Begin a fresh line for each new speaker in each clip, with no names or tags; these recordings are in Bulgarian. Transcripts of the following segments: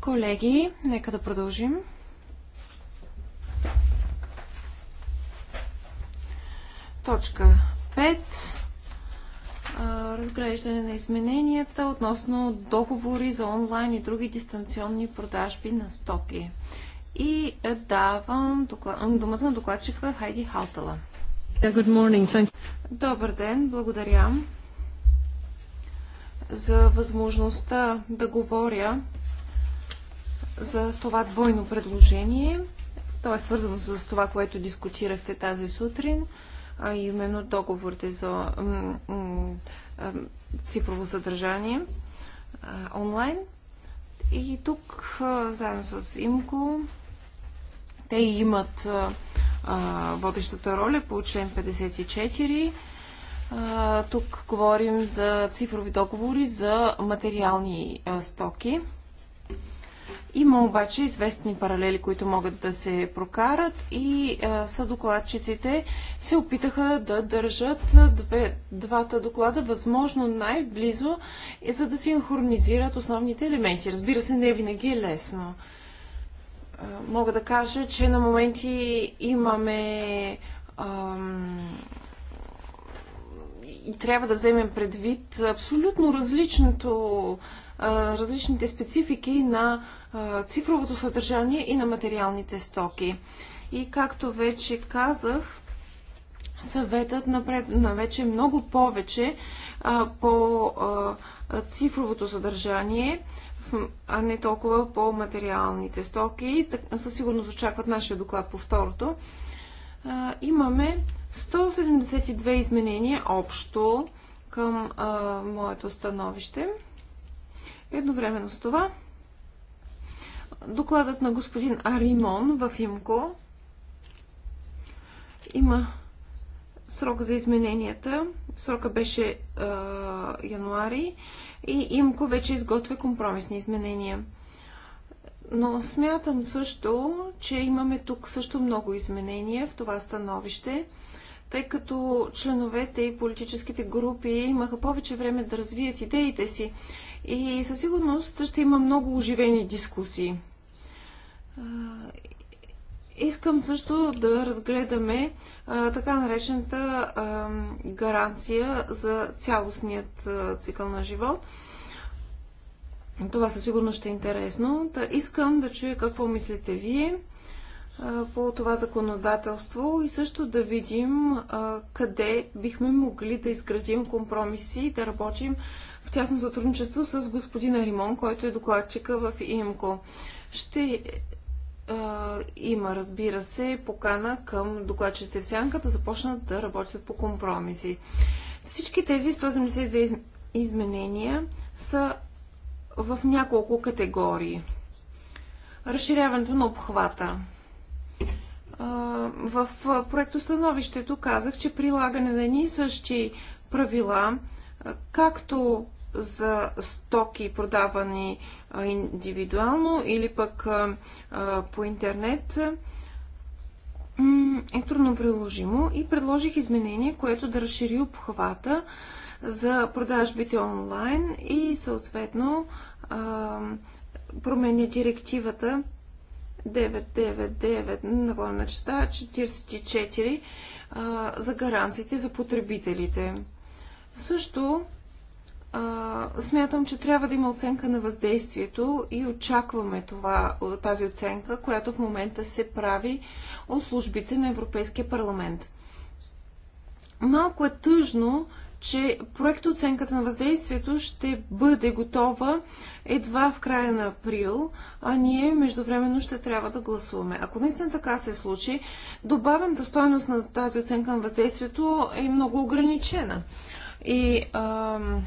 Колеги, нека да продължим. Точка 5. Разглеждане на измененията относно договори за онлайн и други дистанционни продажби на стоки. И е, давам думата на докладчика Хайди Халтала. Добър ден, благодаря за възможността да говоря за това двойно предложение. То е свързано с това, което дискутирахте тази сутрин, а именно договорите за цифрово съдържание онлайн. И тук, заедно с Имко, те имат водещата роля по член 54. Тук говорим за цифрови договори за материални стоки. Има обаче известни паралели, които могат да се прокарат и а, съдокладчиците се опитаха да държат две, двата доклада възможно най-близо, за да синхронизират основните елементи. Разбира се, не винаги е лесно мога да кажа, че на моменти имаме и трябва да вземем предвид абсолютно различното, различните специфики на цифровото съдържание и на материалните стоки. И както вече казах, съветът напред, на вече много повече по цифровото съдържание а не толкова по материалните стоки. Със сигурност очакват нашия доклад по второто. А, имаме 172 изменения общо към а, моето становище. Едновременно с това докладът на господин Аримон в ИМКО има срок за измененията. Срока беше а, януари и имко вече изготвя компромисни изменения. Но смятам също, че имаме тук също много изменения в това становище, тъй като членовете и политическите групи имаха повече време да развият идеите си и със сигурност ще има много оживени дискусии. Искам също да разгледаме а, така наречената а, гаранция за цялостният а, цикъл на живот. Това със сигурност ще е интересно. Та искам да чуя какво мислите вие а, по това законодателство и също да видим а, къде бихме могли да изградим компромиси и да работим в тясно сътрудничество с господина Римон, който е докладчика в ИМКО. Ще има, разбира се, покана към докладчите в сянка да започнат да работят по компромиси. Всички тези 182 изменения са в няколко категории. Разширяването на обхвата. В проектостановището казах, че прилагане на ни същи правила, както за стоки, продавани индивидуално или пък по интернет е трудно приложимо и предложих изменение, което да разшири обхвата за продажбите онлайн и съответно променя директивата 999 главна чета 44 за гаранциите за потребителите. Също смятам, че трябва да има оценка на въздействието и очакваме това, тази оценка, която в момента се прави от службите на Европейския парламент. Малко е тъжно, че проект оценката на въздействието ще бъде готова едва в края на април, а ние междувременно ще трябва да гласуваме. Ако наистина така се случи, добавената стойност на тази оценка на въздействието е много ограничена. И ам,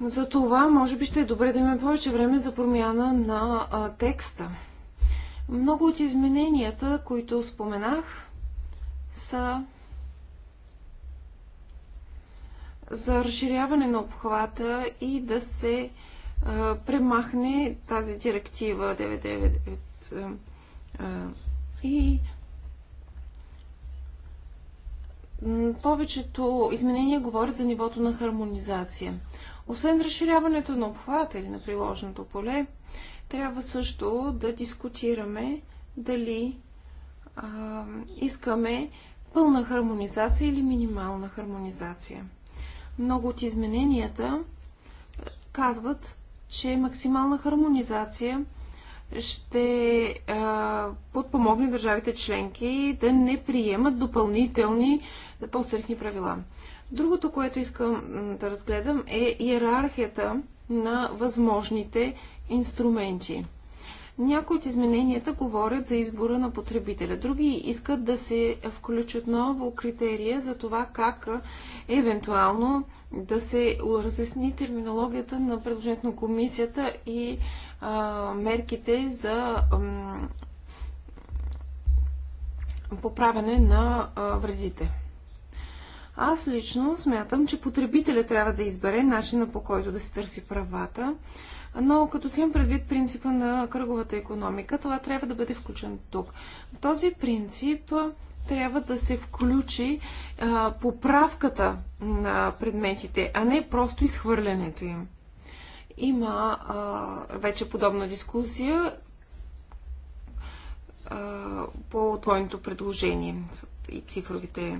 за това, може би, ще е добре да имаме повече време за промяна на а, текста. Много от измененията, които споменах, са за разширяване на обхвата и да се а, премахне тази директива 999 а, и повечето изменения говорят за нивото на хармонизация. Освен разширяването на обхвата или на приложното поле, трябва също да дискутираме дали а, искаме пълна хармонизация или минимална хармонизация. Много от измененията казват, че максимална хармонизация ще а, подпомогне държавите членки да не приемат допълнителни по-стрихни правила. Другото, което искам да разгледам е иерархията на възможните инструменти. Някои от измененията говорят за избора на потребителя. Други искат да се включат ново критерия за това как евентуално да се разясни терминологията на предложението на комисията и а, мерките за а, поправяне на а, вредите. Аз лично смятам, че потребителя трябва да избере начина по който да се търси правата, но като си имам предвид принципа на кръговата економика, това трябва да бъде включен тук. Този принцип трябва да се включи а, поправката на предметите, а не просто изхвърлянето им. Има а, вече подобна дискусия а, по твоето предложение и цифровите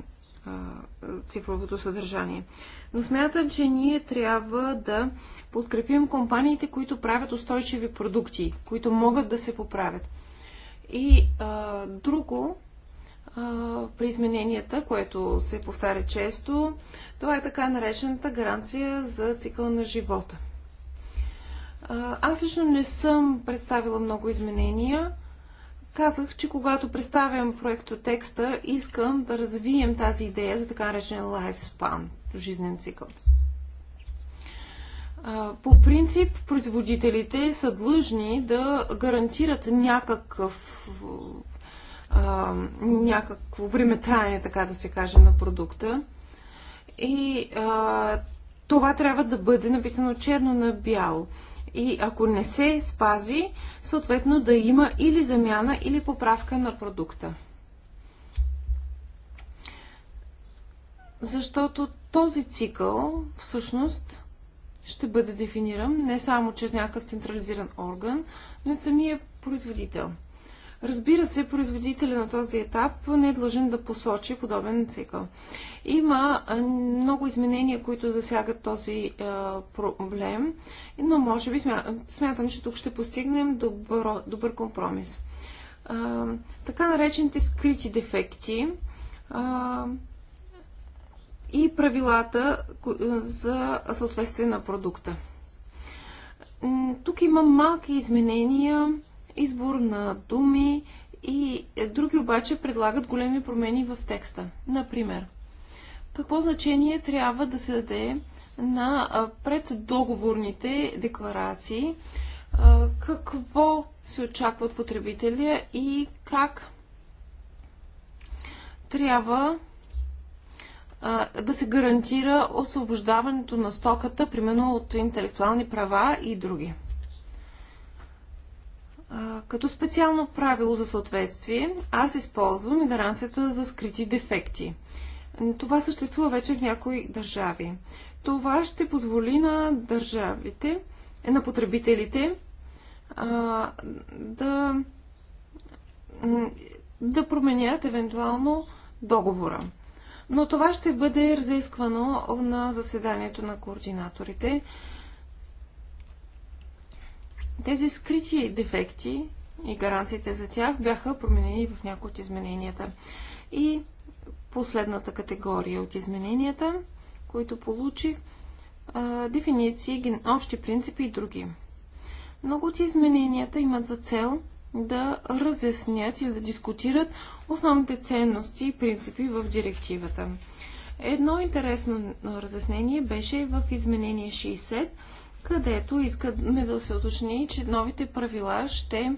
цифровото съдържание. Но смятам, че ние трябва да подкрепим компаниите, които правят устойчиви продукти, които могат да се поправят. И а, друго, а, при измененията, което се повтаря често, това е така наречената гаранция за цикъл на живота. А, аз лично не съм представила много изменения, Казах, че когато представям проекто текста, искам да развием тази идея за така наречен lifespan, жизнен цикъл. По принцип, производителите са длъжни да гарантират някакъв, а, някакво времетраене, така да се каже, на продукта. И това трябва да бъде написано черно на бяло и ако не се спази, съответно да има или замяна, или поправка на продукта. Защото този цикъл всъщност ще бъде дефиниран не само чрез някакъв централизиран орган, но и самия производител. Разбира се, производителя на този етап не е длъжен да посочи подобен цикъл. Има много изменения, които засягат този проблем, но може би смятам, че тук ще постигнем добър компромис. Така наречените скрити дефекти и правилата за съответствие на продукта. Тук има малки изменения избор на думи и други обаче предлагат големи промени в текста. Например, какво значение трябва да се даде на преддоговорните декларации, какво се очаква от потребителя и как трябва да се гарантира освобождаването на стоката, примерно от интелектуални права и други като специално правило за съответствие, аз използвам гаранцията за скрити дефекти. Това съществува вече в някои държави. Това ще позволи на държавите, е, на потребителите а, да, да променят евентуално договора. Но това ще бъде разисквано на заседанието на координаторите. Тези скрити дефекти и гаранциите за тях бяха променени в някои от измененията. И последната категория от измененията, които получих, дефиниции, общи принципи и други. Много от измененията имат за цел да разяснят и да дискутират основните ценности и принципи в директивата. Едно интересно разяснение беше в изменение 60 където искаме да се уточни, че новите правила ще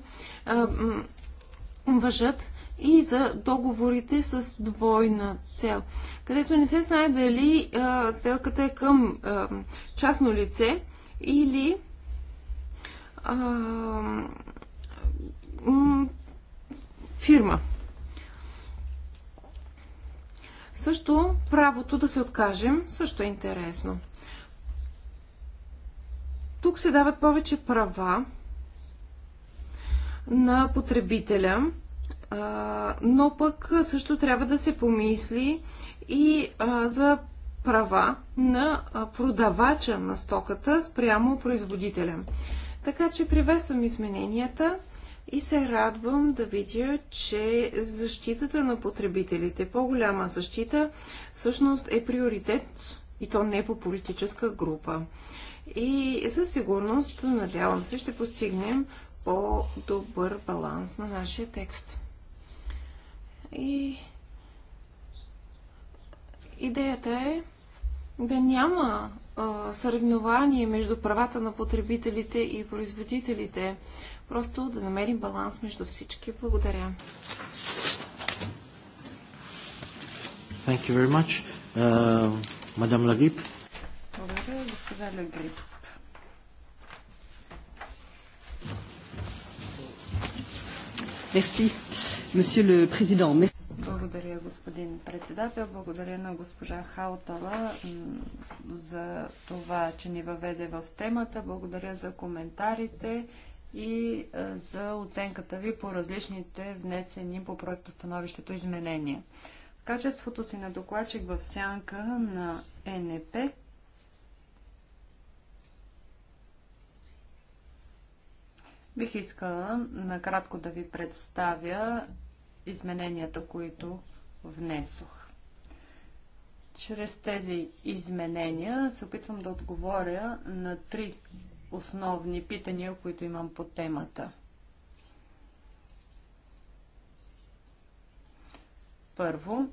въжат и за договорите с двойна цел, където не се знае дали а, сделката е към а, частно лице или а, м, фирма. Също правото да се откажем също е интересно. Тук се дават повече права на потребителя, но пък също трябва да се помисли и за права на продавача на стоката спрямо производителя. Така че приветствам измененията и се радвам да видя, че защитата на потребителите, по-голяма защита, всъщност е приоритет и то не по политическа група и със сигурност, надявам се, ще постигнем по-добър баланс на нашия текст. И идеята е да няма а, съревнование между правата на потребителите и производителите. Просто да намерим баланс между всички. Благодаря.
Thank you very much. Uh, Madame Lagip госпожа Легрип.
Мерси, месье ле президент.
Благодаря, господин председател. Благодаря на госпожа Хаутала за това, че ни въведе в темата. Благодаря за коментарите и за оценката ви по различните внесени по проекта становището изменения. В качеството си на докладчик в сянка на ЕНП Бих искала накратко да ви представя измененията, които внесох. Чрез тези изменения се опитвам да отговоря на три основни питания, които имам по темата. Първо,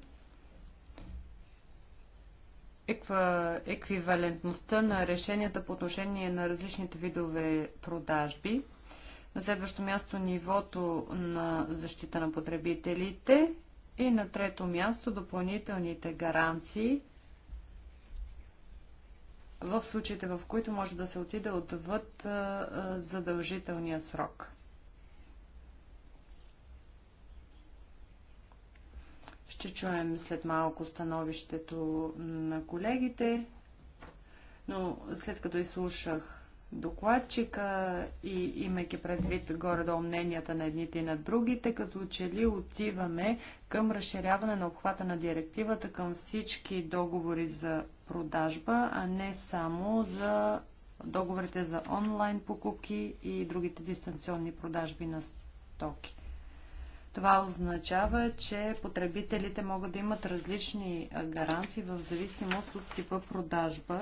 еква, еквивалентността на решенията по отношение на различните видове продажби – на следващо място е нивото на защита на потребителите. И на трето място допълнителните гаранции в случаите, в които може да се отиде отвъд задължителния срок. Ще чуем след малко становището на колегите, но след като изслушах докладчика и имайки предвид горе-долу мненията на едните и на другите, като че ли отиваме към разширяване на обхвата на директивата към всички договори за продажба, а не само за договорите за онлайн покупки и другите дистанционни продажби на стоки. Това означава, че потребителите могат да имат различни гаранции в зависимост от типа продажба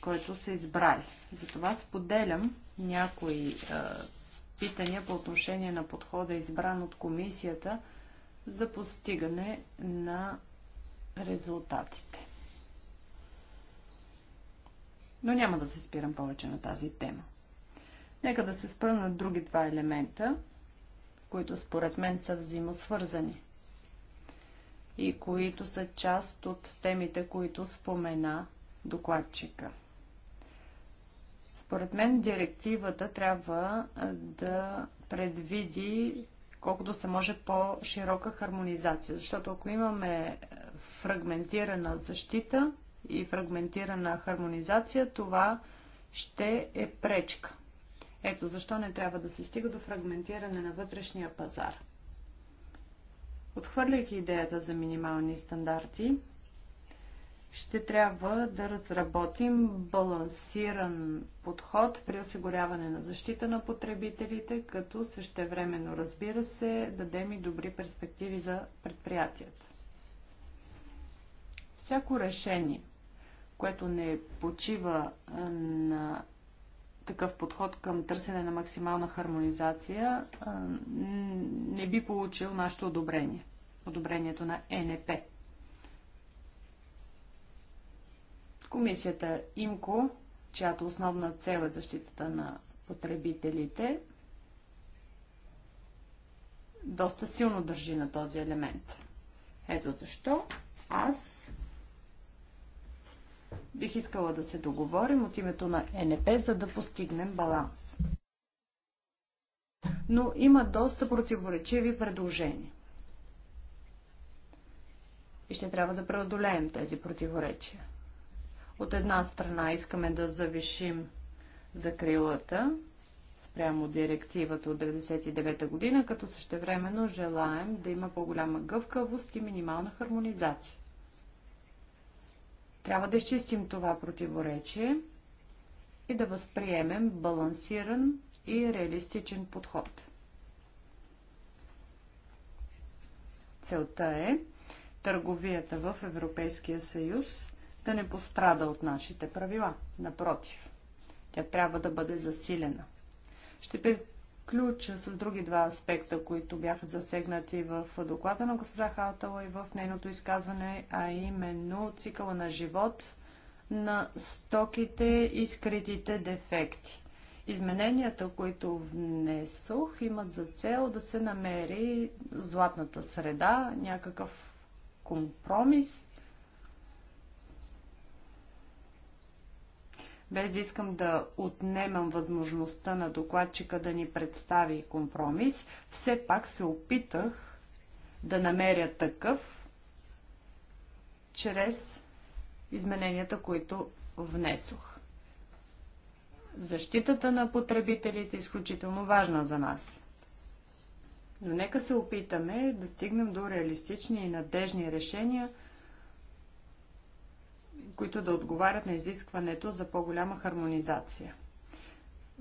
който са избрали. Затова споделям някои е, питания по отношение на подхода, избран от комисията за постигане на резултатите. Но няма да се спирам повече на тази тема. Нека да се спра на други два елемента, които според мен са взаимосвързани и които са част от темите, които спомена докладчика. Според мен директивата трябва да предвиди колкото се може по-широка хармонизация, защото ако имаме е, фрагментирана защита и фрагментирана хармонизация, това ще е пречка. Ето защо не трябва да се стига до фрагментиране на вътрешния пазар. Отхвърляйки идеята за минимални стандарти, ще трябва да разработим балансиран подход при осигуряване на защита на потребителите, като същевременно, разбира се, дадем и добри перспективи за предприятията. Всяко решение, което не почива на такъв подход към търсене на максимална хармонизация, не би получил нашето одобрение, одобрението на НП. Комисията ИМКО, чиято основна цел е защитата на потребителите, доста силно държи на този елемент. Ето защо аз бих искала да се договорим от името на ЕНП, за да постигнем баланс. Но има доста противоречиви предложения. И ще трябва да преодолеем тези противоречия. От една страна искаме да завишим закрилата спрямо директивата от 1999 година, като същевременно желаем да има по-голяма гъвкавост и минимална хармонизация. Трябва да изчистим това противоречие и да възприемем балансиран и реалистичен подход. Целта е търговията в Европейския съюз да не пострада от нашите правила. Напротив, тя трябва да бъде засилена. Ще приключа с други два аспекта, които бяха засегнати в доклада на госпожа Халтала и в нейното изказване, а именно цикъла на живот на стоките и скритите дефекти. Измененията, които внесох, имат за цел да се намери златната среда, някакъв компромис – без да искам да отнемам възможността на докладчика да ни представи компромис, все пак се опитах да намеря такъв чрез измененията, които внесох. Защитата на потребителите е изключително важна за нас. Но нека се опитаме да стигнем до реалистични и надежни решения – които да отговарят на изискването за по-голяма хармонизация.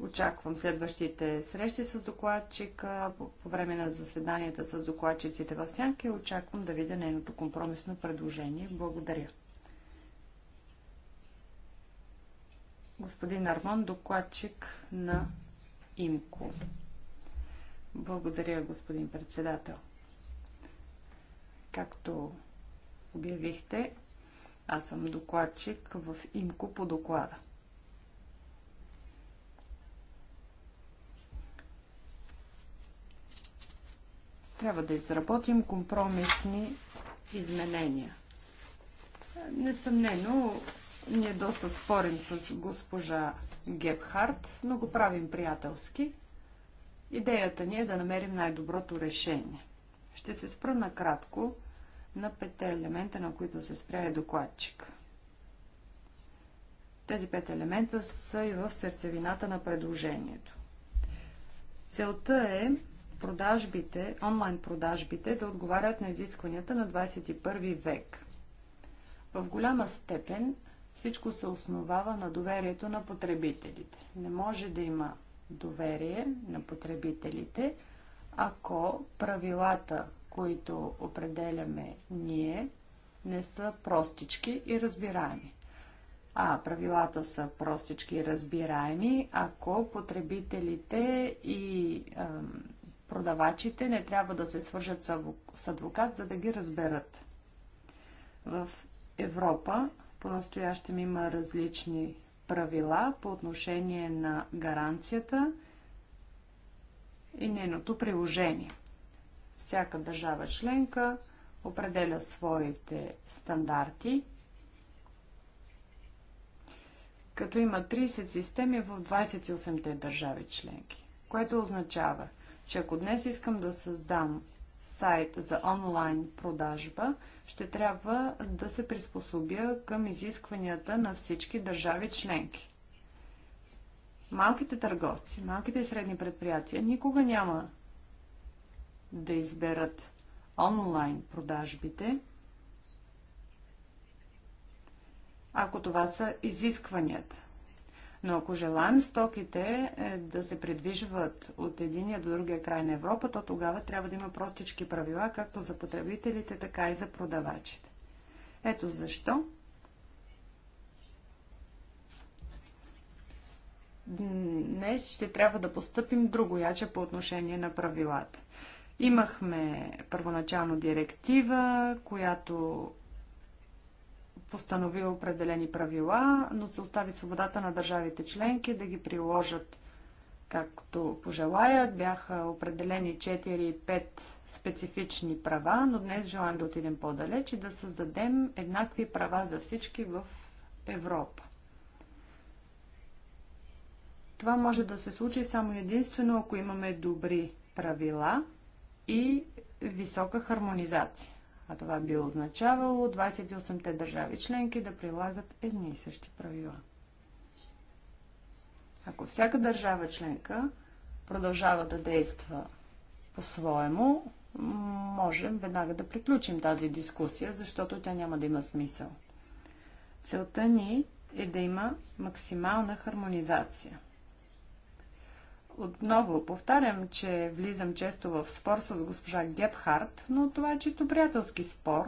Очаквам следващите срещи с докладчика, по време на заседанията с докладчиците в Сянка и очаквам да видя нейното компромисно предложение. Благодаря. Господин Армон, докладчик на ИМКО. Благодаря, господин председател. Както обявихте, аз съм докладчик в имко по доклада. Трябва да изработим компромисни изменения. Несъмнено, ние доста спорим с госпожа Гебхарт, но го правим приятелски. Идеята ни е да намерим най-доброто решение. Ще се спра накратко на петте елемента, на които се спря е докладчик. Тези пет елемента са и в сърцевината на предложението. Целта е продажбите, онлайн продажбите да отговарят на изискванията на 21 век. В голяма степен всичко се основава на доверието на потребителите. Не може да има доверие на потребителите, ако правилата които определяме ние, не са простички и разбираеми. А правилата са простички и разбираеми, ако потребителите и ам, продавачите не трябва да се свържат с адвокат, за да ги разберат. В Европа по-настоящем има различни правила по отношение на гаранцията и нейното приложение. Всяка държава членка определя своите стандарти, като има 30 системи в 28-те държави членки, което означава, че ако днес искам да създам сайт за онлайн продажба, ще трябва да се приспособя към изискванията на всички държави членки. Малките търговци, малките и средни предприятия никога няма да изберат онлайн продажбите, ако това са изискванията. Но ако желаем стоките е, да се придвижват от единия до другия край на Европа, то тогава трябва да има простички правила, както за потребителите, така и за продавачите. Ето защо днес ще трябва да поступим другояче по отношение на правилата. Имахме първоначално директива, която постанови определени правила, но се остави свободата на държавите членки да ги приложат както пожелаят. Бяха определени 4-5 специфични права, но днес желаем да отидем по-далеч и да създадем еднакви права за всички в Европа. Това може да се случи само единствено, ако имаме добри правила – и висока хармонизация. А това би означавало 28-те държави членки да прилагат едни и същи правила. Ако всяка държава членка продължава да действа по-своему, можем веднага да приключим тази дискусия, защото тя няма да има смисъл. Целта ни е да има максимална хармонизация – отново повтарям, че влизам често в спор с госпожа Гепхарт, но това е чисто приятелски спор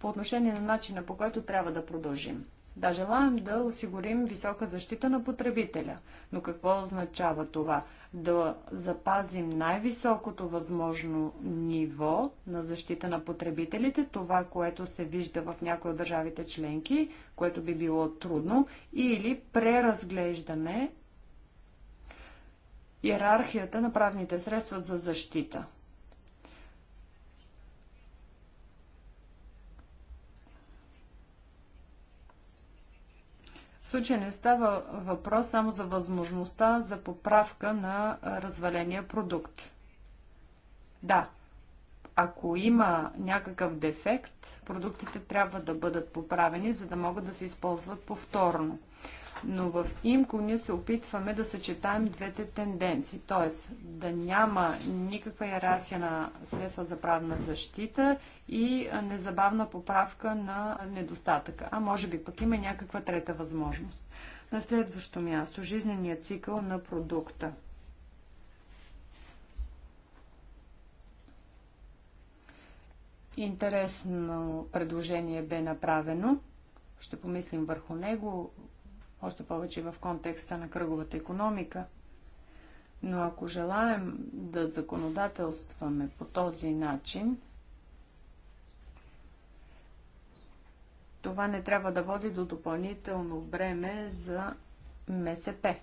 по отношение на начина по който трябва да продължим. Да, желаем да осигурим висока защита на потребителя. Но какво означава това? Да запазим най-високото възможно ниво на защита на потребителите, това, което се вижда в някои от държавите членки, което би било трудно, или преразглеждане иерархията на правните средства за защита. В случая не става въпрос само за възможността за поправка на разваления продукт. Да, ако има някакъв дефект, продуктите трябва да бъдат поправени, за да могат да се използват повторно. Но в ИМКО ние се опитваме да съчетаем двете тенденции, т.е. да няма никаква иерархия на средства за правна защита и незабавна поправка на недостатъка. А може би пък има някаква трета възможност. На следващо място, жизненият цикъл на продукта. Интересно предложение бе направено. Ще помислим върху него, още повече в контекста на кръговата економика. Но ако желаем да законодателстваме по този начин, това не трябва да води до допълнително бреме за МСП.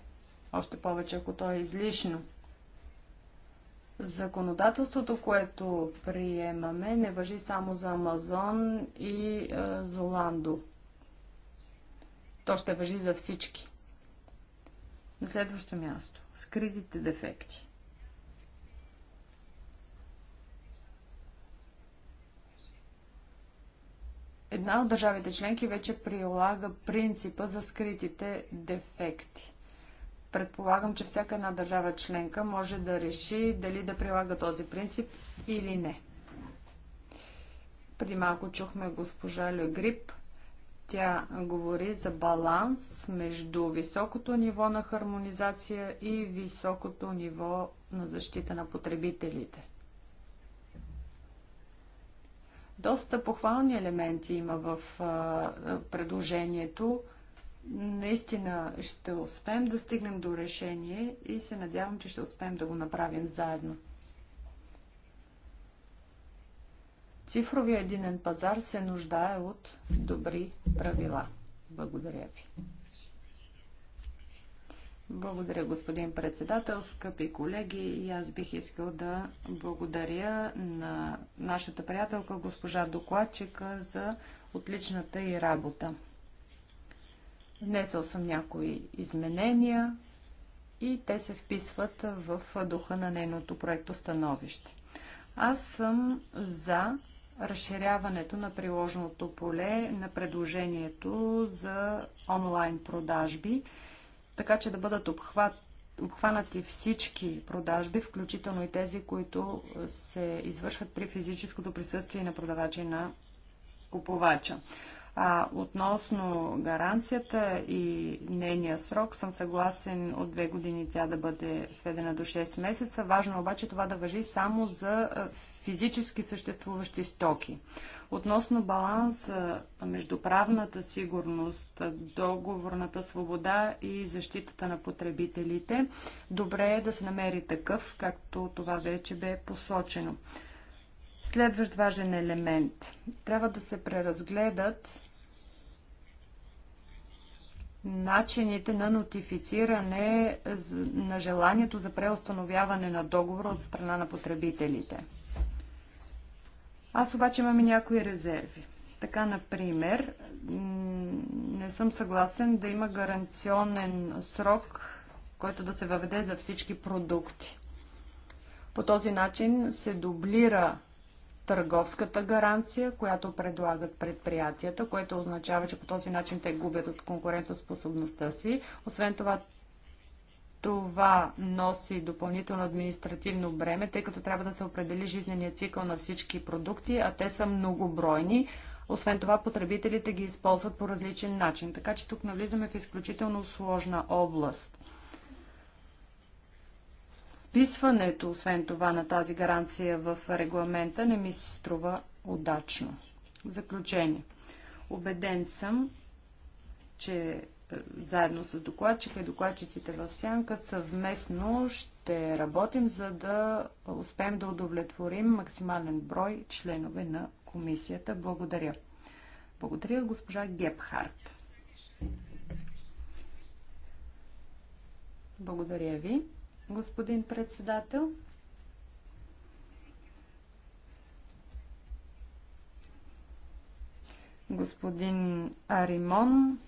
Още повече, ако то е излишно. Законодателството, което приемаме, не въжи само за Амазон и е, за Ландо. То ще въжи за всички. На следващо място. Скритите дефекти. Една от държавите членки вече прилага принципа за скритите дефекти. Предполагам, че всяка една държава членка може да реши дали да прилага този принцип или не. Преди малко чухме госпожа Легрип, тя говори за баланс между високото ниво на хармонизация и високото ниво на защита на потребителите. Доста похвални елементи има в предложението наистина ще успеем да стигнем до решение и се надявам, че ще успеем да го направим заедно. Цифровия единен пазар се нуждае от добри правила. Благодаря ви. Благодаря, господин председател, скъпи колеги. И аз бих искал да благодаря на нашата приятелка, госпожа докладчика, за отличната и работа. Внесъл съм някои изменения и те се вписват в духа на нейното проекто становище. Аз съм за разширяването на приложеното поле на предложението за онлайн продажби, така че да бъдат обхват, обхванати всички продажби, включително и тези, които се извършват при физическото присъствие на продавача и на купувача. А, относно гаранцията и нейния срок, съм съгласен от две години тя да бъде сведена до 6 месеца. Важно е обаче това да въжи само за физически съществуващи стоки. Относно баланса между правната сигурност, договорната свобода и защитата на потребителите, добре е да се намери такъв, както това вече бе посочено. Следващ важен елемент. Трябва да се преразгледат начините на нотифициране на желанието за преустановяване на договора от страна на потребителите. Аз обаче имам и някои резерви. Така, например, не съм съгласен да има гаранционен срок, който да се въведе за всички продукти. По този начин се дублира търговската гаранция, която предлагат предприятията, което означава, че по този начин те губят от конкурентоспособността си. Освен това, това носи допълнително административно бреме, тъй като трябва да се определи жизнения цикъл на всички продукти, а те са многобройни. Освен това, потребителите ги използват по различен начин, така че тук навлизаме в изключително сложна област. Вписването, освен това, на тази гаранция в регламента не ми се струва удачно. Заключение. Обеден съм, че заедно с докладчика и докладчиците в Сянка съвместно ще работим, за да успеем да удовлетворим максимален брой членове на комисията. Благодаря. Благодаря, госпожа Гепхарт. Благодаря ви, господин председател. Господин Аримон,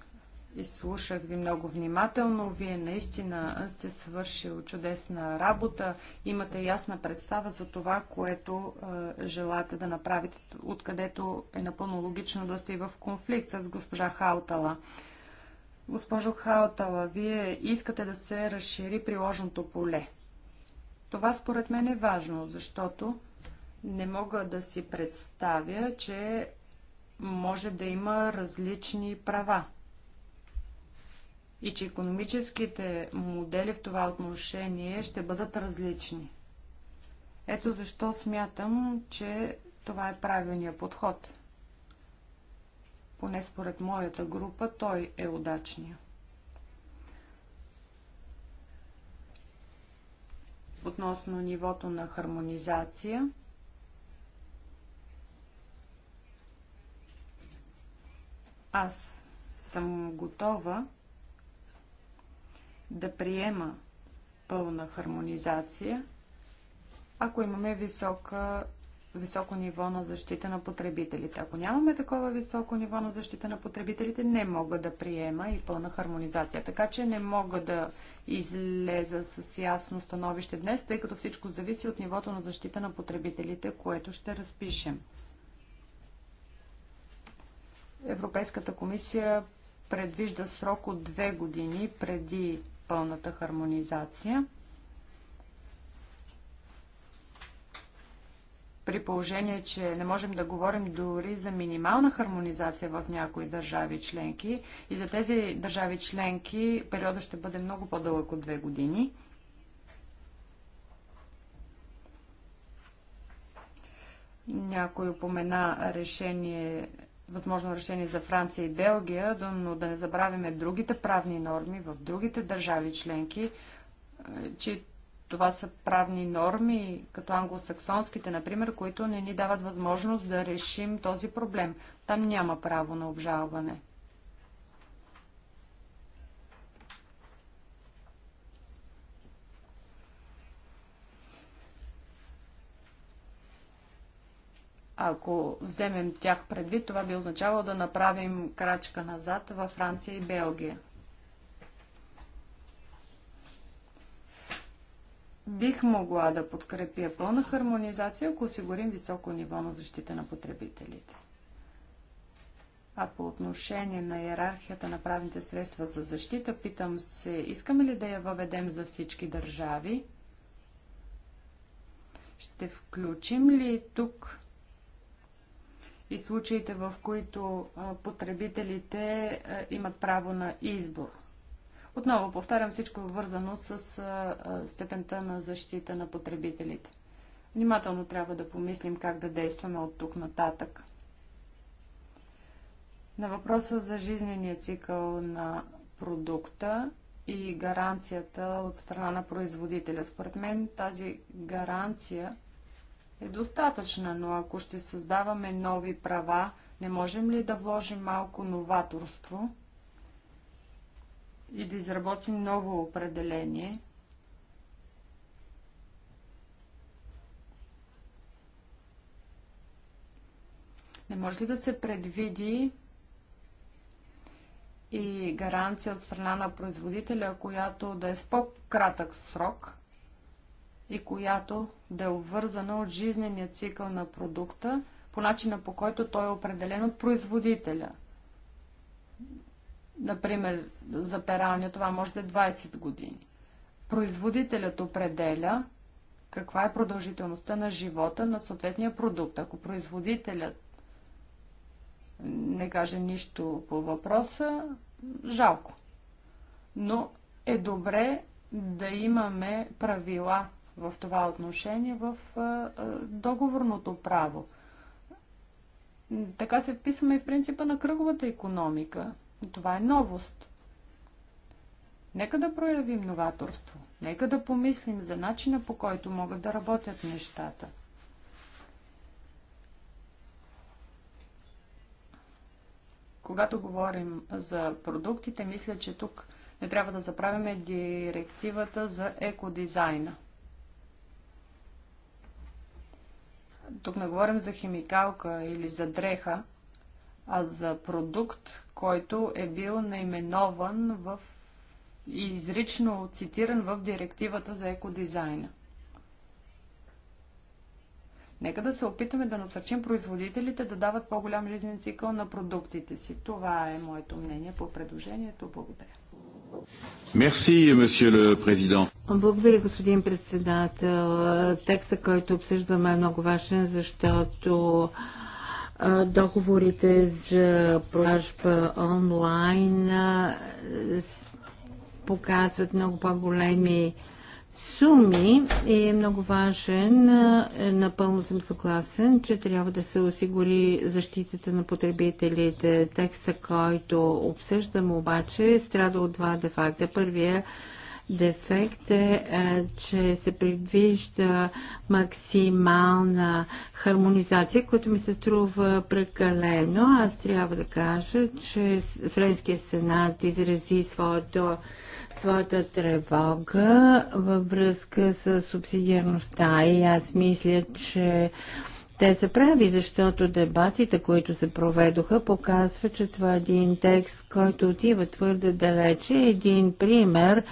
Изслушах ви много внимателно. Вие наистина сте свършил чудесна работа. Имате ясна представа за това, което е, желаете да направите, откъдето е напълно логично да сте и в конфликт с госпожа Хаутала. Госпожо Хаутала, вие искате да се разшири приложното поле. Това според мен е важно, защото не мога да си представя, че може да има различни права и че економическите модели в това отношение ще бъдат различни. Ето защо смятам, че това е правилният подход. Поне според моята група той е удачния. Относно нивото на хармонизация, аз съм готова да приема пълна хармонизация, ако имаме висока, високо ниво на защита на потребителите. Ако нямаме такова високо ниво на защита на потребителите, не мога да приема и пълна хармонизация. Така че не мога да излеза с ясно становище днес, тъй като всичко зависи от нивото на защита на потребителите, което ще разпишем. Европейската комисия предвижда срок от две години преди пълната хармонизация. при положение, че не можем да говорим дори за минимална хармонизация в някои държави членки и за тези държави членки периода ще бъде много по-дълъг от две години. Някой упомена решение възможно решение за Франция и Белгия, но да не забравяме другите правни норми в другите държави членки, е, че това са правни норми, като англосаксонските, например, които не ни дават възможност да решим този проблем. Там няма право на обжалване. Ако вземем тях предвид, това би означавало да направим крачка назад във Франция и Белгия. Бих могла да подкрепя пълна хармонизация, ако осигурим високо ниво на защита на потребителите. А по отношение на иерархията на правните средства за защита, питам се, искаме ли да я въведем за всички държави? Ще включим ли тук и случаите, в които потребителите имат право на избор. Отново повтарям, всичко е вързано с степента на защита на потребителите. Внимателно трябва да помислим как да действаме от тук нататък. На въпроса за жизнения цикъл на продукта и гаранцията от страна на производителя. Според мен тази гаранция е достатъчна, но ако ще създаваме нови права, не можем ли да вложим малко новаторство и да изработим ново определение? Не може ли да се предвиди и гаранция от страна на производителя, която да е с по-кратък срок – и която да е обвързана от жизнения цикъл на продукта по начина по който той е определен от производителя. Например, за пералня това може да е 20 години. Производителят определя каква е продължителността на живота на съответния продукт. Ако производителят не каже нищо по въпроса, жалко. Но е добре да имаме правила в това отношение в договорното право. Така се вписваме и в принципа на кръговата економика. Това е новост. Нека да проявим новаторство. Нека да помислим за начина по който могат да работят нещата. Когато говорим за продуктите, мисля, че тук не трябва да заправяме директивата за екодизайна – Тук не говорим за химикалка или за дреха, а за продукт, който е бил наименован в и изрично цитиран в директивата за екодизайна. Нека да се опитаме да насърчим производителите да дават по-голям жизнен цикъл на продуктите си. Това е моето мнение по предложението. Благодаря.
Мерси, Благодаря, господин председател. Текстът, който обсъждаме е много важен, защото договорите за продажба онлайн показват много по-големи суми е много важен. Е, напълно съм съгласен, че трябва да се осигури защитата на потребителите. Текста, който обсъждам обаче, страда от два дефакта. Първия дефект е, е, че се предвижда максимална хармонизация, което ми се струва прекалено. Аз трябва да кажа, че Френския сенат изрази своето своята тревога във връзка с субсидиарността и аз мисля, че те са прави, защото дебатите, които се проведоха, показва, че това е един текст, който отива твърде далече. Един пример,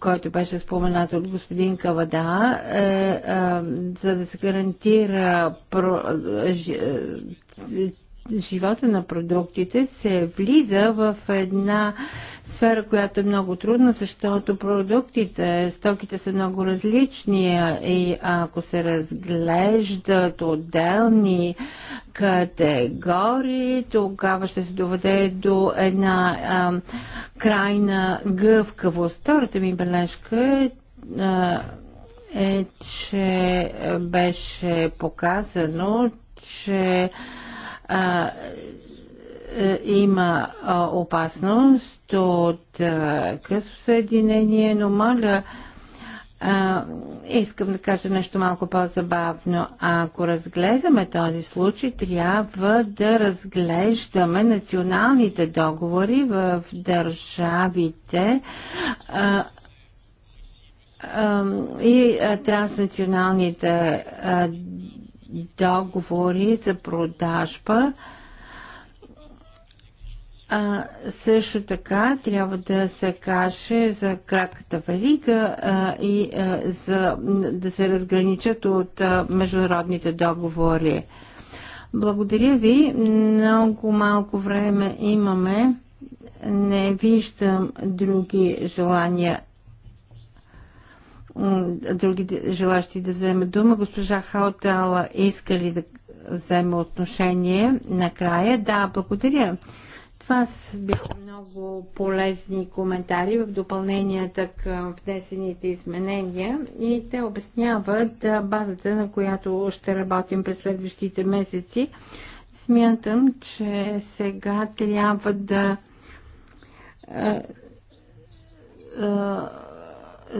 който беше споменат от господин Кавада, е, за да се гарантира живота на продуктите се влиза в една сфера, която е много трудна, защото продуктите, стоките са много различни и ако се разглеждат отделни категории, тогава ще се доведе до една а, крайна гъвкавост. Втората ми бележка е а, е, че беше показано, че а, е, има опасност от късо съединение, но моля, а, искам да кажа нещо малко по-забавно. Ако разгледаме този случай, трябва да разглеждаме националните договори в държавите а, а, и транснационалните а, договори за продажба. А, също така трябва да се каже за кратката верига а, и а, за, да се разграничат от а, международните договори. Благодаря ви. Много малко време имаме. Не виждам други желания други желащи да вземат дума. Госпожа Хаутала иска ли да вземе отношение накрая? Да, благодаря. Това бяха много полезни коментари в допълненията към внесените изменения и те обясняват базата, на която ще работим през следващите месеци. Смятам, че сега трябва да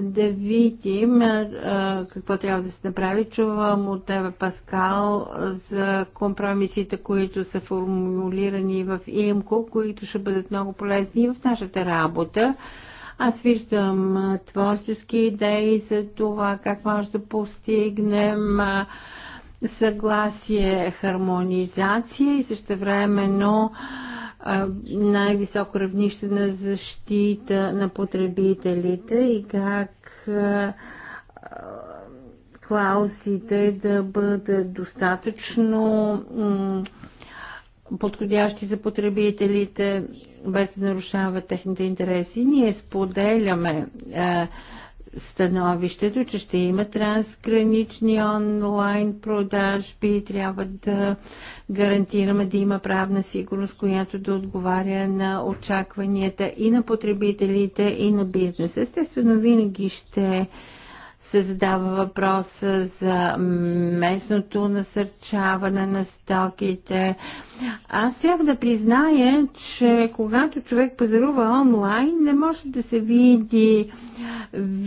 да видим какво трябва да се направи. Чувам от тебе, Паскал, за компромисите, които са формулирани в ИМКО, които ще бъдат много полезни и в нашата работа. Аз виждам творчески идеи за това как може да постигнем съгласие, хармонизация и също времено най-високо равнище на защита на потребителите и как клаусите да бъдат достатъчно подходящи за потребителите, без да нарушават техните интереси. Ние споделяме становището, че ще има трансгранични онлайн продажби. Трябва да гарантираме да има правна сигурност, която да отговаря на очакванията и на потребителите, и на бизнеса. Естествено, винаги ще се задава въпроса за местното насърчаване на стоките. Аз трябва да призная, че когато човек пазарува онлайн, не може да се види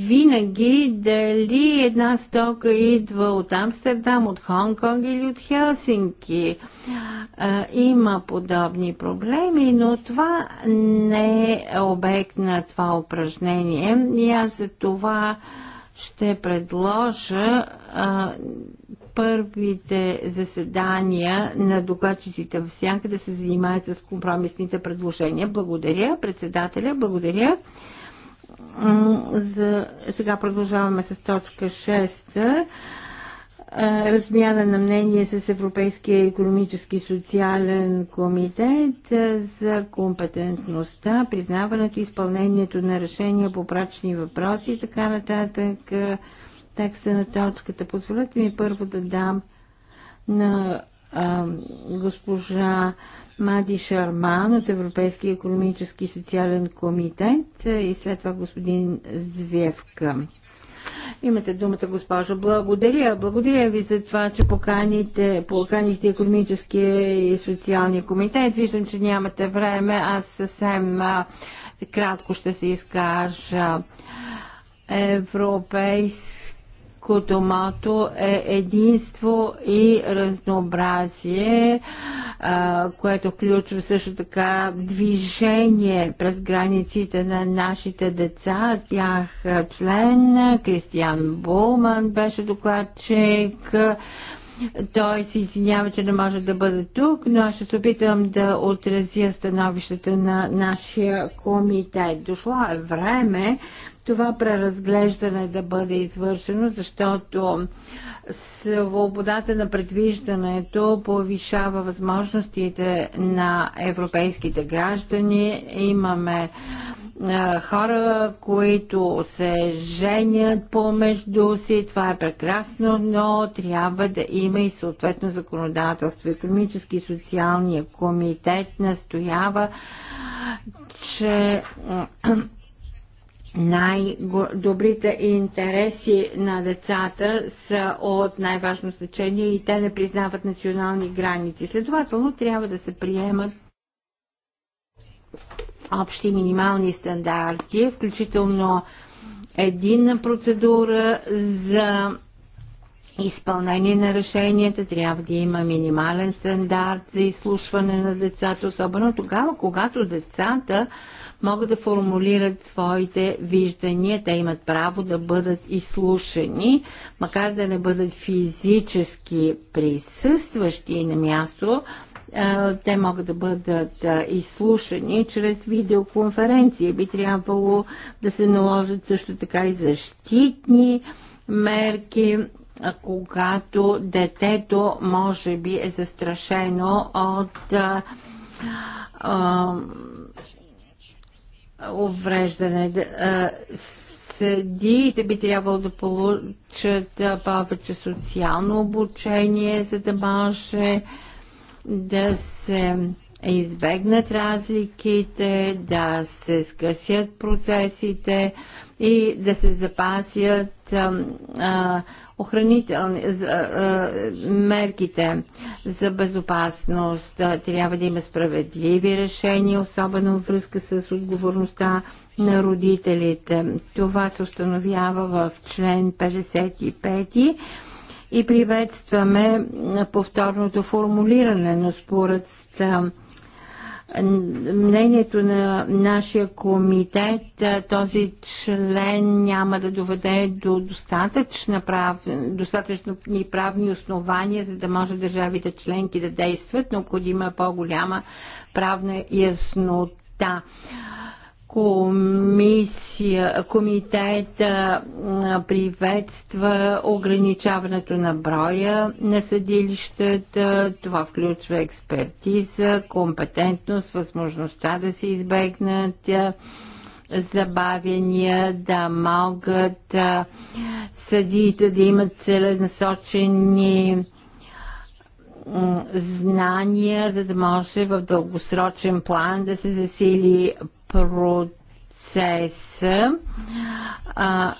винаги дали една стока идва от Амстердам, от Хонконг или от Хелсинки. Има подобни проблеми, но това не е обект на това упражнение. И аз за това ще предложа а, първите заседания на докладчиците в Сянка да се занимаят с компромисните предложения. Благодаря, председателя, благодаря. За... Сега продължаваме с точка 6 размяна на мнение с Европейския економически и социален комитет за компетентността, признаването и изпълнението на решения по прачни въпроси и така нататък. Текста на точката. Позволете ми първо да дам на а, госпожа Мади Шарман от Европейския економически и социален комитет и след това господин Звевка. Имате думата, госпожо. Благодаря. Благодаря ви за това, че поканите, поканихте економическия и социалния комитет. Виждам, че нямате време. Аз съвсем а, кратко ще се изкажа. Европейското мото е единство и разнообразие. А, а, което включва също така движение през границите на нашите деца. Аз бях член, Кристиан Булман беше докладчик. Той се извинява, че не може да бъде тук, но аз ще се опитам да отразя становището на нашия комитет. Дошло е време това преразглеждане да бъде извършено, защото свободата на предвиждането повишава възможностите на европейските граждани. Имаме хора, които се женят помежду си. Това е прекрасно, но трябва да има и съответно законодателство. Економически и социалния комитет настоява, че най-добрите интереси на децата са от най-важно значение и те не признават национални граници. Следователно трябва да се приемат общи минимални стандарти, включително единна процедура за изпълнение на решенията, трябва да има минимален стандарт за изслушване на децата, особено тогава, когато децата могат да формулират своите виждания. Те имат право да бъдат изслушани, макар да не бъдат физически присъстващи на място, те могат да бъдат изслушани чрез видеоконференция. Би трябвало да се наложат също така и защитни мерки, когато детето може би е застрашено от а, а, увреждане. Съдиите би трябвало да получат повече социално обучение, за да може да се избегнат разликите, да се скъсят процесите и да се запасят а, а, охранителни за, а, мерките за безопасност. Трябва да има справедливи решения, особено във връзка с отговорността на родителите. Това се установява в член 55 и приветстваме повторното формулиране, но според мнението на нашия комитет този член няма да доведе до достатъчно прав... достатъчни правни основания, за да може държавите членки да действат, но ако има по-голяма правна яснота. Да комисия, комитета приветства ограничаването на броя на съдилищата. Това включва експертиза, компетентност, възможността да се избегнат забавяния, да могат съдиите да имат целенасочени знания, за да може в дългосрочен план да се засили процеса. А,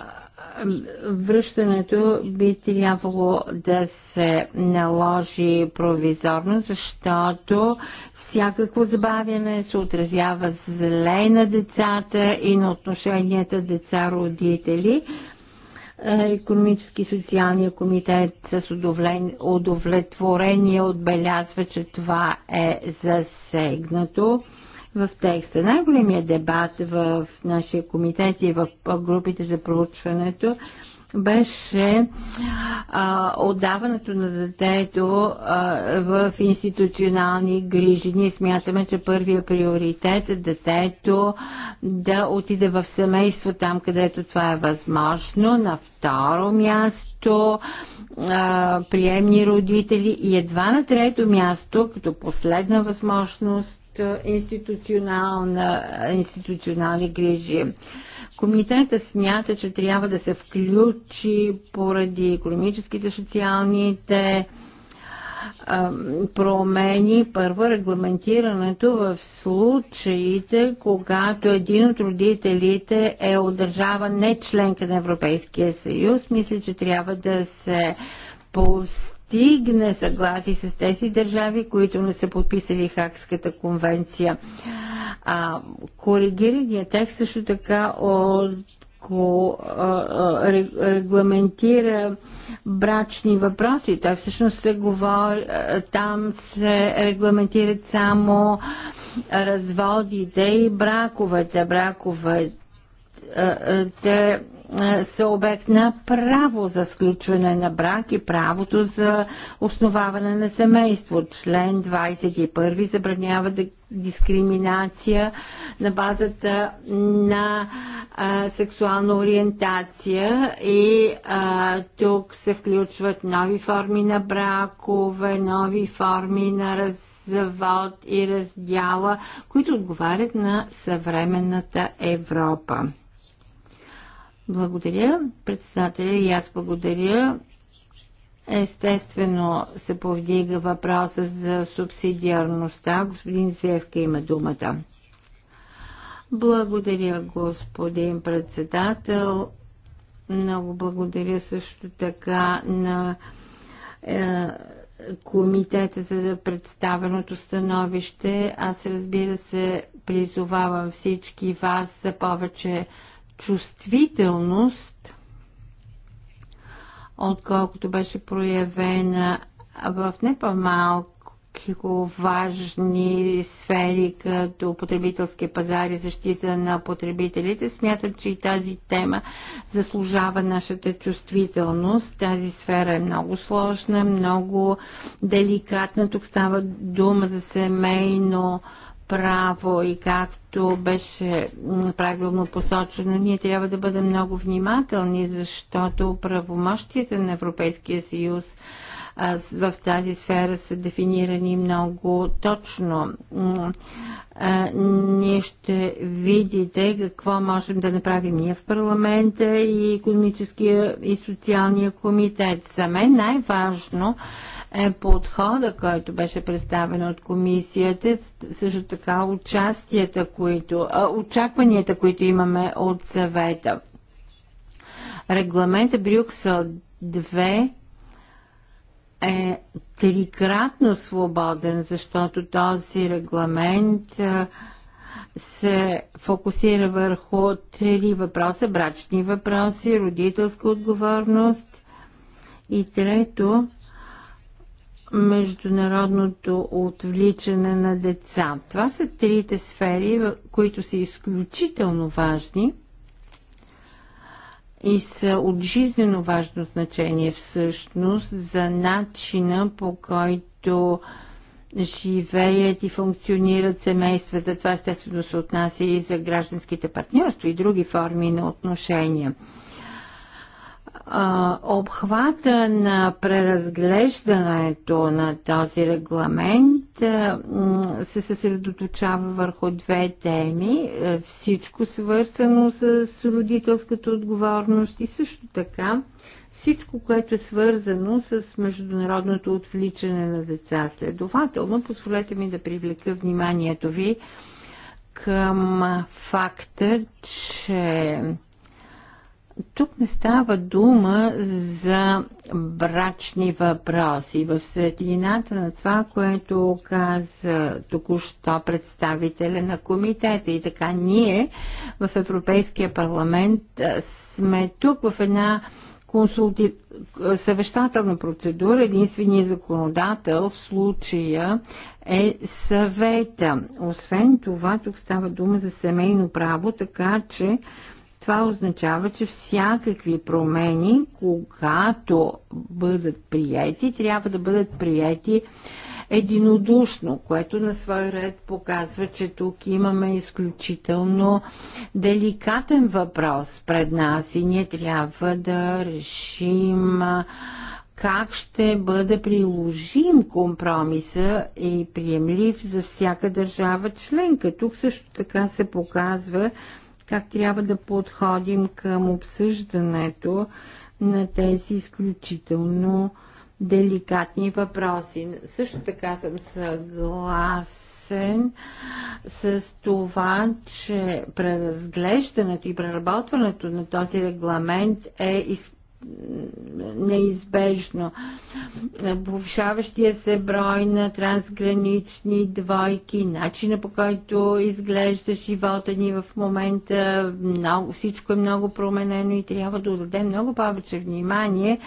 връщането би трябвало да се наложи провизорно, защото всякакво забавяне се отразява зле на децата и на отношенията деца-родители. Економически и социалния комитет с удовлетворение отбелязва, че това е засегнато в текста. Най-големият дебат в нашия комитет и в групите за проучването беше а, отдаването на детето а, в институционални грижи. Ние смятаме, че първия приоритет е детето да отиде в семейство там, където това е възможно. На второ място а, приемни родители и едва на трето място, като последна възможност, институционална, институционални грижи. Комитета смята, че трябва да се включи поради економическите, социалните промени. Първо, регламентирането в случаите, когато един от родителите е от държава не членка на Европейския съюз. Мисля, че трябва да се пост постигне съгласие с тези държави, които не са подписали Хакската конвенция. А, коригирания е текст също така от го регламентира брачни въпроси. Той всъщност се говори, там се регламентират само разводите и браковете. Браковете са обект на право за сключване на брак и правото за основаване на семейство. Член 21 забранява дискриминация на базата на а, сексуална ориентация и а, тук се включват нови форми на бракове, нови форми на раз завод и раздяла, които отговарят на съвременната Европа. Благодаря, председателя, и аз благодаря. Естествено се повдига въпроса за субсидиарността. Господин Звевка има думата. Благодаря, господин председател. Много благодаря също така на е, комитета за представеното становище. Аз разбира се призовавам всички вас за повече чувствителност, отколкото беше проявена в не по-малко важни сфери, като потребителски пазари, защита на потребителите. Смятам, че и тази тема заслужава нашата чувствителност. Тази сфера е много сложна, много деликатна. Тук става дума за семейно право и както беше правилно посочено, ние трябва да бъдем много внимателни, защото правомощията на Европейския съюз в тази сфера са дефинирани много точно. Ние ще видите какво можем да направим ние в парламента и економическия и социалния комитет. За мен най-важно е е подхода, който беше представен от комисията, също така участията, които, очакванията, които имаме от съвета. Регламента Брюксел 2 е трикратно свободен, защото този регламент се фокусира върху три въпроса брачни въпроси, родителска отговорност и трето международното отвличане на деца. Това са трите сфери, които са изключително важни и са от жизнено важно значение всъщност за начина по който живеят и функционират семействата. Това естествено се отнася и за гражданските партньорства и други форми на отношения а, обхвата на преразглеждането на този регламент а, се съсредоточава върху две теми. Е, всичко свързано с родителската отговорност и също така всичко, което е свързано с международното отвличане на деца. Следователно, позволете ми да привлека вниманието ви към факта, че тук не става дума за брачни въпроси. В светлината на това, което каза току-що представителя на комитета и така ние в Европейския парламент сме тук в една консулти... съвещателна процедура. Единственият законодател в случая е съвета. Освен това, тук става дума за семейно право, така че това означава, че всякакви промени, когато бъдат приети, трябва да бъдат приети единодушно, което на свой ред показва, че тук имаме изключително деликатен въпрос пред нас и ние трябва да решим как ще бъде приложим компромиса и приемлив за всяка държава членка. Тук също така се показва, как трябва да подходим към обсъждането на тези изключително деликатни въпроси. Също така съм съгласен с това, че преразглеждането и преработването на този регламент е изключително неизбежно. Повишаващия се брой на трансгранични двойки, начина по който изглежда живота ни в момента, много, всичко е много променено и трябва да отдадем много повече внимание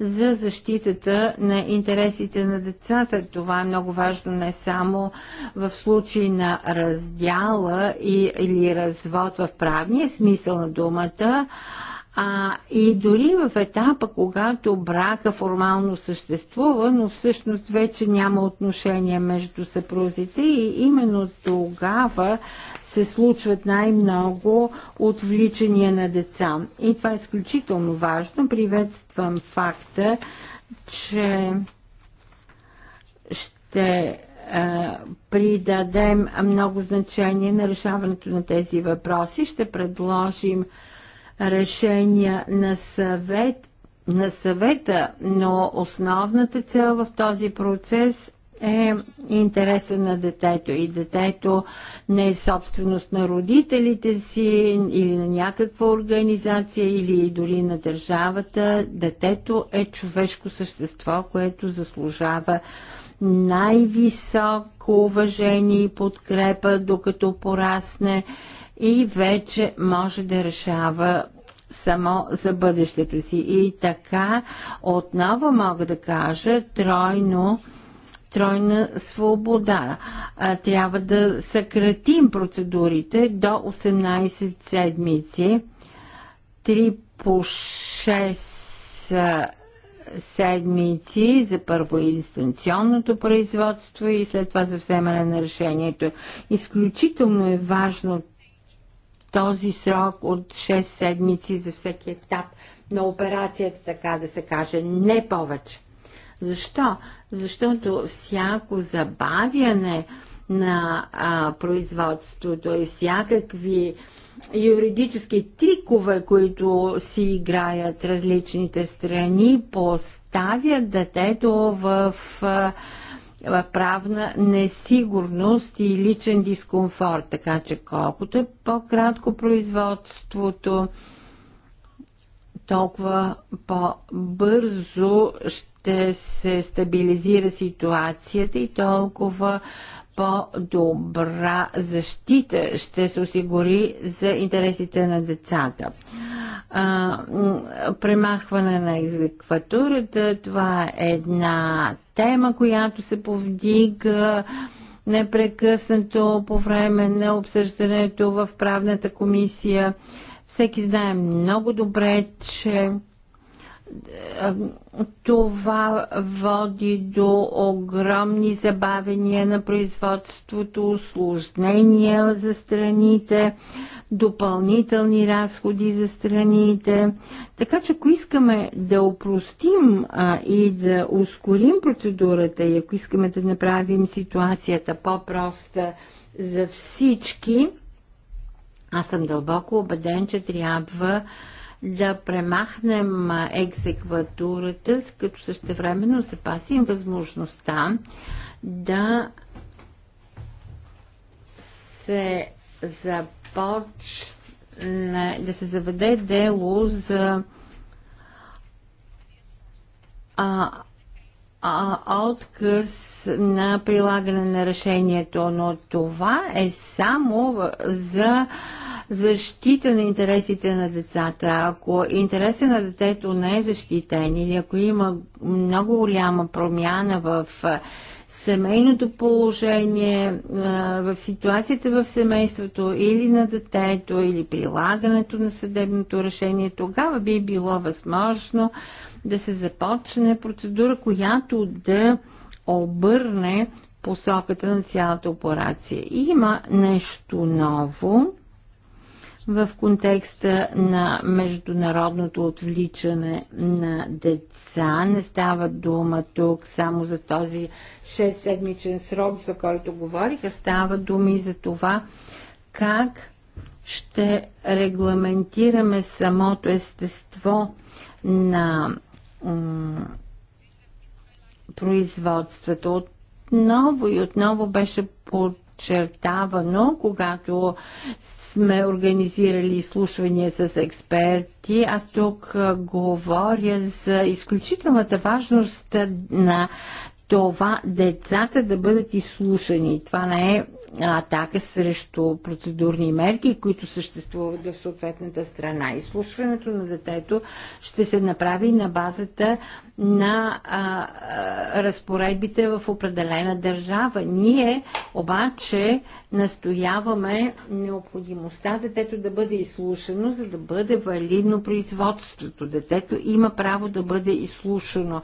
за защитата на интересите на децата. Това е много важно не само в случай на раздяла и, или развод в правния смисъл на думата, а, и дори в етапа, когато брака формално съществува, но всъщност вече няма отношение между съпрузите и именно тогава се случват най-много отвличания на деца. И това е изключително важно. Приветствам факта, че ще придадем много значение на решаването на тези въпроси. Ще предложим решения на съвет на съвета, но основната цел в този процес е интереса на детето и детето не е собственост на родителите си или на някаква организация или дори на държавата. Детето е човешко същество, което заслужава най-високо уважение и подкрепа, докато порасне и вече може да решава само за бъдещето си. И така, отново мога да кажа, тройно тройна свобода. А, трябва да съкратим процедурите до 18 седмици. 3 по 6 седмици за първо инстанционното производство и след това за вземане на решението. Изключително е важно този срок от 6 седмици за всеки етап на операцията, така да се каже, не повече. Защо? Защото всяко забавяне на а, производството и всякакви юридически трикове, които си играят различните страни, поставят детето в а, правна несигурност и личен дискомфорт. Така че колкото е по-кратко производството, толкова по-бързо ще се стабилизира ситуацията и толкова по-добра защита ще се осигури за интересите на децата. А, премахване на екзекватурата, това е една тема, която се повдига непрекъснато по време на обсъждането в правната комисия. Всеки знае много добре, че това води до огромни забавения на производството, осложнения за страните, допълнителни разходи за страните. Така че ако искаме да упростим а, и да ускорим процедурата и ако искаме да направим ситуацията по-проста за всички, аз съм дълбоко убеден, че трябва да премахнем екзекватурата, като същевременно запасим възможността да се започне, да се заведе дело за а, а, отказ на прилагане на решението, но това е само за защита на интересите на децата. Ако интересът на детето не е защитен или ако има много голяма промяна в семейното положение, в ситуацията в семейството или на детето, или прилагането на съдебното решение, тогава би било възможно да се започне процедура, която да обърне посоката на цялата операция. Има нещо ново в контекста на международното отвличане на деца. Не става дума тук само за този 6-седмичен срок, за който говорих, а става дума и за това как ще регламентираме самото естество на производството. Отново и отново беше подчертавано, когато сме организирали изслушвания с експерти. Аз тук говоря за изключителната важност на това децата да бъдат изслушани. Това не е атака срещу процедурни мерки, които съществуват в съответната страна. Изслушването на детето ще се направи на базата на а, а, разпоредбите в определена държава. Ние обаче настояваме необходимостта детето да бъде изслушано, за да бъде валидно производството. Детето има право да бъде изслушано,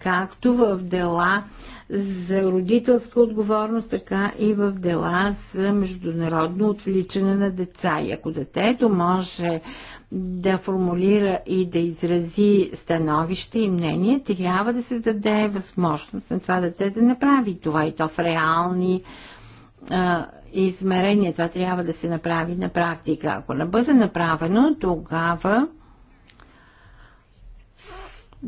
както в дела а, за родителска отговорност, така и в дела за международно отвличане на деца. И ако детето може да формулира и да изрази становище и мнение, трябва да се даде възможност на това дете да направи това и то в реални а, измерения. Това трябва да се направи на практика. Ако не бъде направено, тогава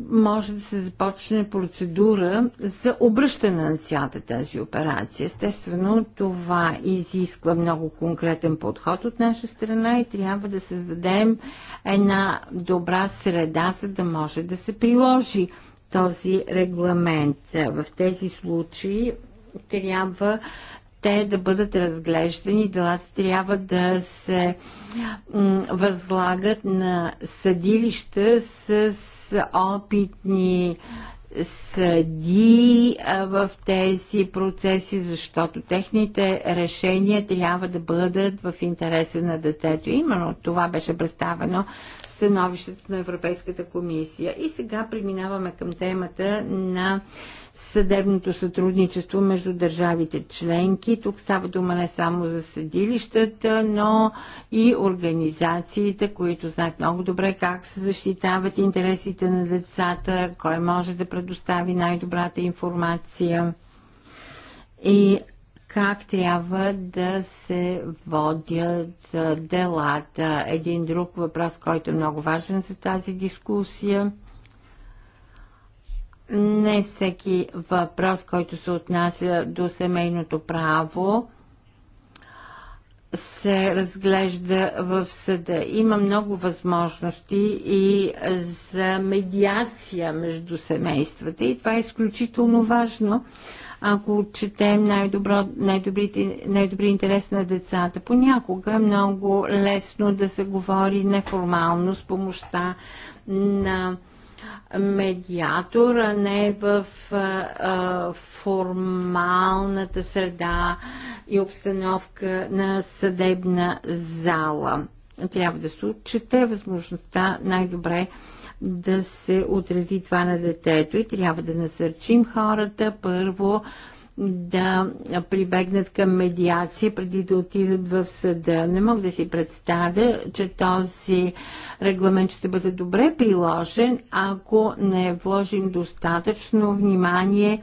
може да се започне процедура за обръщане на цялата тази операция. Естествено, това изисква много конкретен подход от наша страна и трябва да създадем една добра среда, за да може да се приложи този регламент. В тези случаи трябва те да бъдат разглеждани, делата трябва да се възлагат на съдилища с опитни съди в тези процеси, защото техните решения трябва да бъдат в интереса на детето. Именно това беше представено в становището на Европейската комисия. И сега преминаваме към темата на съдебното сътрудничество между държавите членки. Тук става дума не само за съдилищата, но и организациите, които знаят много добре как се защитават интересите на децата, кой може да предостави най-добрата информация и как трябва да се водят делата. Един друг въпрос, който е много важен за тази дискусия не всеки въпрос, който се отнася до семейното право, се разглежда в съда. Има много възможности и за медиация между семействата и това е изключително важно, ако четем най-добро, най най-добри интерес на децата. Понякога е много лесно да се говори неформално с помощта на медиатор, а не в а, а, формалната среда и обстановка на съдебна зала. Трябва да се отчете възможността най-добре да се отрази това на детето и трябва да насърчим хората първо да прибегнат към медиация преди да отидат в съда. Не мога да си представя, че този регламент ще бъде добре приложен, ако не вложим достатъчно внимание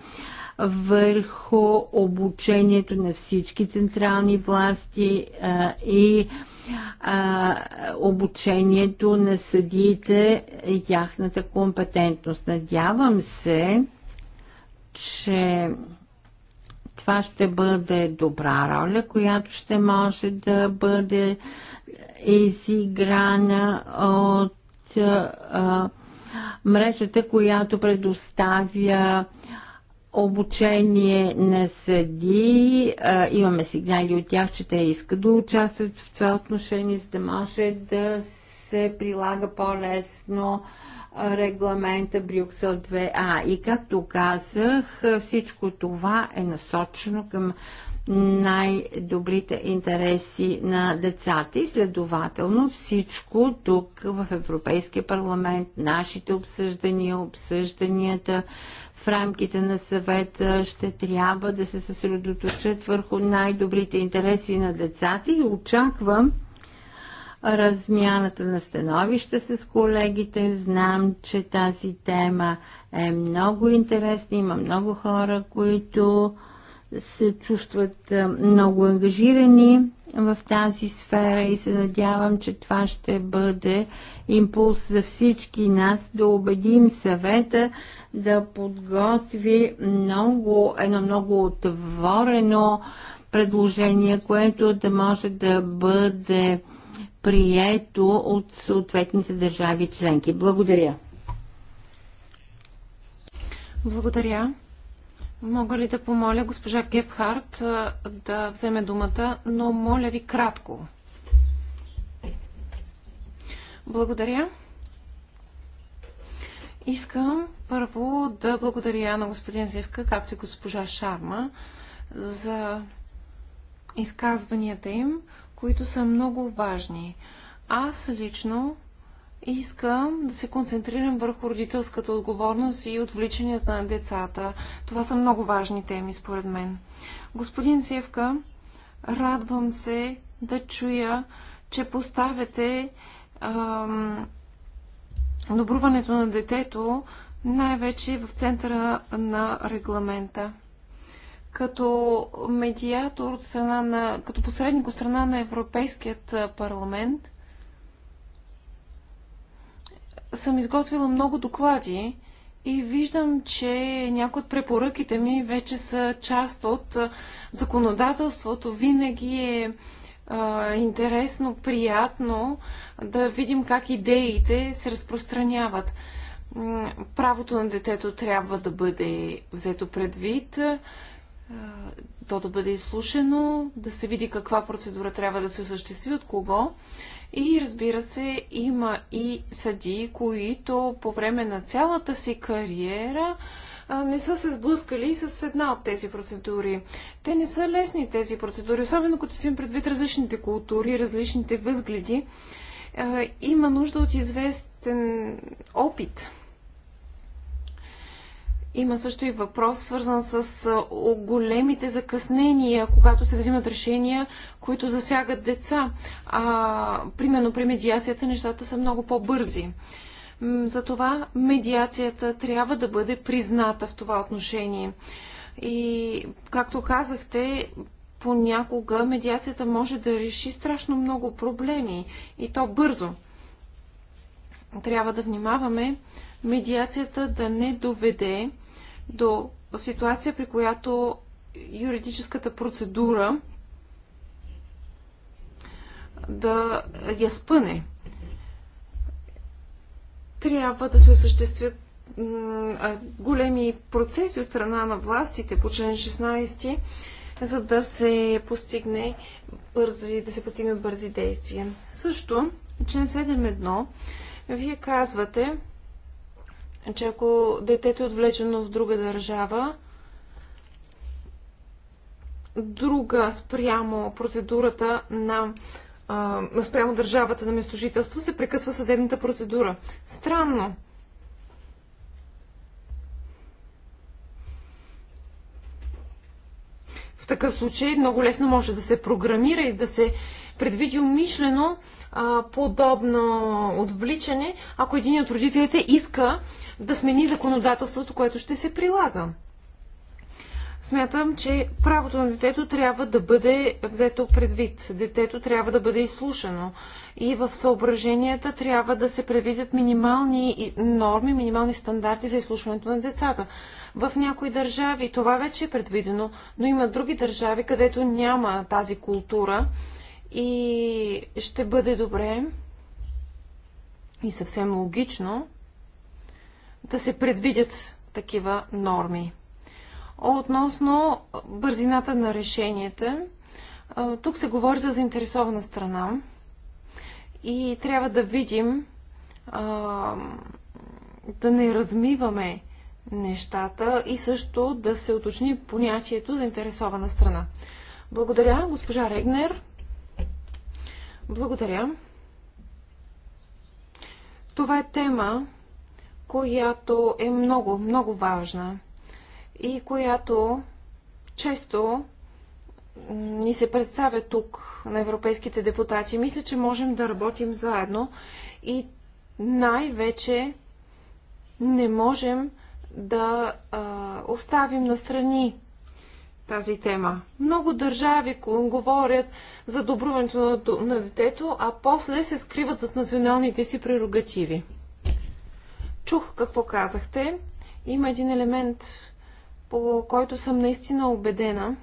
върху обучението на всички централни власти а, и а, обучението на съдиите и тяхната компетентност. Надявам се, че това ще бъде добра роля, която ще може да бъде изиграна от а, мрежата, която предоставя обучение на съди. А, имаме сигнали от тях, че те искат да участват в това отношение, за да може да се прилага по-лесно регламента Брюксел 2А. И както казах, всичко това е насочено към най-добрите интереси на децата и следователно всичко тук в Европейския парламент, нашите обсъждания, обсъжданията в рамките на съвета ще трябва да се съсредоточат върху най-добрите интереси на децата и очаквам размяната на становища с колегите. Знам, че тази тема е много интересна. Има много хора, които се чувстват е, много ангажирани в тази сфера и се надявам, че това ще бъде импулс за всички нас да убедим съвета да подготви много, едно много отворено предложение, което да може да бъде прието от съответните държави членки. Благодаря.
Благодаря. Мога ли да помоля госпожа Гепхарт да вземе думата, но моля ви кратко. Благодаря. Искам първо да благодаря на господин Зивка, както и госпожа Шарма, за изказванията им които са много важни. Аз лично искам да се концентрирам върху родителската отговорност и отвличанията на децата. Това са много важни теми, според мен. Господин Севка, радвам се да чуя, че поставяте ам, добруването на детето най-вече в центъра на регламента като медиатор от страна на, като посредник от страна на Европейският парламент съм изготвила много доклади и виждам, че някои от препоръките ми вече са част от законодателството. Винаги е а, интересно, приятно да видим как идеите се разпространяват. Правото на детето трябва да бъде взето предвид то да бъде изслушено, да се види каква процедура трябва да се осъществи, от кого. И разбира се, има и съдии, които по време на цялата си кариера не са се сблъскали с една от тези процедури. Те не са лесни тези процедури, особено като си им предвид различните култури, различните възгледи. Има нужда от известен опит има също и въпрос, свързан с големите закъснения, когато се взимат решения, които засягат деца. А, примерно при медиацията нещата са много по-бързи. Затова медиацията трябва да бъде призната в това отношение. И, както казахте, понякога медиацията може да реши страшно много проблеми и то бързо. Трябва да внимаваме медиацията да не доведе до ситуация, при която юридическата процедура да я спъне. Трябва да се осъществят големи процеси от страна на властите по член 16, за да се, постигне бързи, да се постигнат бързи действия. Също, член 7.1, вие казвате, че ако детето е отвлечено в друга държава, друга спрямо процедурата на а, спрямо държавата на местожителство се прекъсва съдебната процедура. Странно. В такъв случай много лесно може да се програмира и да се предвиди умишлено а, подобно отвличане, ако един от родителите иска да смени законодателството, което ще се прилага. Смятам, че правото на детето трябва да бъде взето предвид. Детето трябва да бъде изслушано. И в съображенията трябва да се предвидят минимални норми, минимални стандарти за изслушването на децата. В някои държави това вече е предвидено, но има други държави, където няма тази култура. И ще бъде добре и съвсем логично да се предвидят такива норми. Относно бързината на решенията, тук се говори за заинтересована страна и трябва да видим да не размиваме нещата и също да се уточни понятието заинтересована страна. Благодаря, госпожа Регнер. Благодаря. Това е тема, която е много, много важна и която често ни се представя тук на европейските депутати. Мисля, че можем да работим заедно и най-вече не можем да а, оставим настрани тази тема. Много държави говорят за добруването на, на детето, а после се скриват зад националните си прерогативи чух какво казахте. Има един елемент, по който съм наистина убедена,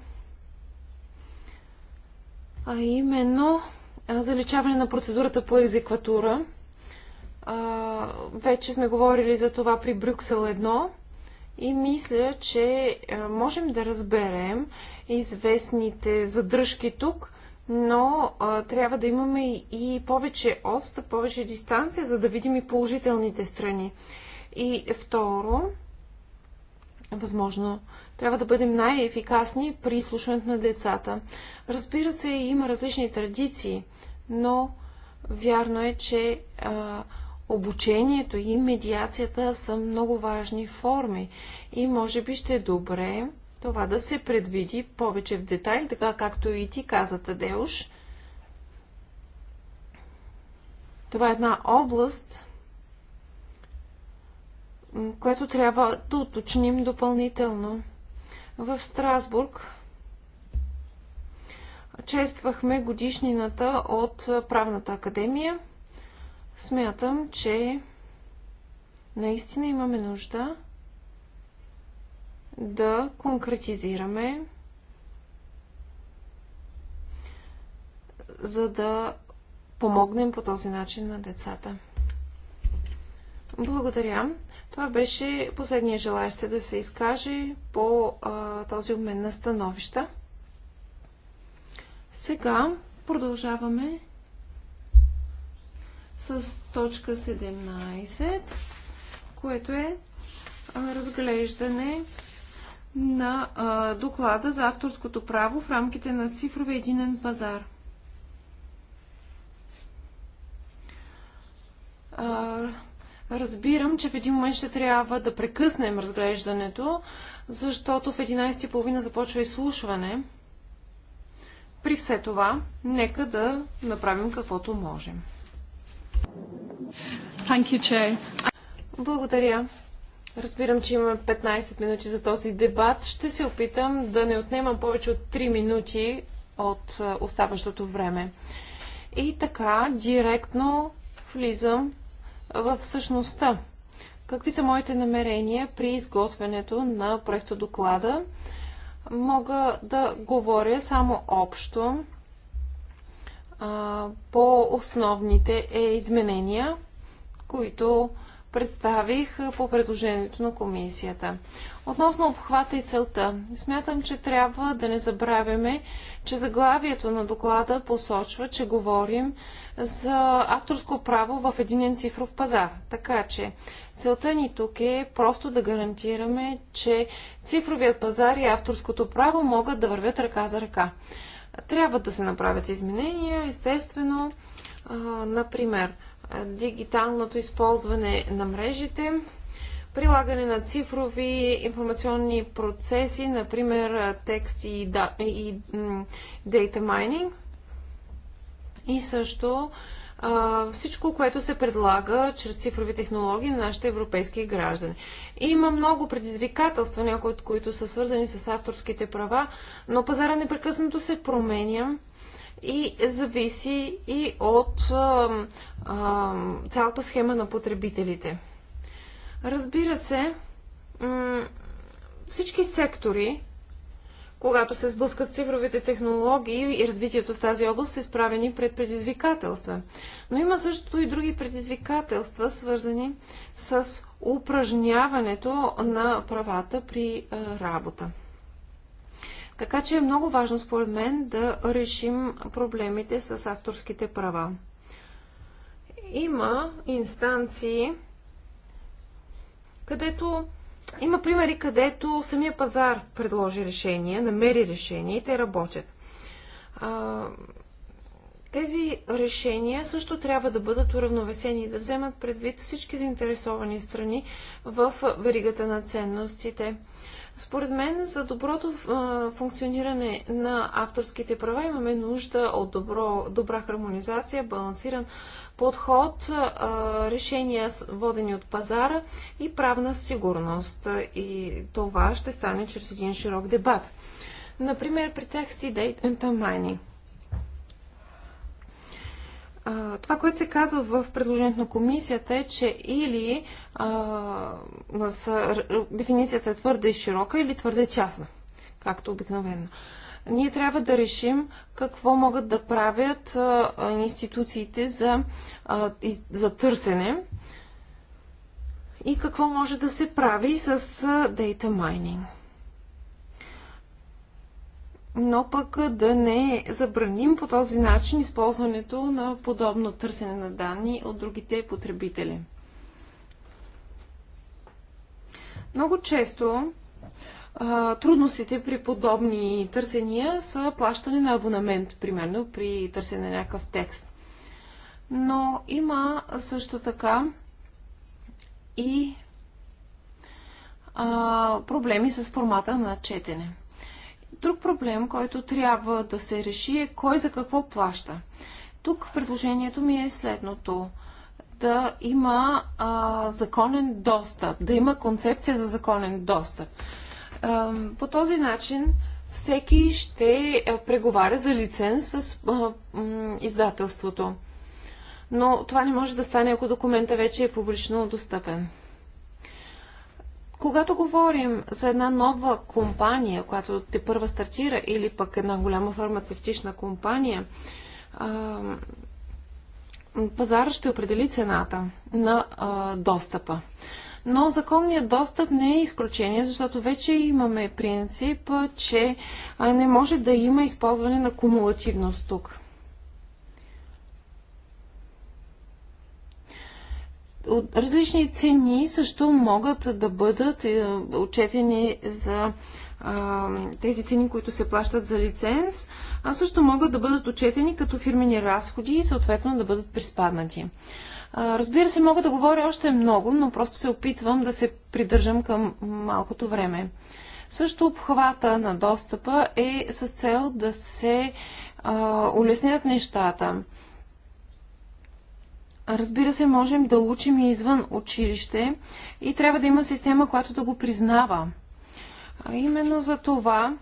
а именно заличаване на процедурата по екзекватура. А, вече сме говорили за това при Брюксел 1 и мисля, че можем да разберем известните задръжки тук но а, трябва да имаме и повече ост, повече дистанция, за да видим и положителните страни. И второ, възможно, трябва да бъдем най-ефикасни при слушането на децата. Разбира се, има различни традиции, но вярно е, че а, обучението и медиацията са много важни форми. И може би ще е добре това да се предвиди повече в детайл, така както и ти каза, Тадеуш. Това е една област, което трябва да уточним допълнително. В Страсбург чествахме годишнината от Правната академия. Смятам, че наистина имаме нужда да конкретизираме, за да помогнем по този начин на децата. Благодаря. Това беше последния желаящ се да се изкаже по а, този обмен на становища. Сега продължаваме с точка 17, което е разглеждане на а, доклада за авторското право в рамките на цифровия единен пазар. А, разбирам, че в един момент ще трябва да прекъснем разглеждането, защото в 11.30 започва изслушване. При все това, нека да направим каквото можем. Thank you, Chair. Благодаря. Разбирам, че имаме 15 минути за този дебат. Ще се опитам да не отнемам повече от 3 минути от оставащото време. И така, директно влизам в същността. Какви са моите намерения при изготвянето на проекта доклада? Мога да говоря само общо по основните е, изменения, които представих по предложението на комисията. Относно обхвата и целта, смятам, че трябва да не забравяме, че заглавието на доклада посочва, че говорим за авторско право в единен цифров пазар. Така че целта ни тук е просто да гарантираме, че цифровият пазар и авторското право могат да вървят ръка за ръка. Трябва да се направят изменения, естествено, например, дигиталното използване на мрежите, прилагане на цифрови информационни процеси, например текст и, да, и data mining. И също а, всичко, което се предлага чрез цифрови технологии на нашите европейски граждани. Има много предизвикателства, някои от които са свързани с авторските права, но пазара непрекъснато се променя и зависи и от а, а, цялата схема на потребителите. Разбира се, всички сектори, когато се сблъскат с цифровите технологии и развитието в тази област, са изправени пред предизвикателства. Но има също и други предизвикателства, свързани с упражняването на правата при работа. Така че е много важно, според мен, да решим проблемите с авторските права. Има инстанции, където има примери, където самия пазар предложи решение, намери решение и те работят. тези решения също трябва да бъдат уравновесени и да вземат предвид всички заинтересовани страни в веригата на ценностите. Според мен, за доброто функциониране на авторските права имаме нужда от добро, добра хармонизация, балансиран подход, решения водени от пазара и правна сигурност. И това ще стане чрез един широк дебат. Например, при текст и Date and това, което се казва в предложението на комисията е, че или а, с, дефиницията е твърде широка или твърде тясна, както обикновено. Ние трябва да решим какво могат да правят а, институциите за, а, и, за търсене и какво може да се прави с дейта майнинг но пък да не забраним по този начин използването на подобно търсене на данни от другите потребители. Много често трудностите при подобни търсения са плащане на абонамент, примерно при търсене на някакъв текст. Но има също така и а, проблеми с формата на четене. Друг проблем, който трябва да се реши е кой за какво плаща. Тук предложението ми е следното. Да има а, законен достъп, да има концепция за законен достъп. А, по този начин всеки ще преговаря за лиценз с а, м, издателството. Но това не може да стане, ако документа вече е публично достъпен. Когато говорим за една нова компания, която те първа стартира, или пък една голяма фармацевтична компания, пазара ще определи цената на достъпа. Но законният достъп не е изключение, защото вече имаме принцип, че не може да има използване на кумулативност тук. Различни цени също могат да бъдат е, отчетени за тези цени, които се плащат за лиценз, а също могат да бъдат отчетени като фирмени разходи и съответно да бъдат приспаднати. Разбира се, мога да говоря още много, но просто се опитвам да се придържам към малкото време. Също обхвата на достъпа е с цел да се улеснят нещата. Разбира се, можем да учим и извън училище и трябва да има система, която да го признава. А именно за това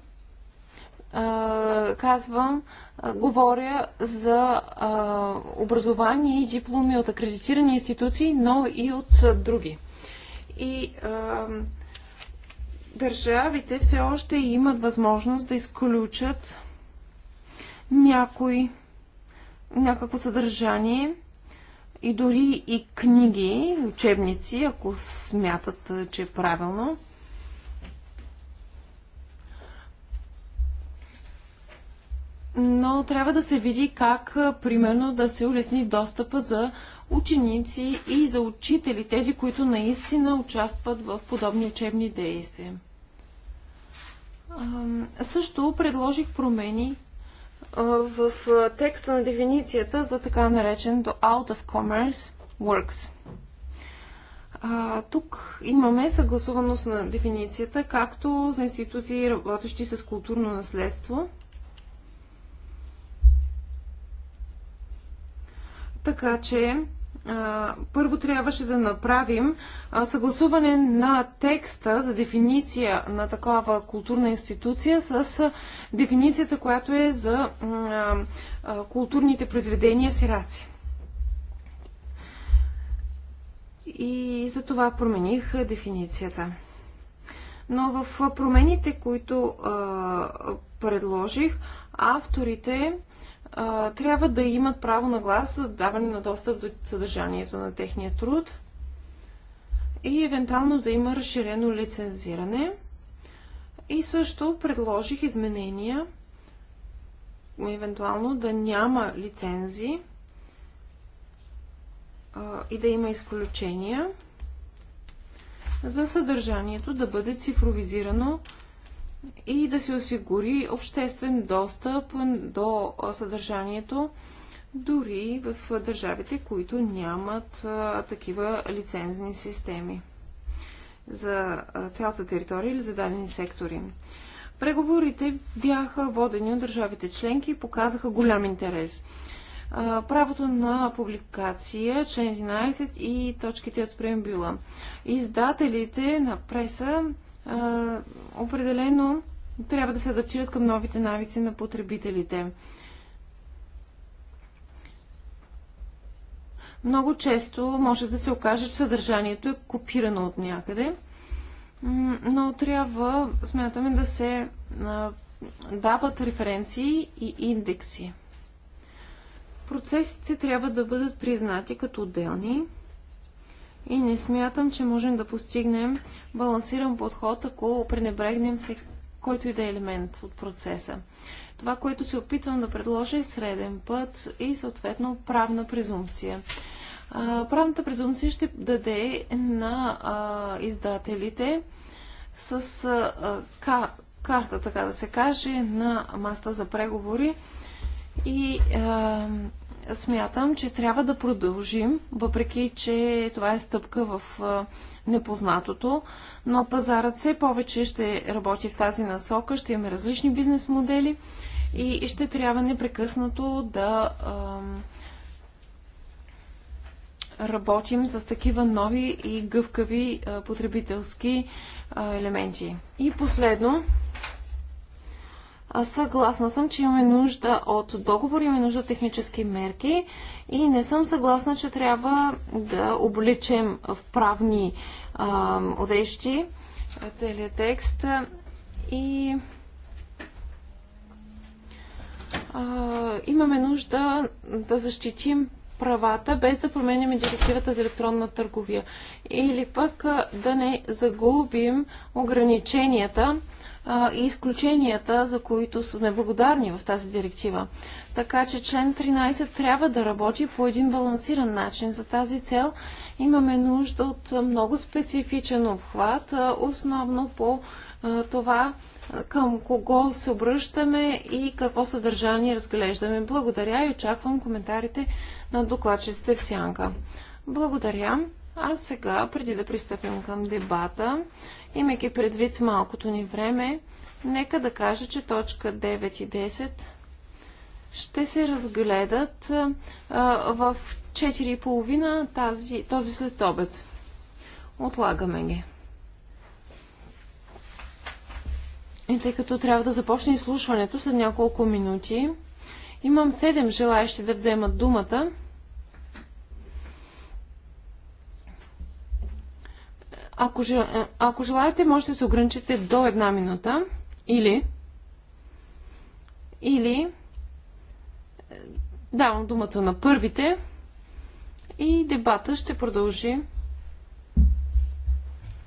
а, казвам, а, говоря за а, образование и дипломи от акредитирани институции, но и от други. И държавите все още имат възможност да изключат някой, някакво съдържание – и дори и книги, учебници, ако смятат, е, че е правилно. Но трябва да се види как, е, примерно, да се улесни достъпа за ученици и за учители, тези, които наистина участват в подобни учебни действия. Също предложих промени в текста на дефиницията за така нареченото Out of Commerce Works. А, тук имаме съгласуваност на дефиницията, както за институции, работещи с културно наследство, така че първо трябваше да направим съгласуване на текста за дефиниция на такава културна институция с дефиницията, която е за културните произведения сираци. И за това промених дефиницията. Но в промените, които предложих, авторите а, трябва да имат право на глас за даване на достъп до съдържанието на техния труд и евентуално да има разширено лицензиране. И също предложих изменения, евентуално да няма лицензи а, и да има изключения за съдържанието да бъде цифровизирано и да се осигури обществен достъп до съдържанието, дори в държавите, които нямат такива лицензни системи за цялата територия или за дадени сектори. Преговорите бяха водени от държавите членки и показаха голям интерес. правото на публикация, член 11 и точките от преамбюла. Издателите на преса определено трябва да се адаптират към новите навици на потребителите. Много често може да се окаже, че съдържанието е копирано от някъде, но трябва, смятаме, да се дават референции и индекси. Процесите трябва да бъдат признати като отделни и не смятам, че можем да постигнем балансиран подход, ако пренебрегнем се който и да е елемент от процеса. Това, което се опитвам да предложа е среден път и съответно правна презумпция. правната презумпция ще даде на издателите с карта, така да се каже, на маста за преговори и смятам, че трябва да продължим, въпреки че това е стъпка в непознатото, но пазарът все повече ще работи в тази насока, ще имаме различни бизнес модели и ще трябва непрекъснато да работим с такива нови и гъвкави потребителски елементи. И последно, аз Съгласна съм, че имаме нужда от договор, имаме нужда от технически мерки и не съм съгласна, че трябва да обличем в правни а, одежди целият текст. И а, имаме нужда да защитим правата, без да променяме директивата за електронна търговия. Или пък да не загубим ограниченията и изключенията, за които сме благодарни в тази директива. Така че член 13 трябва да работи по един балансиран начин. За тази цел имаме нужда от много специфичен обхват, основно по това към кого се обръщаме и какво съдържание разглеждаме. Благодаря и очаквам коментарите на докладчиците в Сянка. Благодаря. А сега, преди да пристъпим към дебата, Имайки предвид малкото ни време, нека да кажа, че точка 9 и 10 ще се разгледат в 4.30 тази, този след обед. Отлагаме ги. И тъй като трябва да започне изслушването след няколко минути, имам 7 желаящи да вземат думата. Ако, жел... Е, ако желаете, можете да се ограничите до една минута или или е, давам думата на първите и дебата ще продължи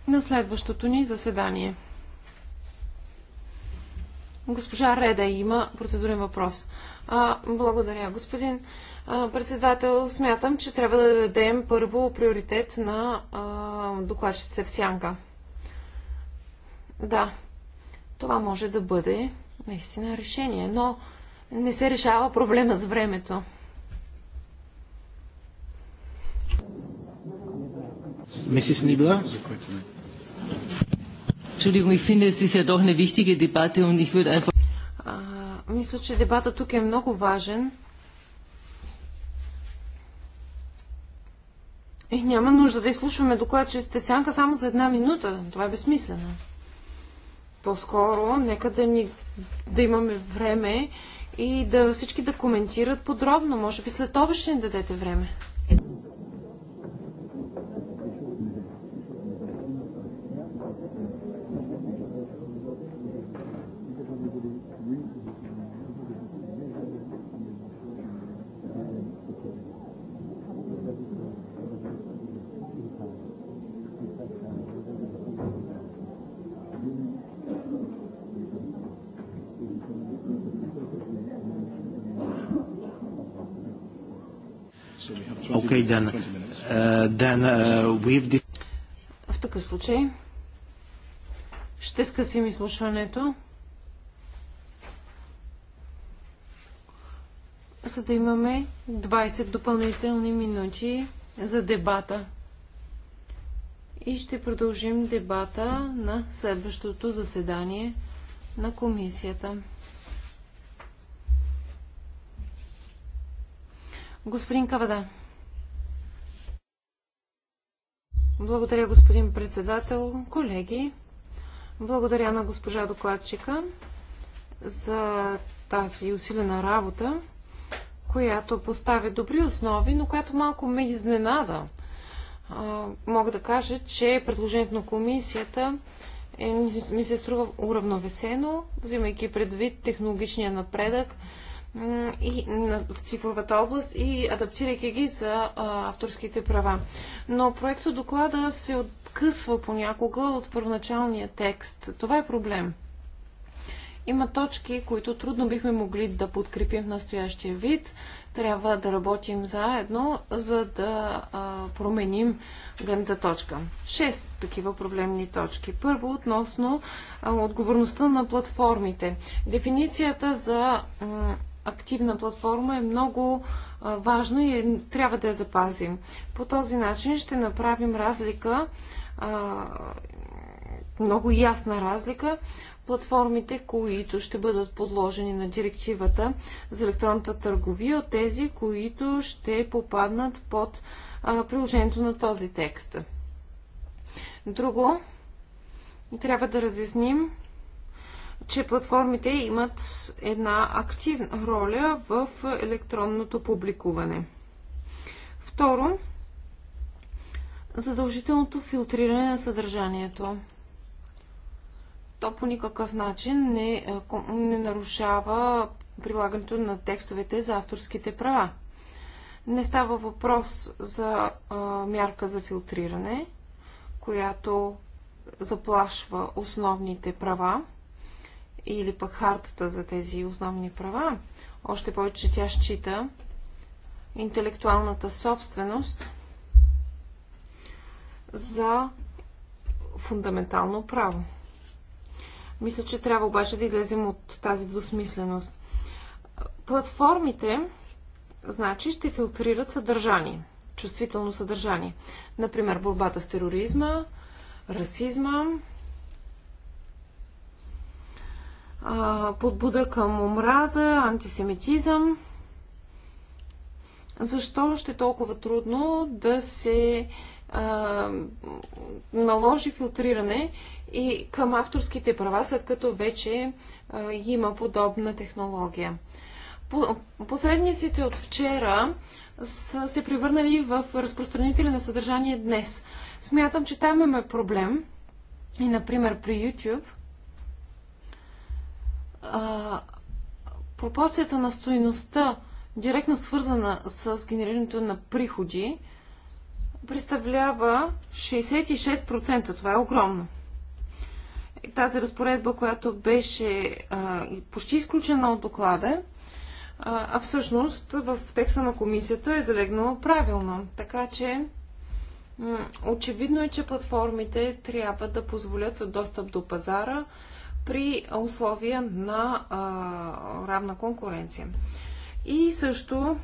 на следващото ни заседание. Госпожа Реда има процедурен въпрос. А, благодаря, господин председател, смятам, че трябва да дадем първо приоритет на докладчица в сянка. Да, това може да бъде наистина решение, но не се решава проблема с времето. Месис Нибла? Entschuldigung,
ich finde, es ist ja doch eine wichtige Debatte und ich würde einfach...
Мисля, че дебата тук е много важен Е, няма нужда да изслушваме сте сянка само за една минута. Това е безсмислено. По-скоро, нека да, ни, да имаме време и да всички да коментират подробно. Може би след обещен ще ни дадете време.
then,
uh, then uh, we've...
В такъв случай ще скъсим изслушването, за да имаме 20 допълнителни минути за дебата. И ще продължим дебата на следващото заседание на комисията. Господин Кавада. Благодаря, господин председател. Колеги, благодаря на госпожа докладчика за тази усилена работа, която поставя добри основи, но която малко ме изненада. мога да кажа, че предложението на комисията е, ми се струва уравновесено, взимайки предвид технологичния напредък, и в цифровата област и адаптирайки ги за а, авторските права. Но проектът доклада се откъсва понякога от първоначалния текст. Това е проблем. Има точки, които трудно бихме могли да подкрепим в настоящия вид. Трябва да работим заедно, за да а, променим гледната точка. Шест такива проблемни точки. Първо, относно а, отговорността на платформите. Дефиницията за активна платформа е много важно и е, трябва да я запазим. По този начин ще направим разлика, много ясна разлика, платформите, които ще бъдат подложени на директивата за електронната търговия, от тези, които ще попаднат под приложението на този текст. Друго, трябва да разясним че платформите имат една активна роля в електронното публикуване. Второ, задължителното филтриране на съдържанието. То по никакъв начин не, е, не нарушава прилагането на текстовете за авторските права. Не става въпрос за а, мярка за филтриране, която заплашва основните права или пък хартата за тези основни права. Още повече, тя счита интелектуалната собственост за фундаментално право. Мисля, че трябва обаче да излезем от тази двусмисленост. Платформите, значи, ще филтрират съдържание, чувствително съдържание. Например, борбата с тероризма, расизма, подбуда към омраза, антисемитизъм. Защо ще е толкова трудно да се а, наложи филтриране и към авторските права, след като вече а, има подобна технология? По, посредниците от вчера са се превърнали в разпространители на съдържание днес. Смятам, че там имаме проблем. И, например, при YouTube пропорцията на стоиността, директно свързана с генерирането на приходи, представлява 66%. Това е огромно. Тази разпоредба, която беше а, почти изключена от доклада, а, а всъщност в текста на комисията е залегнала правилно. Така че очевидно е, че платформите трябва да позволят достъп до пазара, при условия на а, равна конкуренция. И също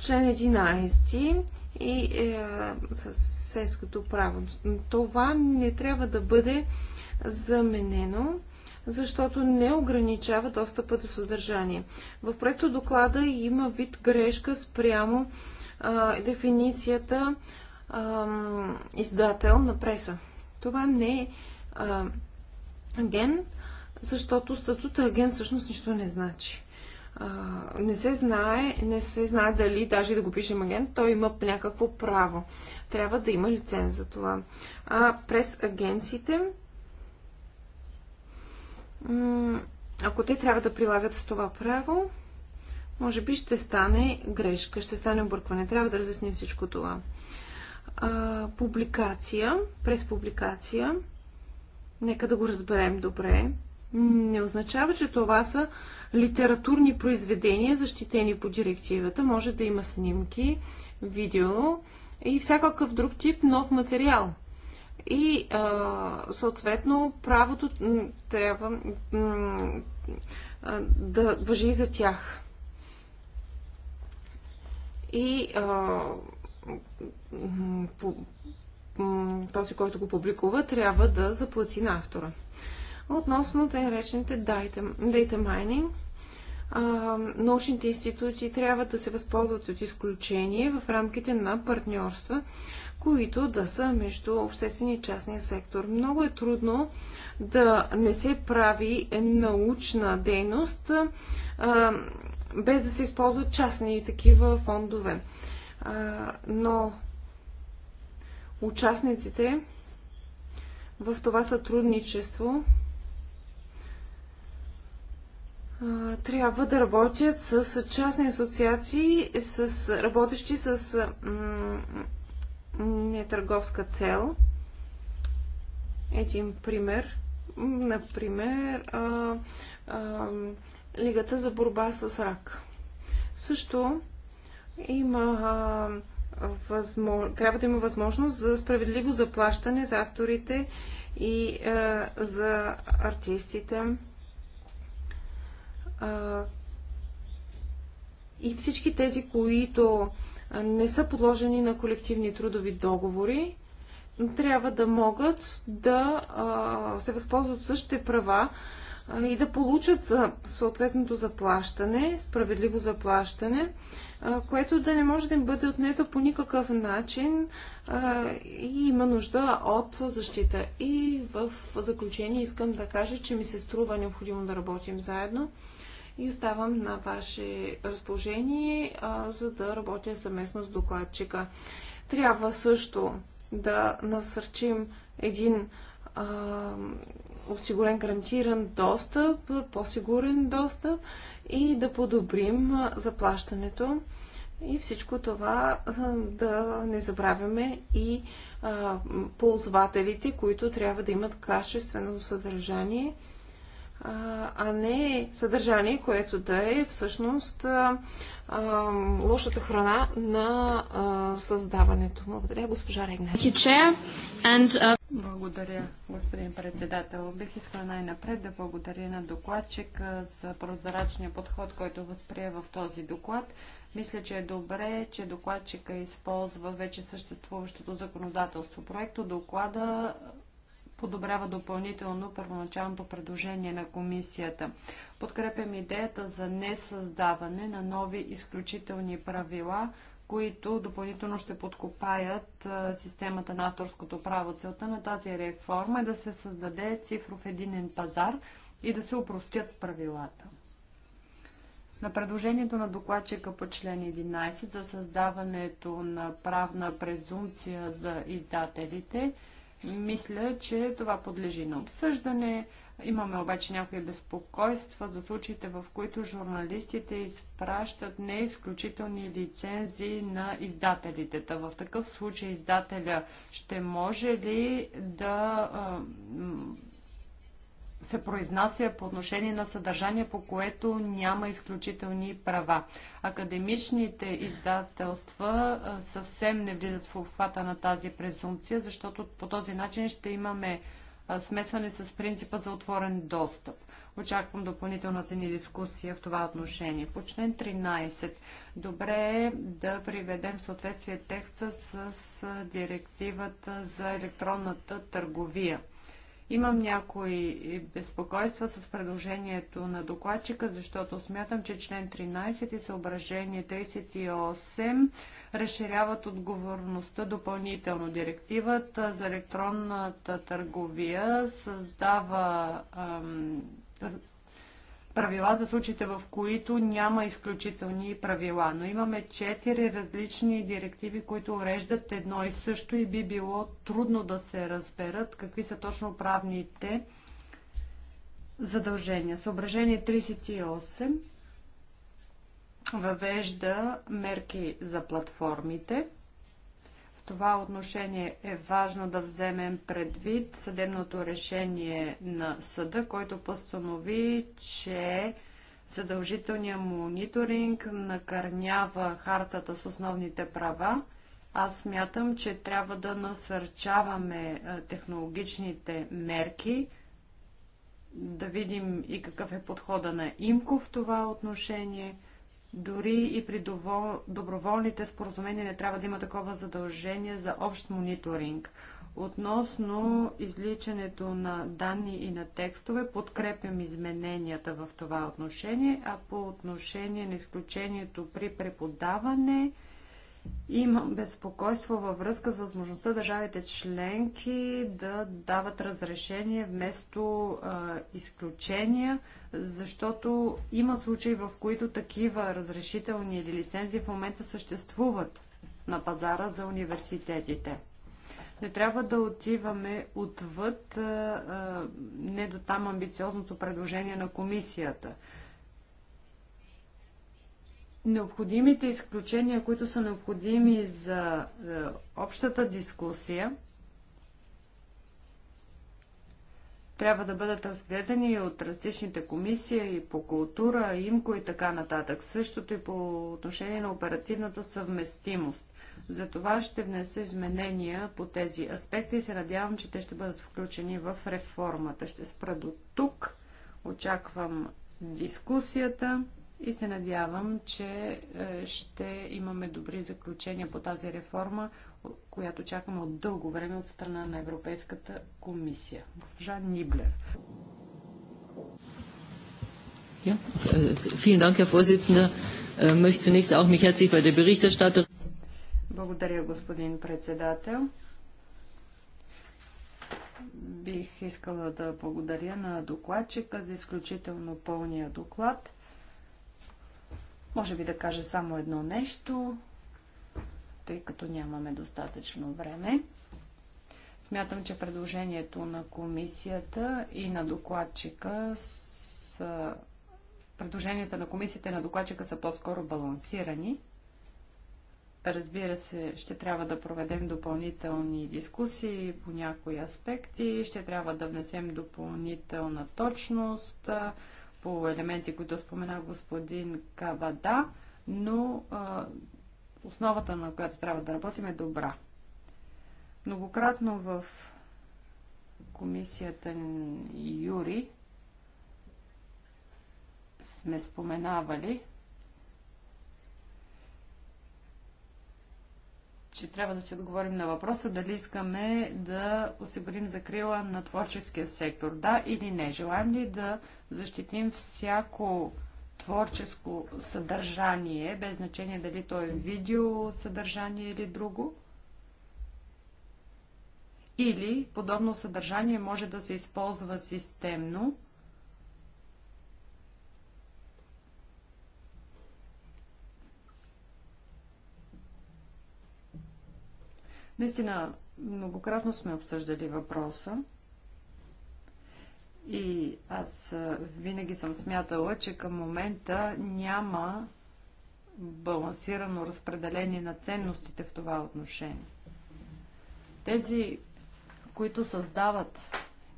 член 11 и е, съседското право. Това не трябва да бъде заменено, защото не ограничава достъпа до съдържание. В проекто доклада има вид грешка спрямо а, е, дефиницията а, е, издател на преса. Това не е а, ген, защото статута агент всъщност нищо не значи. А, не се знае, не се знае дали даже да го пишем агент, той има някакво право. Трябва да има лиценз за това. А през агенциите, ако те трябва да прилагат с това право, може би ще стане грешка, ще стане объркване. Трябва да разясним всичко това. А, публикация, през публикация, нека да го разберем добре не означава, че това са литературни произведения, защитени по директивата. Може да има снимки, видео и всякакъв друг тип нов материал. И а, съответно правото трябва да въжи за тях. И а, по, този, който го публикува, трябва да заплати на автора относно тъй наречените data, data mining. А, научните институти трябва да се възползват от изключение в рамките на партньорства, които да са между обществения и частния сектор. Много е трудно да не се прави научна дейност а, без да се използват частни такива фондове. А, но участниците в това сътрудничество трябва да работят с частни асоциации, с работещи с нетърговска цел. Един пример. Например, а, а, Лигата за борба с рак. Също има а, възможно, трябва да има възможност за справедливо заплащане за авторите и а, за артистите а, и всички тези, които не са подложени на колективни трудови договори, трябва да могат да а, се възползват същите права а, и да получат за съответното заплащане, справедливо заплащане, а, което да не може да им бъде отнето по никакъв начин и има нужда от защита. И в заключение искам да кажа, че ми се струва необходимо да работим заедно и оставам на ваше разположение, а, за да работя съвместно с докладчика. Трябва също да насърчим един а, осигурен гарантиран достъп, по-сигурен достъп и да подобрим заплащането. И всичко това да не забравяме и а, ползвателите, които трябва да имат качествено съдържание а не съдържание, което да е всъщност лошата храна на създаването. Благодаря, госпожа Регна. Uh, благодаря, господин председател. Бих искала
най-напред да благодаря на докладчик за прозрачния подход, който възприе в този доклад. Мисля, че е добре, че докладчика използва вече съществуващото законодателство. Проекто доклада подобрява допълнително първоначалното предложение на комисията. Подкрепям идеята за несъздаване на нови изключителни правила, които допълнително ще подкопаят системата на авторското право. Целта на тази реформа е да се създаде цифров единен пазар и да се упростят правилата. На предложението на докладчика по член 11 за създаването на правна презумпция за издателите – мисля, че това подлежи на обсъждане. Имаме обаче някои безпокойства за случаите, в които журналистите изпращат неизключителни лицензии на издателите. Та в такъв случай издателя ще може ли да се произнася по отношение на съдържание, по което няма изключителни права. Академичните издателства съвсем не влизат в обхвата на тази презумпция, защото по този начин ще имаме смесване с принципа за отворен достъп. Очаквам допълнителната ни дискусия в това отношение. По член 13. Добре е да приведем в съответствие текста с директивата за електронната търговия. Имам някои безпокойства с предложението на докладчика, защото смятам, че член 13 и съображение 38 разширяват отговорността допълнително. Директивата за електронната търговия създава ам, правила за случаите, в които няма изключителни правила. Но имаме четири различни директиви, които уреждат едно и също и би било трудно да се разберат какви са точно правните задължения. Съображение 38 въвежда мерки за платформите – това отношение е важно да вземем предвид съдебното решение на съда, който постанови, че задължителния мониторинг накърнява хартата с основните права. Аз смятам, че трябва да насърчаваме е, технологичните мерки, да видим и какъв е подхода на имко в това отношение – дори и при доброволните споразумения не трябва да има такова задължение за общ мониторинг. Относно изличането на данни и на текстове, подкрепям измененията в това отношение, а по отношение на изключението при преподаване, Имам безпокойство във връзка с възможността държавите членки да дават разрешение вместо а, изключения, защото има случаи, в които такива разрешителни или лицензии в момента съществуват на пазара за университетите. Не трябва да отиваме отвъд а, а, не до там амбициозното предложение на комисията – необходимите изключения, които са необходими за е, общата дискусия, трябва да бъдат разгледани от различните комисии и по култура, имко и така нататък. Същото и по отношение на оперативната съвместимост. За това ще внеса изменения по тези аспекти и се надявам, че те ще бъдат включени в реформата. Ще спра до тук. Очаквам дискусията и се надявам, че е, ще имаме добри заключения по тази реформа, която чакаме от дълго време от страна на Европейската комисия. Госпожа Ниблер. Ja, äh, vielen Dank, Herr Vorsitzender. Äh,
möchte zunächst auch mich herzlich bei der Berichterstatterin.
Благодаря, господин председател. Бих искала да благодаря на докладчика за изключително пълния доклад. Може би да кажа само едно нещо, тъй като нямаме достатъчно време. Смятам, че предложението на комисията и на докладчика са... Предложенията на комисията и на докладчика са по-скоро балансирани. Разбира се, ще трябва да проведем допълнителни дискусии по някои аспекти, ще трябва да внесем допълнителна точност, по елементи, които спомена господин Кавада, но а, основата, на която трябва да работим е добра. Многократно в комисията Юри сме споменавали, че трябва да си отговорим на въпроса дали искаме да осигурим закрила на творческия сектор. Да или не? Желаем ли да защитим всяко творческо съдържание, без значение дали то е видео съдържание или друго? Или подобно съдържание може да се използва системно – Наистина, многократно сме обсъждали въпроса и аз винаги съм смятала, че към момента няма балансирано разпределение на ценностите в това отношение. Тези, които създават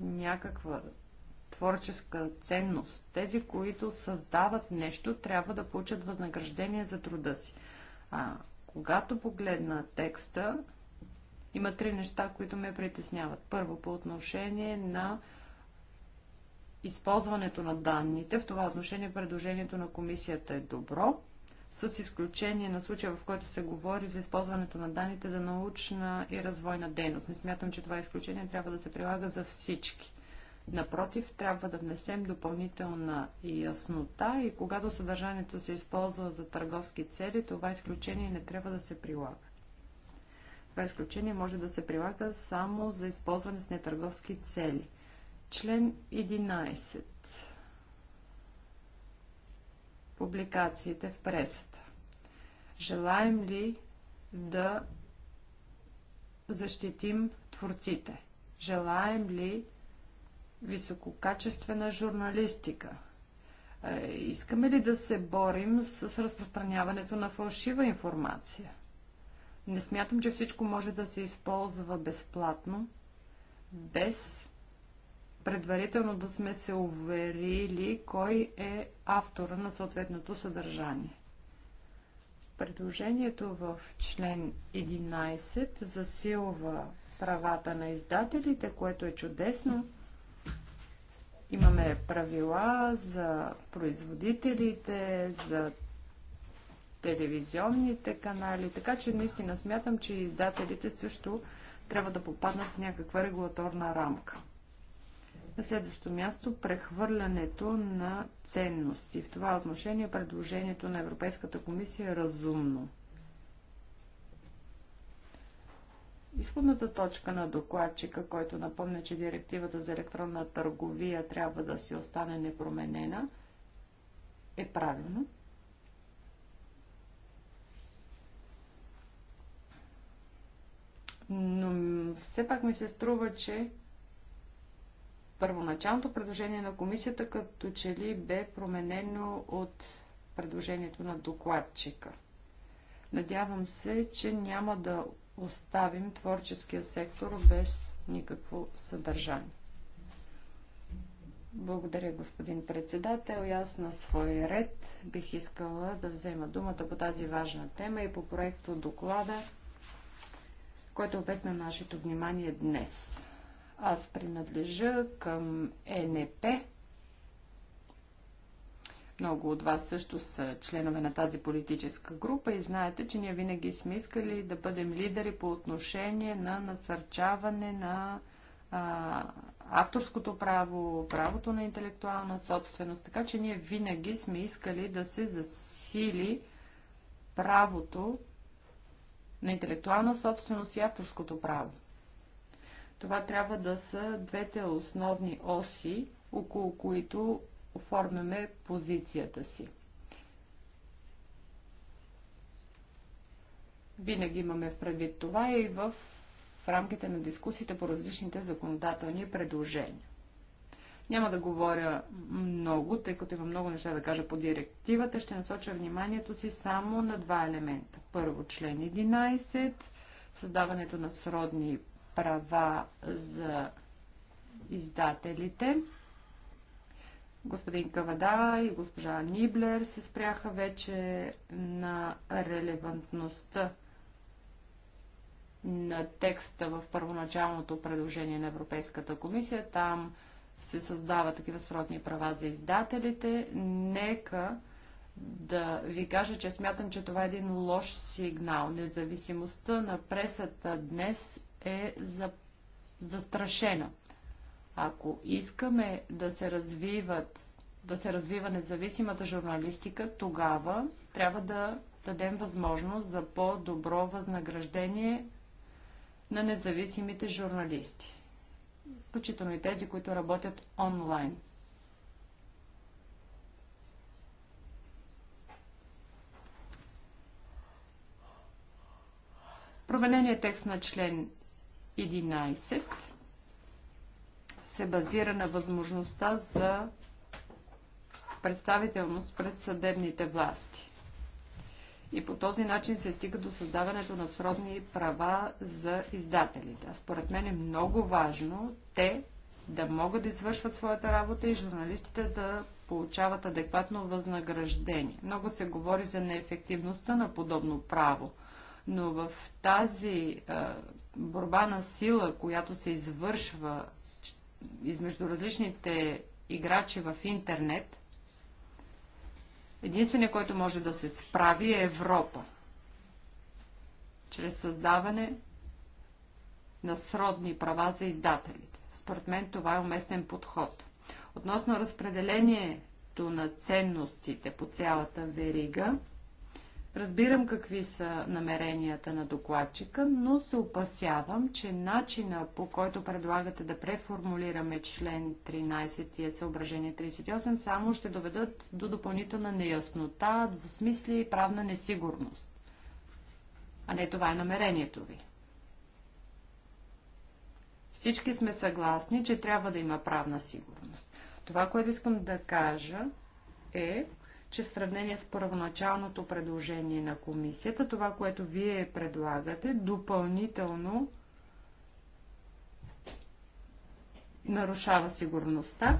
някаква творческа ценност, тези, които създават нещо, трябва да получат възнаграждение за труда си. А, когато погледна текста, има три неща, които ме притесняват. Първо, по отношение на използването на данните. В това отношение предложението на комисията е добро, с изключение на случая, в който се говори за използването на данните за научна и развойна дейност. Не смятам, че това изключение трябва да се прилага за всички. Напротив, трябва да внесем допълнителна яснота и когато съдържанието се използва за търговски цели, това изключение не трябва да се прилага. Това изключение може да се прилага само за използване с нетърговски цели. Член 11. Публикациите в пресата. Желаем ли да защитим творците? Желаем ли висококачествена журналистика? Е, искаме ли да се борим с разпространяването на фалшива информация? Не смятам, че всичко може да се използва безплатно, без предварително да сме се уверили кой е автора на съответното съдържание. Предложението в член 11 засилва правата на издателите, което е чудесно. Имаме правила за производителите, за телевизионните канали. Така че наистина смятам, че издателите също трябва да попаднат в някаква регулаторна рамка. На следващо място прехвърлянето на ценности. В това отношение предложението на Европейската комисия е разумно. Изходната точка на докладчика, който напомня, че директивата за електронна търговия трябва да си остане непроменена, е правилно. но все пак ми се струва, че първоначалното предложение на комисията като че ли бе променено от предложението на докладчика. Надявам се, че няма да оставим творческия сектор без никакво съдържание. Благодаря, господин председател. И аз на свой ред бих искала да взема думата по тази важна тема и по проекто доклада който е обект на нашето внимание днес. Аз принадлежа към ЕНП. Много от вас също са членове на тази политическа група и знаете, че ние винаги сме искали да бъдем лидери по отношение на насърчаване на а, авторското право, правото на интелектуална собственост. Така че ние винаги сме искали да се засили правото на интелектуална собственост и авторското право. Това трябва да са двете основни оси, около които оформяме позицията си. Винаги имаме в предвид това и в рамките на дискусиите по различните законодателни предложения. Няма да говоря много, тъй като има много неща да кажа по директивата. Ще насоча вниманието си само на два елемента. Първо, член 11, създаването на сродни права за издателите. Господин Кавада и госпожа Ниблер се спряха вече на релевантността на текста в първоначалното предложение на Европейската комисия. Там се създават такива сродни права за издателите, нека да ви кажа, че смятам, че това е един лош сигнал. Независимостта на пресата днес е за... застрашена. Ако искаме да се развиват, да се развива независимата журналистика, тогава трябва да дадем възможност за по-добро възнаграждение на независимите журналисти включително и тези, които работят онлайн. Промененият текст на член 11 се базира на възможността за представителност пред съдебните власти и по този начин се стига до създаването на сродни права за издателите. А според мен е много важно те да могат да извършват своята работа и журналистите да получават адекватно възнаграждение. Много се говори за неефективността на подобно право, но в тази а, борба на сила, която се извършва измежду различните играчи в интернет – Единственият, който може да се справи е Европа. Чрез създаване на сродни права за издателите. Според мен това е уместен подход. Относно разпределението на ценностите по цялата верига, Разбирам какви са намеренията на докладчика, но се опасявам, че начина по който предлагате да преформулираме член 13 и съображение 38 само ще доведат до допълнителна неяснота, двусмислие и правна несигурност. А не това е намерението ви. Всички сме съгласни, че трябва да има правна сигурност. Това, което искам да кажа е, че в сравнение с първоначалното предложение на комисията, това, което вие предлагате, допълнително нарушава сигурността.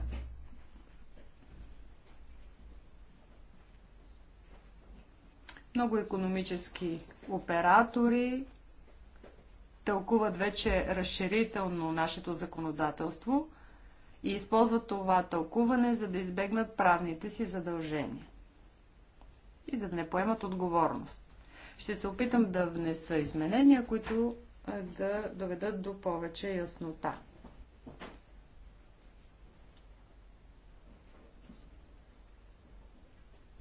Много економически оператори тълкуват вече разширително нашето законодателство и използват това тълкуване, за да избегнат правните си задължения и за да не поемат отговорност. Ще се опитам да внеса изменения, които е, да доведат до повече яснота.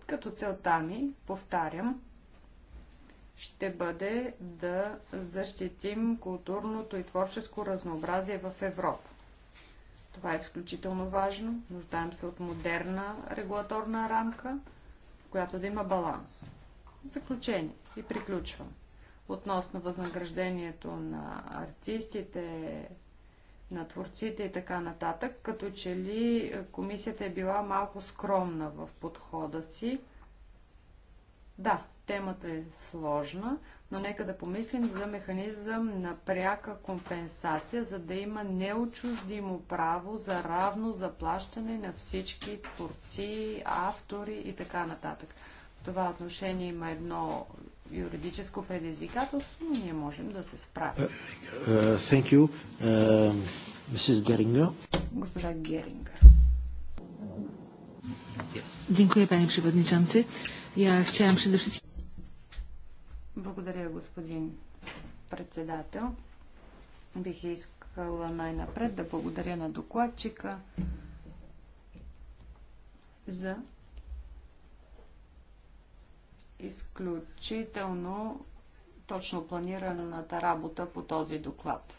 Като целта ми, повтарям, ще бъде да защитим културното и творческо разнообразие в Европа. Това е изключително важно. Нуждаем се от модерна регулаторна рамка – която да има баланс. Заключение и приключвам. Относно възнаграждението на артистите, на творците и така нататък, като че ли е, комисията е била малко скромна в подхода си. Да, темата е сложна, но нека да помислим за механизъм на пряка компенсация, за да има неочуждимо право за равно заплащане на всички творци, автори и така нататък. В това отношение има едно юридическо предизвикателство, но ние можем да се справим. Uh,
uh, uh, Mrs. Geringer.
Госпожа Герингър.
Yes. Dziękuję panie przewodniczący. Ja chciałam przede wszystkim
благодаря, господин председател. Бих искала най-напред да благодаря на докладчика за изключително точно планираната работа по този доклад.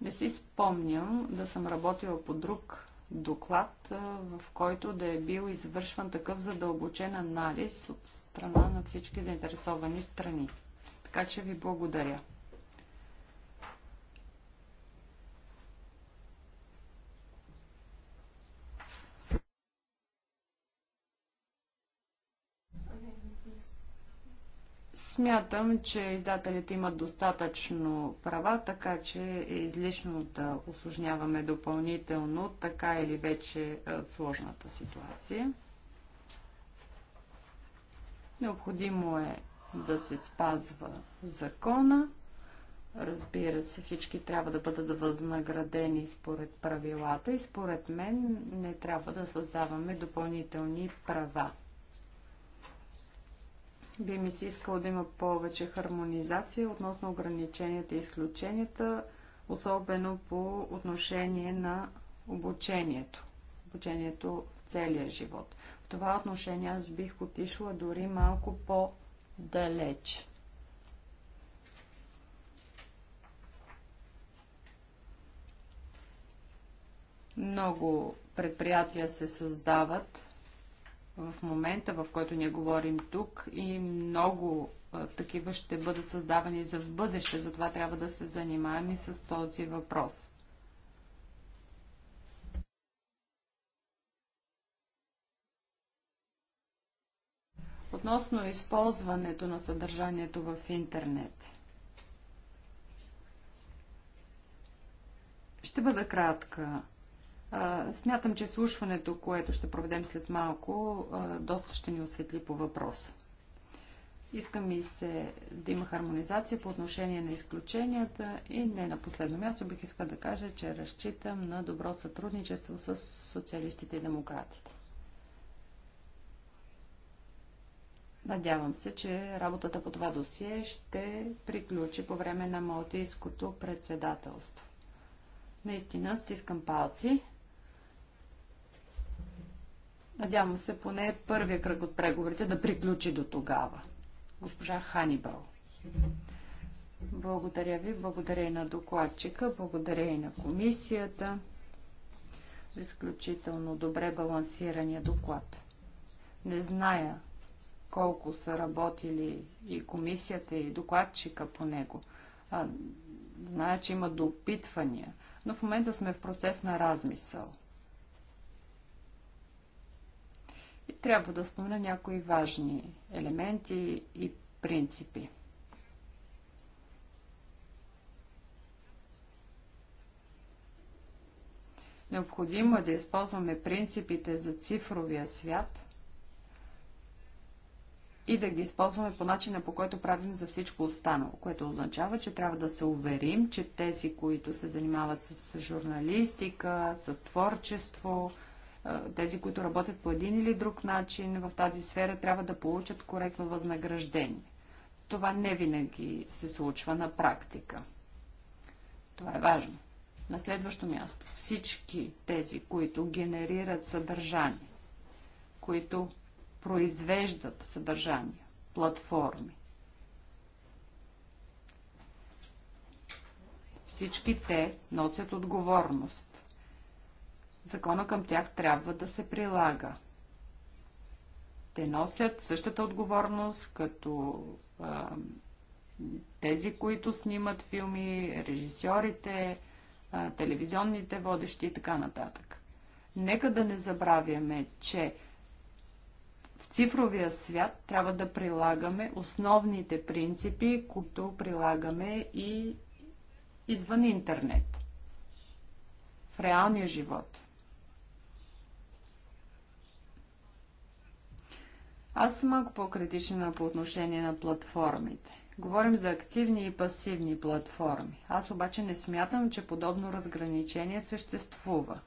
Не си спомням да съм работила по друг доклад, в който да е бил извършван такъв задълбочен анализ от страна на всички заинтересовани страни. Така че ви благодаря. Смятам, че издателите имат достатъчно права, така че е излишно да осложняваме допълнително така или вече е, сложната ситуация. Необходимо е да се спазва закона. Разбира се, всички трябва да бъдат възнаградени според правилата и според мен не трябва да създаваме допълнителни права би ми се искало да има повече хармонизация относно ограниченията и изключенията, особено по отношение на обучението. Обучението в целия живот. В това отношение аз бих отишла дори малко по-далеч. Много предприятия се създават в момента, в който ние говорим тук и много а, такива ще бъдат създавани за в бъдеще, затова трябва да се занимаем и с този въпрос. Относно използването на съдържанието в интернет. Ще бъда кратка. Смятам, че слушването, което ще проведем след малко, доста ще ни осветли по въпроса. Искам и се да има хармонизация по отношение на изключенията и не на последно място бих искала да кажа, че разчитам на добро сътрудничество с социалистите и демократите. Надявам се, че работата по това досие ще приключи по време на Малтийското председателство. Наистина стискам палци Надявам се поне първия кръг от преговорите да приключи до тогава. Госпожа Ханибал. Благодаря ви, благодаря и на докладчика, благодаря и на комисията изключително добре балансирания доклад. Не зная колко са работили и комисията, и докладчика по него. А, зная, че има допитвания, но в момента сме в процес на размисъл – И трябва да спомена някои важни елементи и принципи. Необходимо е да използваме принципите за цифровия свят и да ги използваме по начина, по който правим за всичко останало, което означава, че трябва да се уверим, че тези, които се занимават с журналистика, с творчество, тези, които работят по един или друг начин в тази сфера, трябва да получат коректно възнаграждение. Това не винаги се случва на практика. Това е важно. На следващо място, всички тези, които генерират съдържание, които произвеждат съдържание, платформи, всички те носят отговорност. Закона към тях трябва да се прилага. Те носят същата отговорност като а, тези, които снимат филми, режисьорите, а, телевизионните водещи и така нататък. Нека да не забравяме, че в цифровия свят трябва да прилагаме основните принципи, които прилагаме и извън интернет, в реалния живот – Аз съм малко по-критична по отношение на платформите. Говорим за активни и пасивни платформи. Аз обаче не смятам, че подобно разграничение съществува.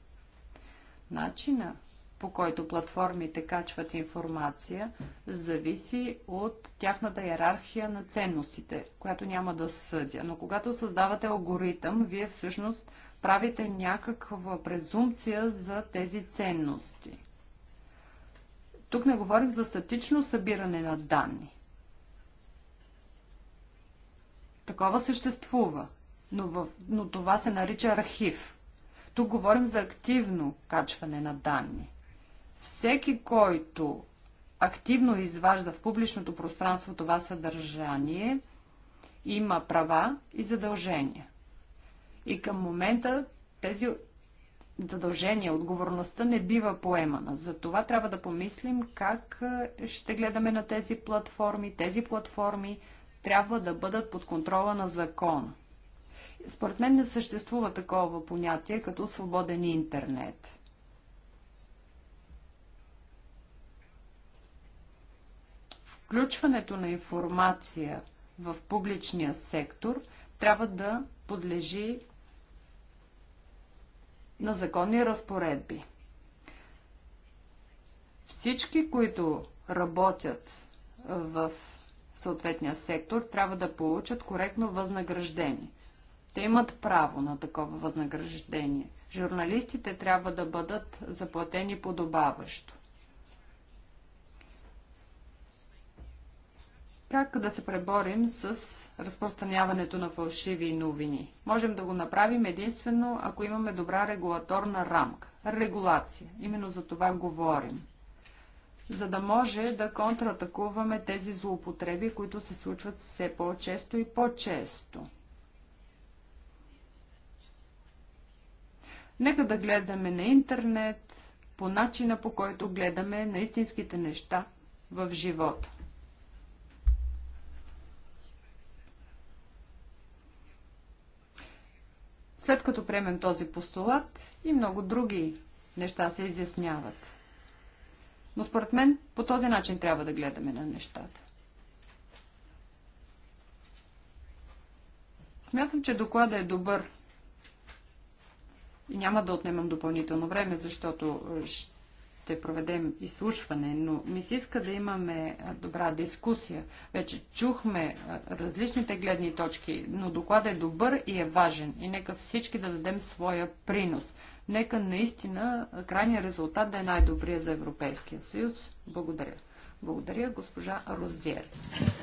Начина, по който платформите качват информация, зависи от тяхната иерархия на ценностите, която няма да съдя. Но когато създавате алгоритъм, вие всъщност правите някаква презумпция за тези ценности. Тук не говорим за статично събиране на данни. Такова съществува, но, в, но това се нарича архив. Тук говорим за активно качване на данни. Всеки, който активно изважда в публичното пространство това съдържание, има права и задължения. И към момента тези задължение, отговорността не бива поемана. За това трябва да помислим как е, ще гледаме на тези платформи. Тези платформи трябва да бъдат под контрола на закона. Според мен не съществува такова понятие като свободен интернет. Включването на информация в публичния сектор трябва да подлежи на законни разпоредби. Всички, които работят в съответния сектор, трябва да получат коректно възнаграждение. Те имат право на такова възнаграждение. Журналистите трябва да бъдат заплатени подобаващо. Как да се преборим с разпространяването на фалшиви новини? Можем да го направим единствено, ако имаме добра регулаторна рамка. Регулация. Именно за това говорим. За да може да контратакуваме тези злоупотреби, които се случват все по-често и по-често. Нека да гледаме на интернет, по начина по който гледаме на истинските неща в живота. След като приемем този постулат и много други неща се изясняват. Но според мен по този начин трябва да гледаме на нещата. Смятам, че доклада е добър. И няма да отнемам допълнително време, защото е, ще ще проведем изслушване, но ми се иска да имаме добра дискусия. Вече чухме различните гледни точки, но докладът е добър и е важен. И нека всички да дадем своя принос. Нека наистина крайният резултат да е най-добрия за Европейския съюз. Благодаря. Благодаря, госпожа Розиер.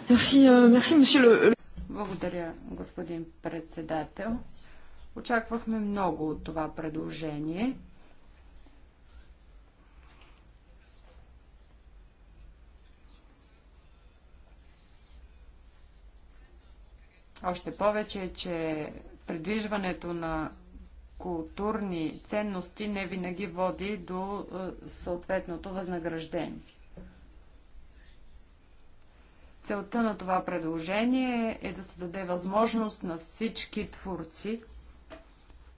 Euh,
Благодаря, господин председател. Очаквахме много от това предложение. Още повече, че предвижването на културни ценности не винаги води до е, съответното възнаграждение. Целта на това предложение е да се даде възможност на всички творци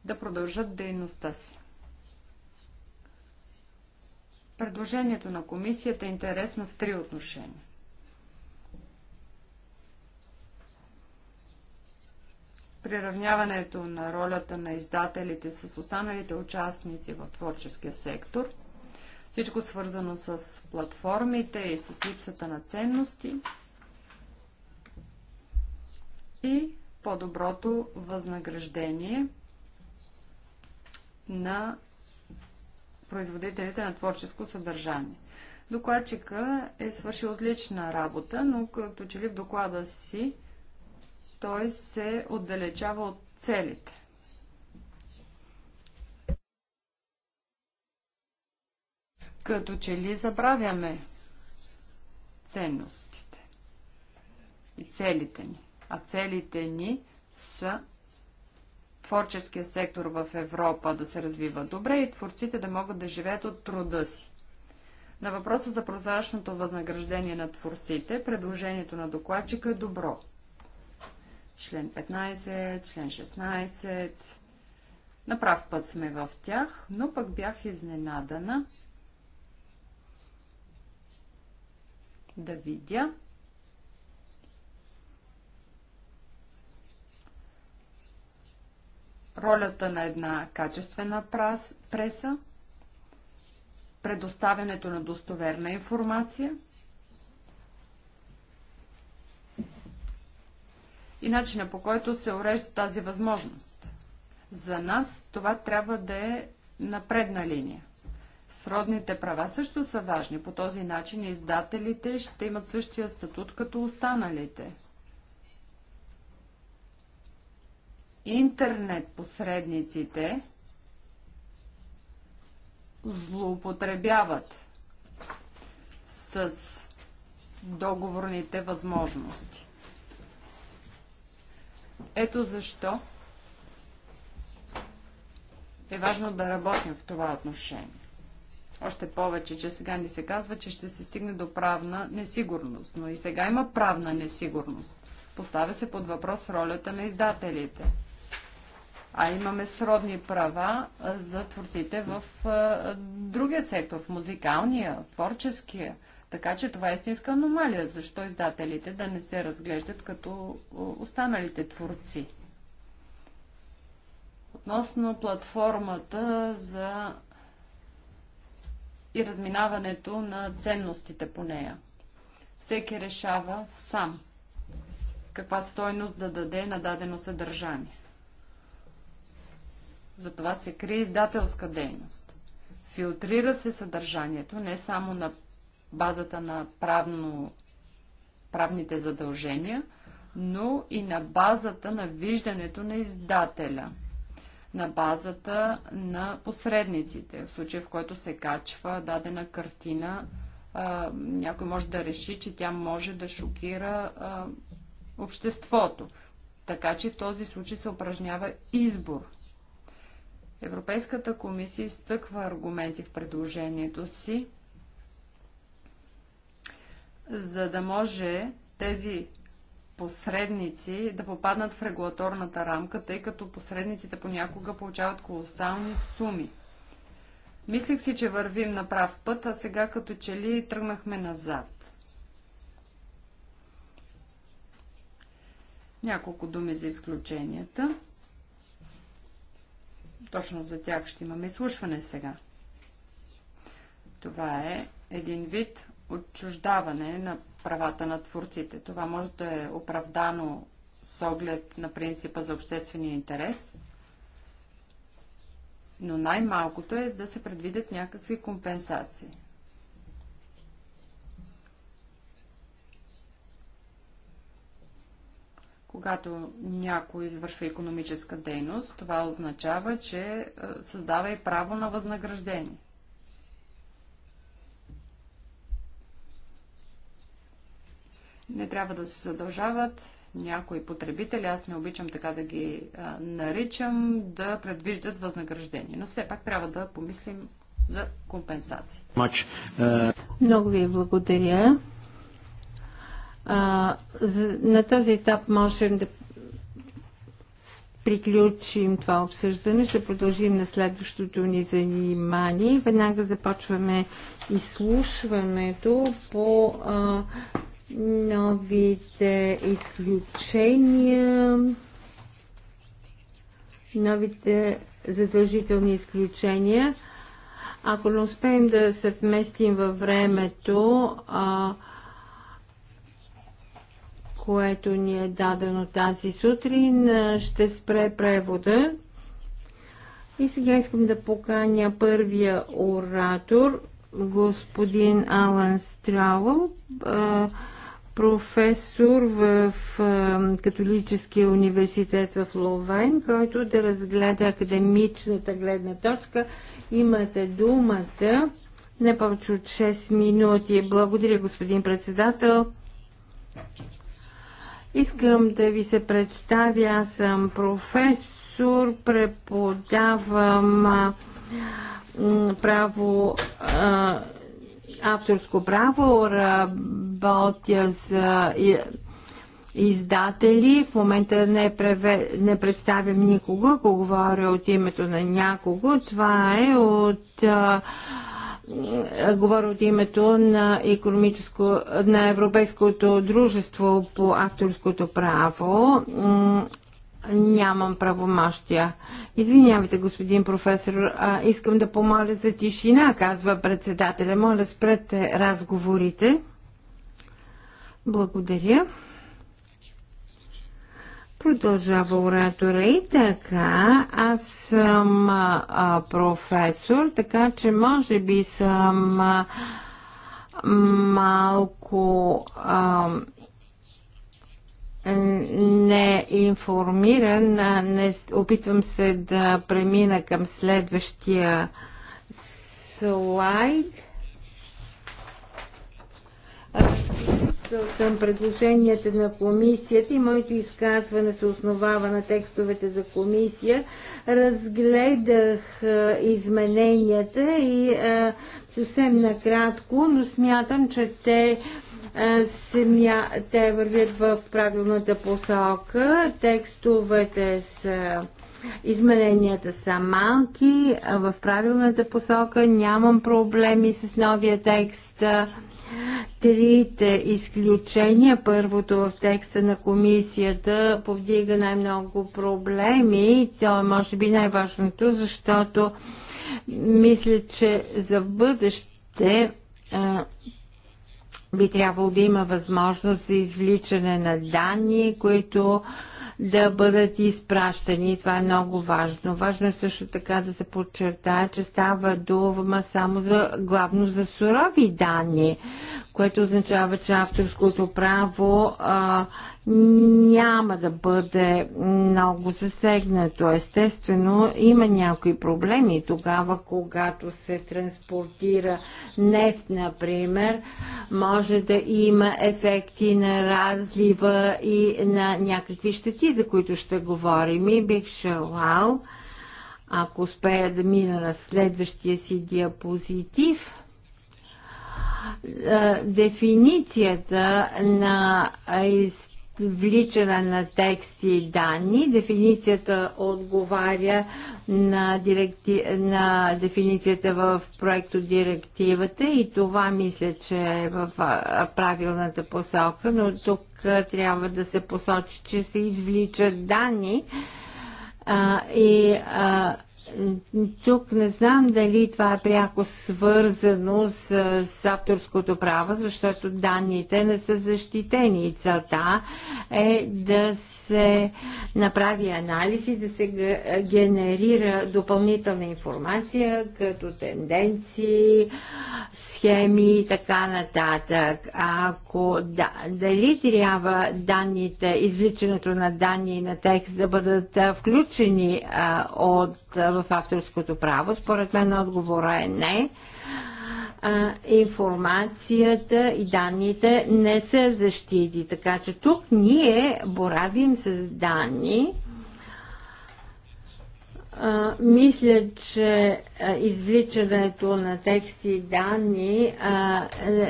да продължат дейността си. Предложението на комисията е интересно в три отношения. приравняването на ролята на издателите с останалите участници в творческия сектор, всичко свързано с платформите и с липсата на ценности и по-доброто възнаграждение на производителите на творческо съдържание. Докладчика е свършил отлична работа, но като че ли в доклада си той се отдалечава от целите. Като че ли забравяме ценностите и целите ни. А целите ни са творческия сектор в Европа да се развива добре и творците да могат да живеят от труда си. На въпроса за прозрачното възнаграждение на творците, предложението на докладчика е добро член 15, член 16. направ път сме в тях, но пък бях изненадана да видя, ролята на една качествена преса, предоставянето на достоверна информация – и начина по който се урежда тази възможност. За нас това трябва да е на предна линия. Сродните права също са важни. По този начин издателите ще имат същия статут като останалите. Интернет посредниците злоупотребяват с договорните възможности. Ето защо е важно да работим в това отношение. Още повече, че сега ни се казва, че ще се стигне до правна несигурност. Но и сега има правна несигурност. Поставя се под въпрос ролята на издателите. А имаме сродни права за творците в другия сектор, в музикалния, в творческия. Така че това е истинска аномалия. Защо издателите да не се разглеждат като останалите творци? Относно платформата за и разминаването на ценностите по нея. Всеки решава сам каква стойност да даде на дадено съдържание. Затова се крие издателска дейност. Филтрира се съдържанието не само на базата на правно, правните задължения, но и на базата на виждането на издателя, на базата на посредниците. В случай, в който се качва дадена картина, някой може да реши, че тя може да шокира а, обществото. Така че в този случай се упражнява избор. Европейската комисия изтъква аргументи в предложението си, за да може тези посредници да попаднат в регулаторната рамка, тъй като посредниците понякога получават колосални суми. Мислих си, че вървим на прав път, а сега като че ли тръгнахме назад. Няколко думи за изключенията. Точно за тях ще имаме изслушване сега. Това е един вид отчуждаване на правата на творците. Това може да е оправдано с оглед на принципа за обществения интерес, но най-малкото е да се предвидят някакви компенсации. Когато някой извършва економическа дейност, това означава, че създава и право на възнаграждение. не трябва да се задължават някои потребители, аз не обичам така да ги а, наричам, да предвиждат възнаграждение. Но все пак трябва да помислим за компенсации.
Много ви благодаря. А, за, на този етап можем да приключим това обсъждане. Ще продължим на следващото ни занимание. Веднага започваме изслушването по а, новите изключения, новите задължителни изключения. Ако не успеем да се вместим във времето, а, което ни е дадено тази сутрин, ще спре превода. И сега искам да поканя първия оратор, господин Алан Страул. А, професор в Католическия университет в Ловен, който да разгледа академичната гледна точка. Имате думата не повече от 6 минути. Благодаря, господин председател. Искам да ви се представя. Аз съм професор, преподавам право авторско право, работя с издатели. В момента не, преве... не представям никого, ако говоря от името на някого. Това е от. говоря от името на, економическо, на Европейското дружество по авторското право нямам правомощия. Извинявайте, господин професор, а, искам да помоля за тишина, казва председателя. Моля, спрете разговорите. Благодаря. Продължава оратора и така, аз съм а, професор, така че може би съм а, малко а, а Не, опитвам се да премина към следващия слайд. съм предложенията на комисията и моето изказване се основава на текстовете за комисия. Разгледах измененията и съвсем накратко, но смятам, че те е, Семя, те вървят в правилната посока, текстовете са Измененията са малки, в правилната посока нямам проблеми с новия текст. Трите изключения, първото в текста на комисията, повдига най-много проблеми. То е може би най-важното, защото мисля, че за бъдеще би трябвало да има възможност за извличане на данни, които да бъдат изпращани. Това е много важно. Важно е също така да се подчертая, че става дума само за, главно за сурови данни, което означава, че авторското право а, няма да бъде много засегнато. Естествено, има някои проблеми тогава, когато се транспортира нефт, например, може да има ефекти на разлива и на някакви щети, за които ще говорим. И бих желал, ако успея да мина на следващия си диапозитив, е, дефиницията на извличане на тексти и данни. Дефиницията отговаря на, директи... на дефиницията в проекто директивата и това мисля, че е в правилната посока, но тук трябва да се посочи, че се извличат данни а, и а, тук не знам дали това е пряко свързано с, с авторското право, защото данните не са защитени и целта е да се направи анализ и да се генерира допълнителна информация като тенденции, схеми и така нататък. Ако да, дали трябва данните, извличането на данни и на текст да бъдат включени а, от в авторското право? Според мен отговора е не. А, информацията и данните не са защити. Така че тук ние боравим с данни, а, мисля, че извличането на тексти и данни а,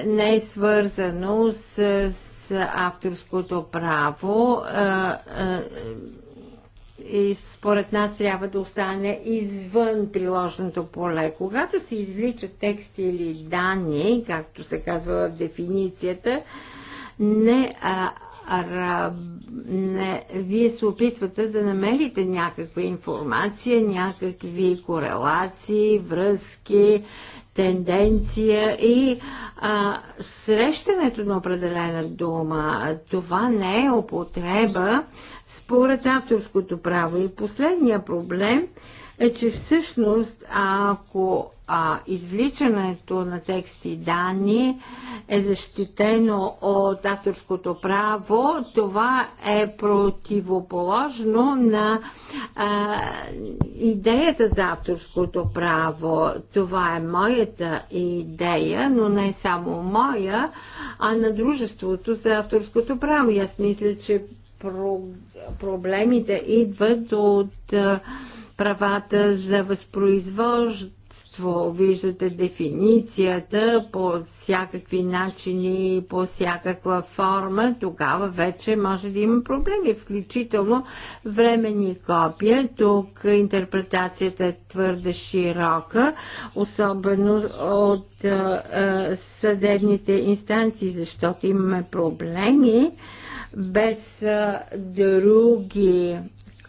не е свързано с, с авторското право. А, а, и според нас трябва да остане извън приложното поле. Когато се извличат тексти или данни, както се казва в дефиницията, не а, не, вие се опитвате да намерите някаква информация, някакви корелации, връзки, тенденция и а, срещането на определена дума. Това не е употреба според авторското право. И последния проблем – е, че всъщност ако а, извличането на тексти и данни е защитено от авторското право, това е противоположно на а, идеята за авторското право. Това е моята идея, но не само моя, а на дружеството за авторското право. И аз мисля, че проблемите идват от. А, правата за възпроизводство. Виждате дефиницията по всякакви начини, по всякаква форма. Тогава вече може да има проблеми, включително времени копия. Тук интерпретацията е твърде широка, особено от съдебните инстанции, защото имаме проблеми без други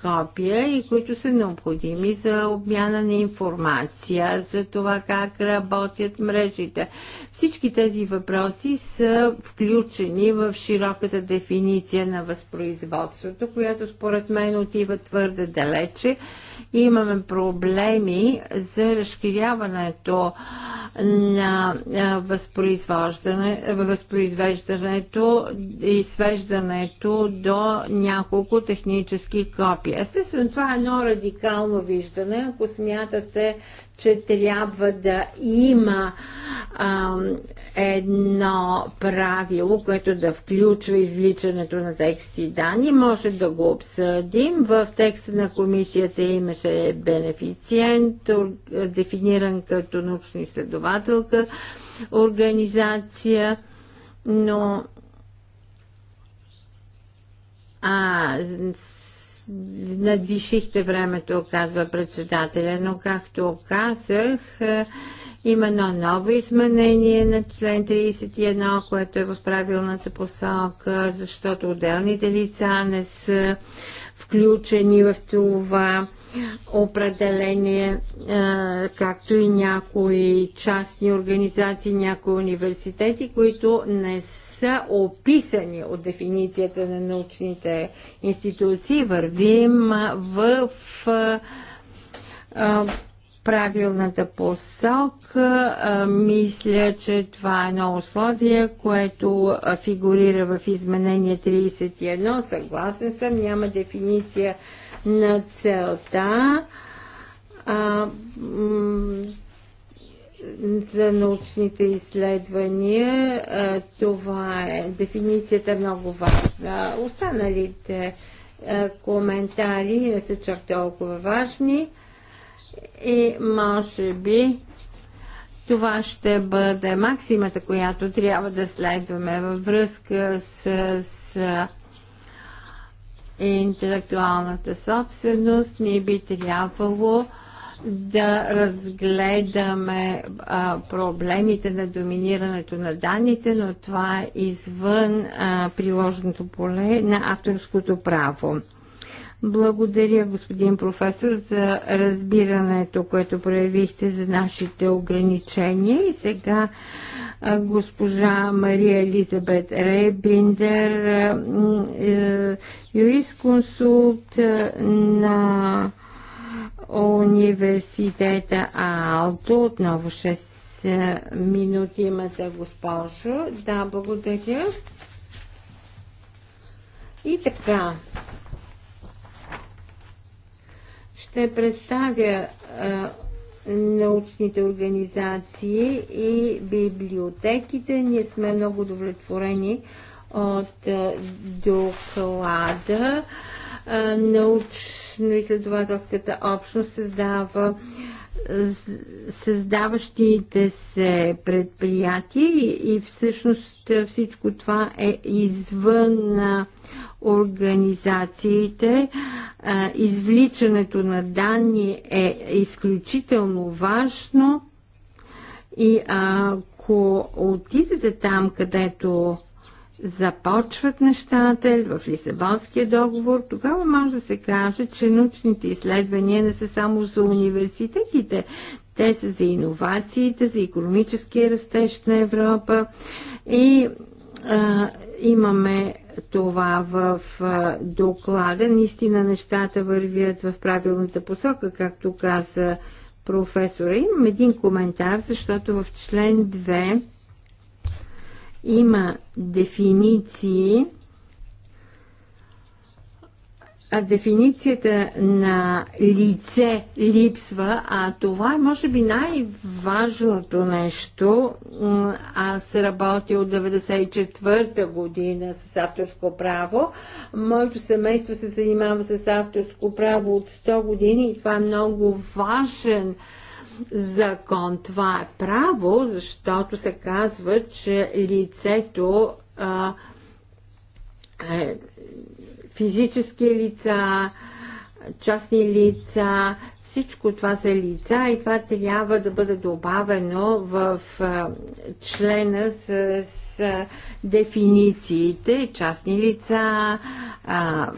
копия и които са необходими за обмяна на информация, за това как работят мрежите. Всички тези въпроси са включени в широката дефиниция на възпроизводството, която според мен отива твърде далече имаме проблеми за разширяването на възпроизвеждането и свеждането до няколко технически копия. Естествено, това е едно радикално виждане. Ако смятате, че трябва да има а, едно правило, което да включва извличането на тексти и данни. Може да го обсъдим. В текста на комисията имаше бенефициент, дефиниран като научна изследователка организация, но а, надвишихте времето, казва председателя, но както казах, е, има едно ново изменение на член 31, което е в правилната посока, защото отделните лица не са включени в това определение, е, както и някои частни организации, някои университети, които не са са описани от дефиницията на научните институции. Вървим в правилната посока. Мисля, че това е едно условие, което фигурира в изменение 31. Съгласен съм, няма дефиниция на целта за научните изследвания. Това е дефиницията е много важна. Останалите коментари не са чак толкова важни и може би това ще бъде максимата, която трябва да следваме във връзка с, с интелектуалната собственост. Ние би трябвало да разгледаме а, проблемите на доминирането на данните, но това е извън а, приложеното поле на авторското право. Благодаря, господин професор, за разбирането, което проявихте за нашите ограничения. И сега госпожа Мария Елизабет Ребиндер, е, юрисконсулт на университета Аалто. Отново 6 е, минути имате, госпожо. Да, благодаря. И така. Ще представя а, е, научните организации и библиотеките. Ние сме много удовлетворени от е, доклада. А, науч научно-изследователската общност създава създаващите се предприятия и, и всъщност всичко това е извън организациите. Извличането на данни е изключително важно и ако отидете там, където започват нещата в Лисабонския договор, тогава може да се каже, че научните изследвания не са само за университетите, те са за иновациите, за економическия растеж на Европа и а, имаме това в а, доклада. Наистина нещата вървят в правилната посока, както каза професора. Имам един коментар, защото в член има дефиниции, а дефиницията на лице липсва, а това е може би най-важното нещо. Аз работя от 1994 година с авторско право. Моето семейство се занимава с авторско право от 100 години и това е много важен закон. Това е право, защото се казва, че лицето а, е, физически лица, частни лица, всичко това са лица и това трябва да бъде добавено в а, члена с, с дефинициите, частни лица, а,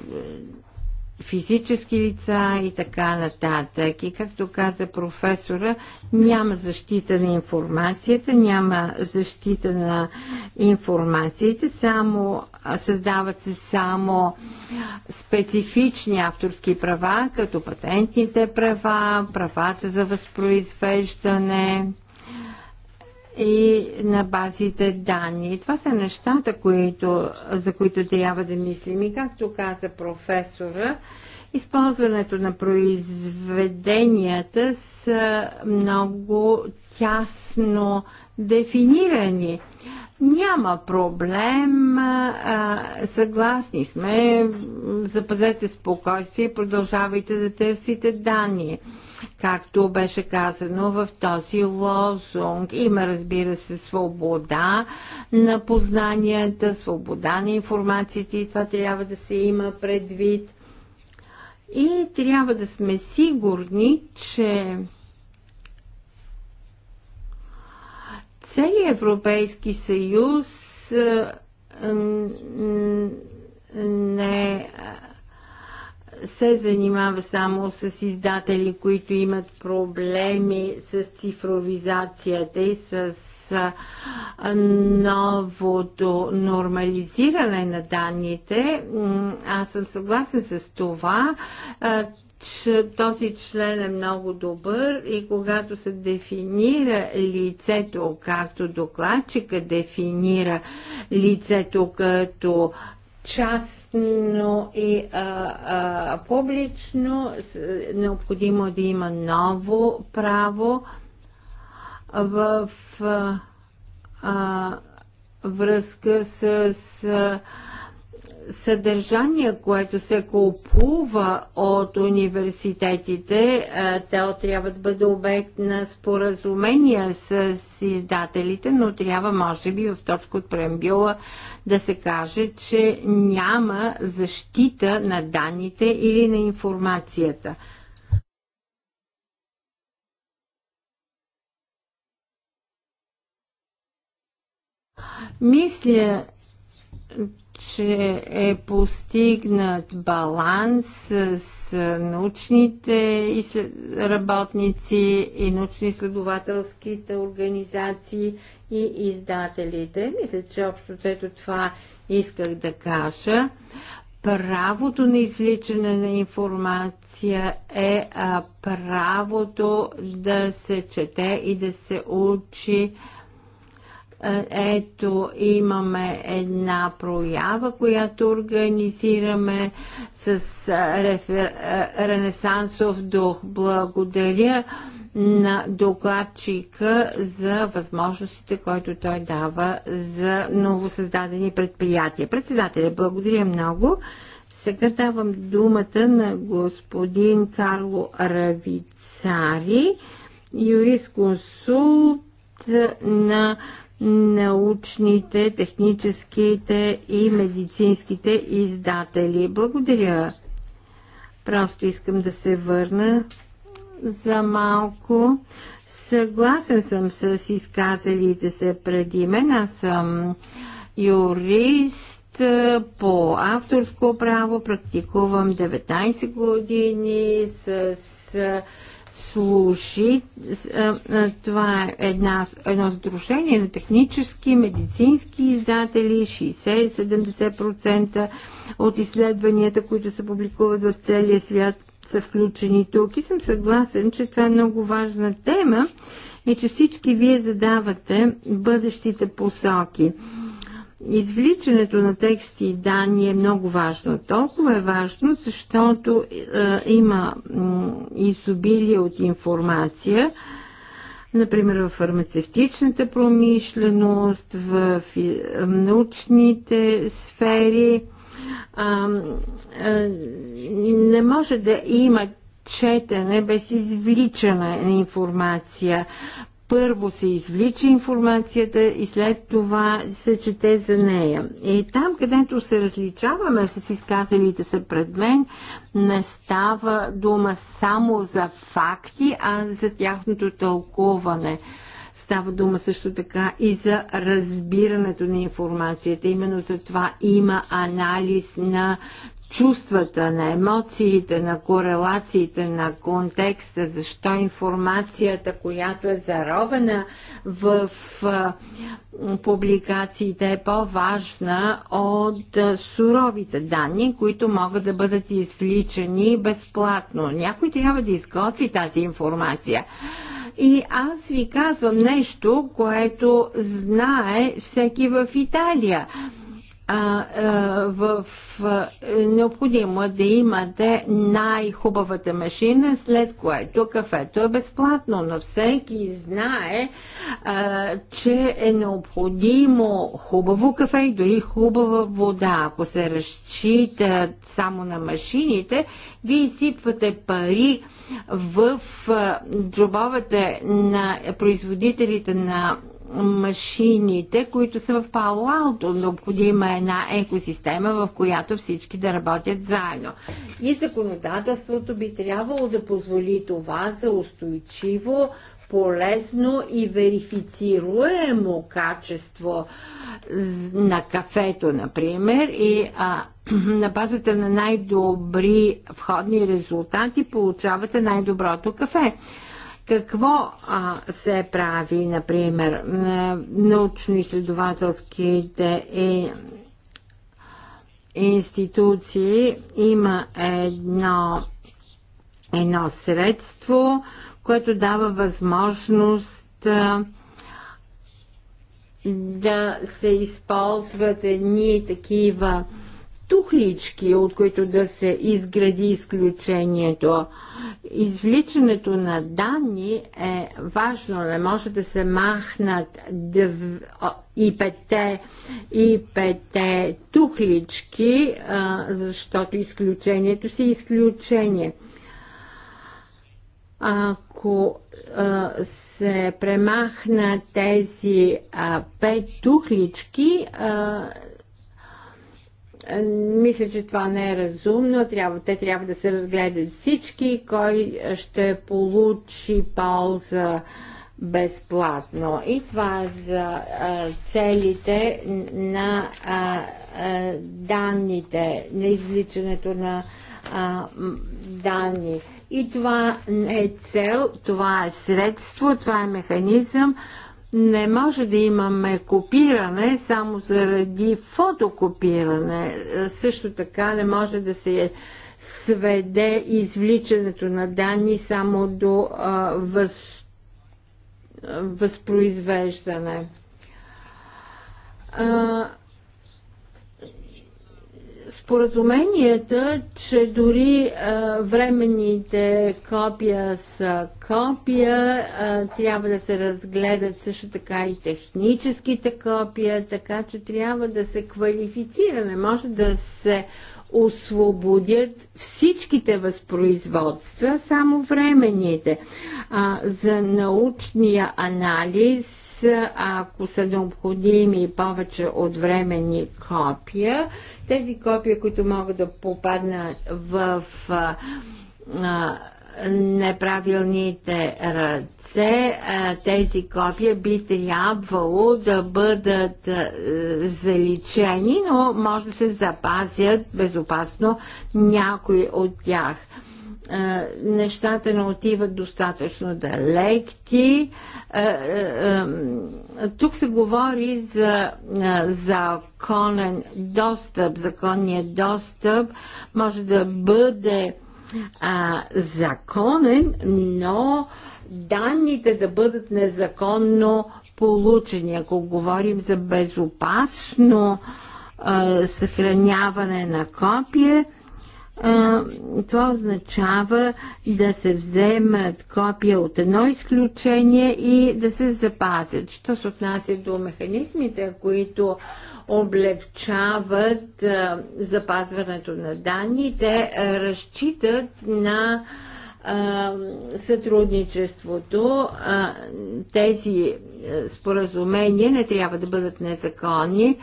физически лица и така нататък. И както каза професора, няма защита на информацията, няма защита на информациите, само създават се само специфични авторски права, като патентните права, правата за възпроизвеждане, и на базите данни. Това са нещата, които, за които трябва да мислим. И както каза професора, използването на произведенията са много тясно дефинирани. Няма проблем, а, съгласни сме, запазете спокойствие и продължавайте да търсите данни. Както беше казано в този лозунг, има разбира се свобода на познанията, свобода на информацията и това трябва да се има предвид. И трябва да сме сигурни, че целият Европейски съюз не се занимава само с издатели, които имат проблеми с цифровизацията и с новото нормализиране на данните. Аз съм съгласен с това, че този член е много добър и когато се дефинира лицето, както докладчика дефинира лицето като частно и а, а, публично, необходимо е да има ново право в а, връзка с а, съдържание, което се купува от университетите, е, то трябва да бъде обект на споразумения с издателите, но трябва, може би, в точка от преамбюла да се каже, че няма защита на данните или на информацията. Мисля, че е постигнат баланс с научните работници и научно-изследователските организации и издателите. Мисля, че общо ето това исках да кажа. Правото на извличане на информация е правото да се чете и да се учи е, ето имаме една проява, която организираме с е, рефер... Е, Ренесансов дух. Благодаря на докладчика за възможностите, които той дава за новосъздадени предприятия. Председателя, благодаря много. Сега давам думата на господин Карло Равицари, юрисконсулт на научните, техническите и медицинските издатели. Благодаря. Просто искам да се върна за малко. Съгласен съм с изказалите се преди мен. Аз съм юрист по авторско право, практикувам 19 години с служи. Това е една, едно сдружение на технически, медицински издатели, 60-70% от изследванията, които се публикуват в целия свят, са включени тук. И съм съгласен, че това е много важна тема и че всички вие задавате бъдещите посоки. Извличането на тексти и данни е много важно. Толкова е важно, защото е, има изобилие от информация, например в фармацевтичната промишленост, в е, научните сфери. А, а, е, не може да има четене без извличане на информация първо се извлича информацията и след това се чете за нея. И там, където се различаваме с изказалите се пред мен, не става дума само за факти, а за тяхното тълкуване. Става дума също така и за разбирането на информацията. Именно за това има анализ на чувствата, на емоциите, на корелациите, на контекста, защо информацията, която е заровена в публикациите е по-важна от суровите данни, които могат да бъдат извличани безплатно. Някой трябва да изготви тази информация. И аз ви казвам нещо, което знае всеки в Италия а, а, в, а, е, необходимо е да имате най-хубавата машина, след което кафето е безплатно, но всеки знае, а, че е необходимо хубаво кафе и дори хубава вода. Ако се разчитат само на машините, вие изсипвате пари в джобовете на производителите на машините, които са в Пало-Алто. Необходима е една екосистема, в която всички да работят заедно. И законодателството би трябвало да позволи това за устойчиво полезно и верифицируемо качество на кафето, например, и а, на базата на най-добри входни резултати получавате най-доброто кафе какво а, се прави, например, научно-изследователските и е, институции има едно, едно средство, което дава възможност а, да се използват едни такива а, тухлички, от които да се изгради изключението. Извличането на данни е важно, не може да се махнат дъв... и пете, и пете тухлички, защото изключението си е изключение. Ако се премахна тези а, пет тухлички, а, мисля, че това не е разумно. Трябва, те трябва да се разгледат всички, кой ще получи полза безплатно. И това е за а, целите на а, а, данните, на извличането на а, данни. И това не е цел, това е средство, това е механизъм, не може да имаме копиране само заради фотокопиране. Е, също така не може да се сведе извличането на данни само до а, въз, възпроизвеждане. А, споразуменията, че дори а, временните копия са копия, а, трябва да се разгледат също така и техническите копия, така че трябва да се квалифицира, не може да се освободят всичките възпроизводства, само временните. А, за научния анализ ако са необходими повече от времени копия, тези копия, които могат да попаднат в а, а, неправилните ръце, тези копия би трябвало да бъдат заличени, но може да се запазят безопасно някои от тях нещата не отиват достатъчно далекти. Тук се говори за законен достъп. Законният достъп може да бъде а, законен, но данните да бъдат незаконно получени. Ако говорим за безопасно а, съхраняване на копия, а, това означава да се вземат копия от едно изключение и да се запазят. Що се отнася до механизмите, които облегчават а, запазването на данните, те разчитат на а, а, сътрудничеството. А, тези е, споразумения не трябва да бъдат незаконни.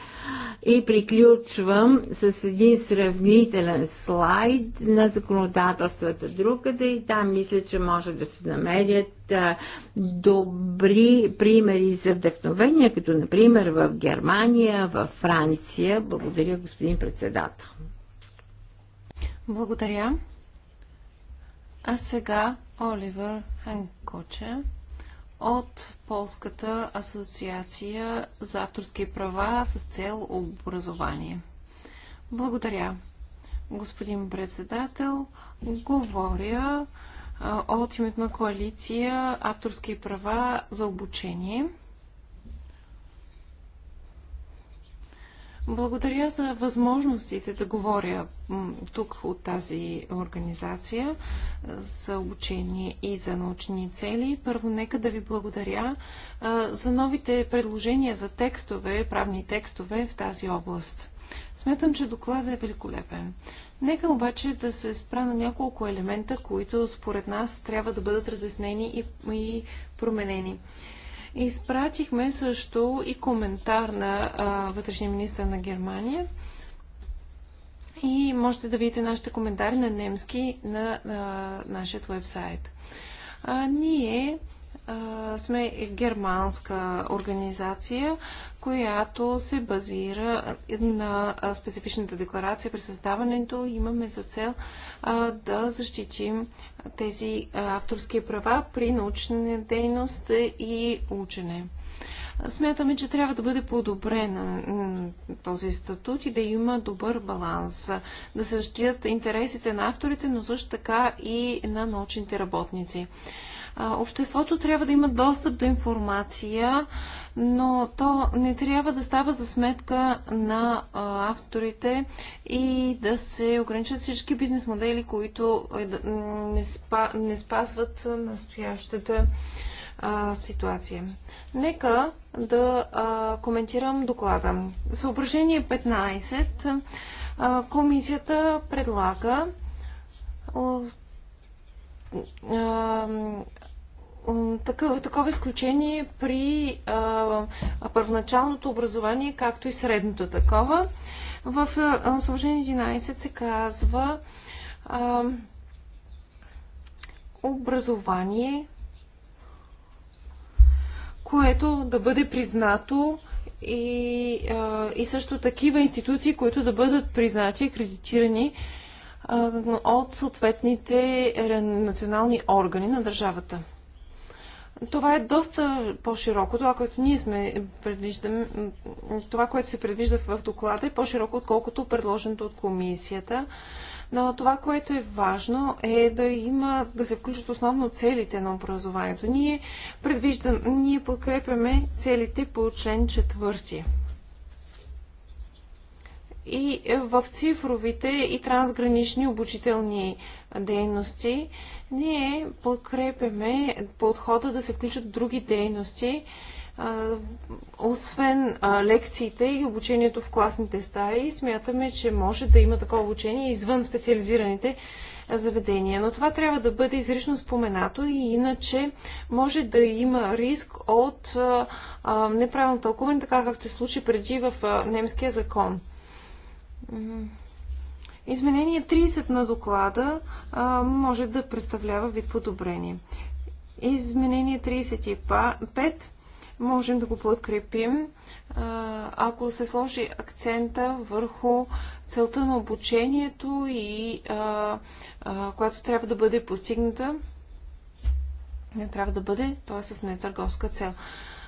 И приключвам с един сравнителен слайд на законодателствата другата и там мисля, че може да се намерят а, добри примери за вдъхновение, като например в Германия, в Франция. Благодаря, господин председател.
Благодаря. А сега Оливер Ханкоче от Полската асоциация за авторски права с цел образование. Благодаря, господин председател. Говоря от името на коалиция авторски права за обучение – Благодаря за възможностите да говоря тук от тази организация е, за обучение и за научни цели. Първо, нека да ви благодаря е, за новите предложения за текстове, правни текстове в тази област. Смятам, че докладът е великолепен. Нека обаче да се спра на няколко елемента, които според нас трябва да бъдат разяснени и, и променени. Изпратихме също и коментар на вътрешния министр на Германия. И можете да видите нашите коментари на немски на, на нашия вебсайт. А, ние сме германска организация, която се базира на специфичната декларация при създаването. Имаме за цел да защитим тези авторски права при научна дейност и учене. Смятаме, че трябва да бъде подобрен този статут и да има добър баланс, да се защитят интересите на авторите, но също така и на научните работници. Обществото трябва да има достъп до информация, но то не трябва да става за сметка на авторите и да се ограничат всички бизнес модели, които е, не, спа, не спазват настоящата ситуация. Нека да а, коментирам доклада. Съображение 15. А, комисията предлага а, такова, такова изключение при а, първоначалното образование, както и средното такова. В Служение 11 се казва а, образование, което да бъде признато и, а, и също такива институции, които да бъдат признати и кредитирани от съответните национални органи на държавата. Това е доста по-широко. Това, което ние сме предвиждаме, това, което се предвижда в доклада е по-широко, отколкото предложеното от комисията. Но това, което е важно, е да има, да се включат основно целите на образованието. Ние предвиждаме, ние подкрепяме целите по член четвърти. И в цифровите и трансгранични обучителни дейности ние подкрепяме подхода да се включат други дейности, освен лекциите и обучението в класните стаи, смятаме, че може да има такова обучение извън специализираните заведения. Но това трябва да бъде изрично споменато и иначе може да има риск от неправилно тълкуване, така както се случи преди в немския закон. Изменение 30 на доклада а, може да представлява вид подобрение. Изменение 35 можем да го подкрепим, ако се сложи акцента върху целта на обучението и а, а, която трябва да бъде постигната. Не трябва да бъде, т.е. с нетърговска цел.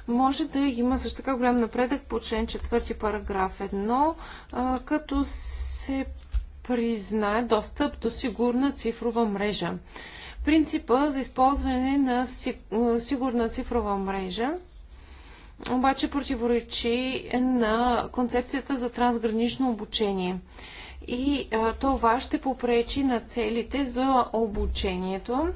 Може да има също така голям напредък по член 4 параграф 1, а, като се признае достъп до сигурна цифрова мрежа. Принципа за използване на сигурна цифрова мрежа обаче противоречи на концепцията за трансгранично обучение. И а, това ще попречи на целите за обучението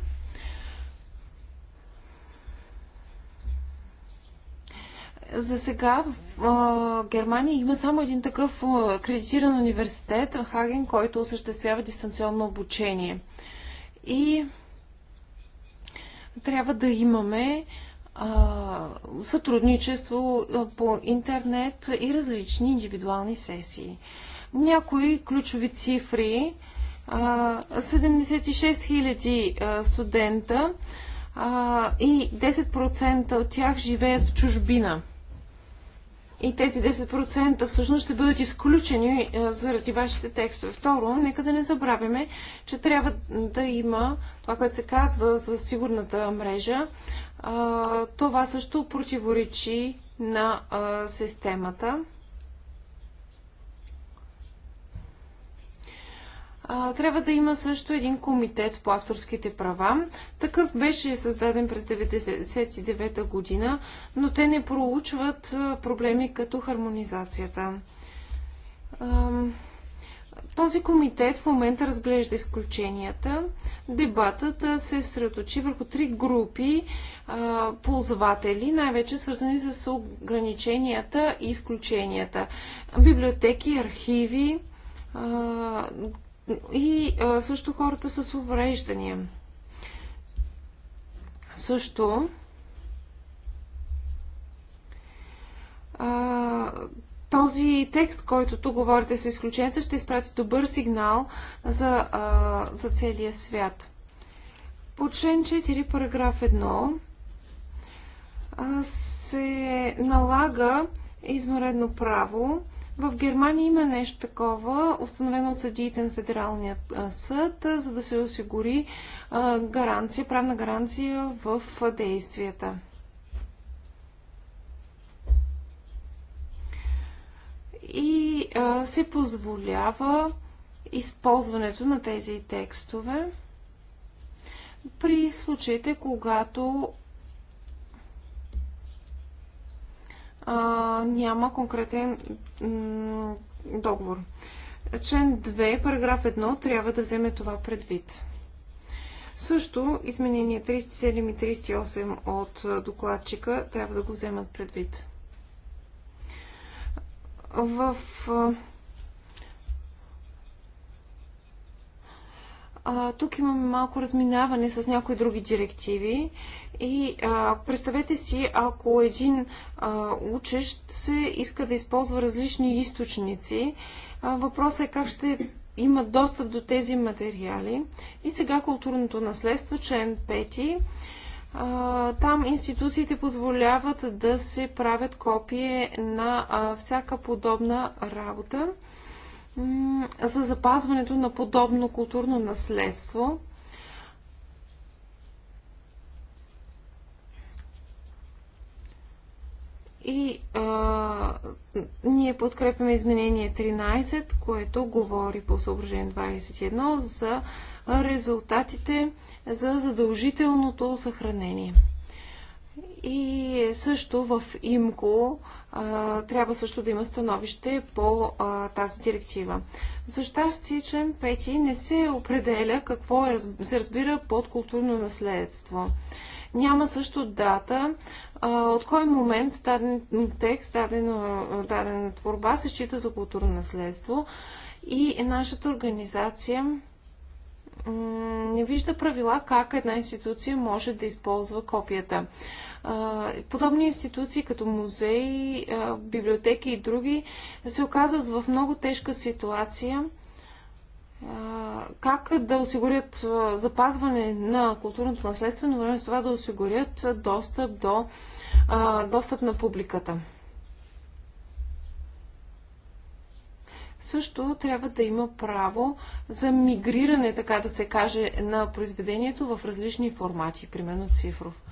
За сега в Германия има само един такъв кредитиран университет в Хаген, който осъществява дистанционно обучение. И трябва да имаме а, сътрудничество по интернет и различни индивидуални сесии. Някои ключови цифри. 76 000 студента и 10% от тях живеят в чужбина – и тези 10% всъщност ще бъдат изключени е, заради вашите текстове. Второ, нека да не забравяме, че трябва да има това, което се казва за сигурната мрежа. Това също противоречи на системата. трябва да има също един комитет по авторските права. Такъв беше създаден през 1999 година, но те не проучват проблеми като хармонизацията. този комитет в момента разглежда изключенията. Дебатът се средоточи върху три групи а, ползватели, най-вече свързани с ограниченията и изключенията. Библиотеки, архиви, а, и а, също хората с увреждания. Също а, този текст, който тук говорите с изключенията, ще изпрати добър сигнал за, а, за целия свят. По член 4, параграф 1 а, се налага измаредно право в Германия има нещо такова, установено от съдиите на Федералния съд, за да се осигури гаранция, правна гаранция в действията. И се позволява използването на тези текстове при случаите, когато а, няма конкретен договор. Член 2, параграф 1 трябва да вземе това предвид. Също изменения 37 и 38 от докладчика трябва да го вземат предвид. В А, тук имаме малко разминаване с някои други директиви. И а, представете си, ако един а, учещ се иска да използва различни източници, а, въпросът е как ще има достъп до тези материали. И сега културното наследство, член 5. там институциите позволяват да се правят копие на а, всяка подобна работа за запазването на подобно културно наследство. И а, ние подкрепяме изменение 13, което говори по съображение 21 за резултатите за задължителното съхранение. И е също в ИМКО трябва също да има становище по а, тази директива. За щастие, член 5 не се определя какво е, се разбира под културно наследство. Няма също дата а, от кой момент даден текст, дадена, дадена творба се счита за културно наследство и нашата организация не вижда правила как една институция може да използва копията подобни институции като музеи, библиотеки и други се оказват в много тежка ситуация как да осигурят запазване на културното наследство, но време с това да осигурят достъп до достъп на публиката. Също трябва да има право за мигриране, така да се каже, на произведението в различни формати, примерно цифров.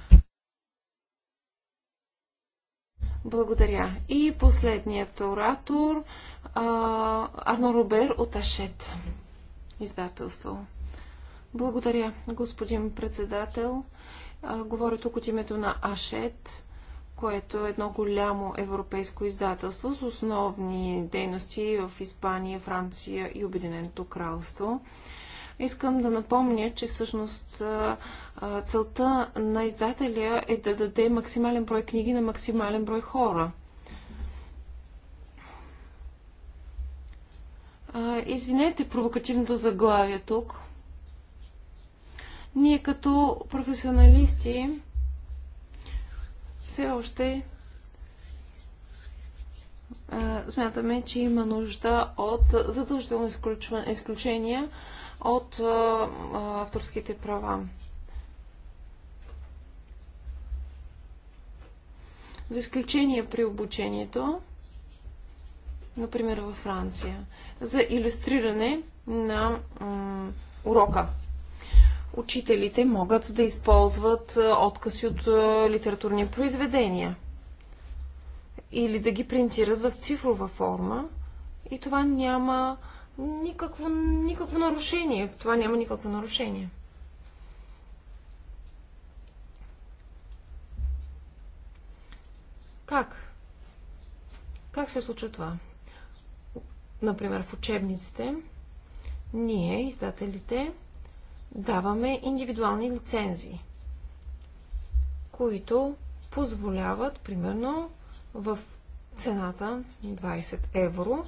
Благодаря. И последният оратор Арно Робер от Ашет. Издателство. Благодаря, господин председател. Говоря тук от името на Ашет което е едно голямо европейско издателство с основни дейности в Испания, Франция и Обединеното кралство. Искам да напомня, че всъщност целта на издателя е да даде максимален брой книги на максимален брой хора. Извинете провокативното заглавие тук. Ние като професионалисти все още смятаме, че има нужда от задължително изключения от а, авторските права. За изключение при обучението, например във Франция, за иллюстриране на урока. Учителите могат да използват откази от литературни произведения или да ги принтират в цифрова форма и това няма никакво, никакво нарушение. В това няма никакво нарушение. Как? Как се случва това? Например, в учебниците ние, издателите, даваме индивидуални лицензии, които позволяват, примерно, в цената 20 евро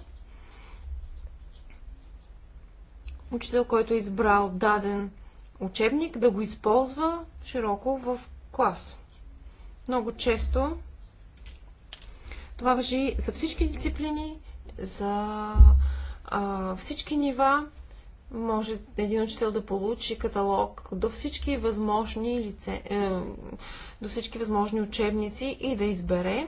учител, който е избрал даден учебник, да го използва широко в клас. Много често това въжи за всички дисциплини, за а, всички нива. Може един учител да получи каталог до всички възможни лице, е, до всички възможни учебници и да избере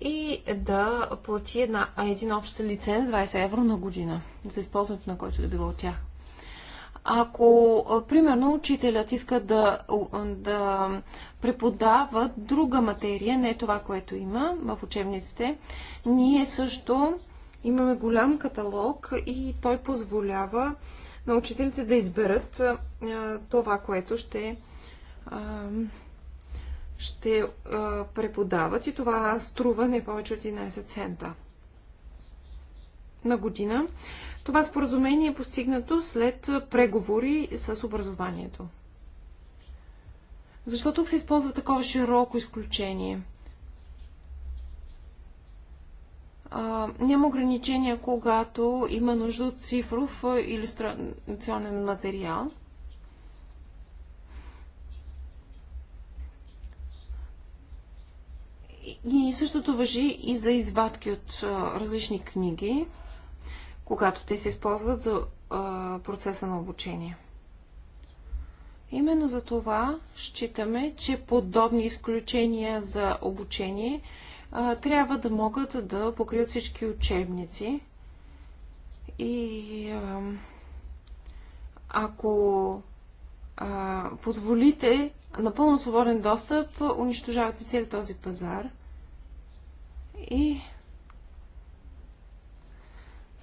и да плати една, един общ лиценз 20 евро на година за използването на който да било от тях. Ако, примерно, учителят иска да, да преподава друга материя, не това, което има в учебниците, ние също имаме голям каталог и той позволява на учителите да изберат това, което ще, ще преподават и това струва не повече от 11 цента на година. Това споразумение е постигнато след преговори с образованието. Защо тук се използва такова широко изключение? А, няма ограничения, когато има нужда от цифров иллюстрационен материал. И същото въжи и за извадки от различни книги когато те се използват за а, процеса на обучение. Именно за това считаме, че подобни изключения за обучение а, трябва да могат да покрият всички учебници. И а, ако а, позволите напълно свободен достъп, унищожавате цели този пазар. И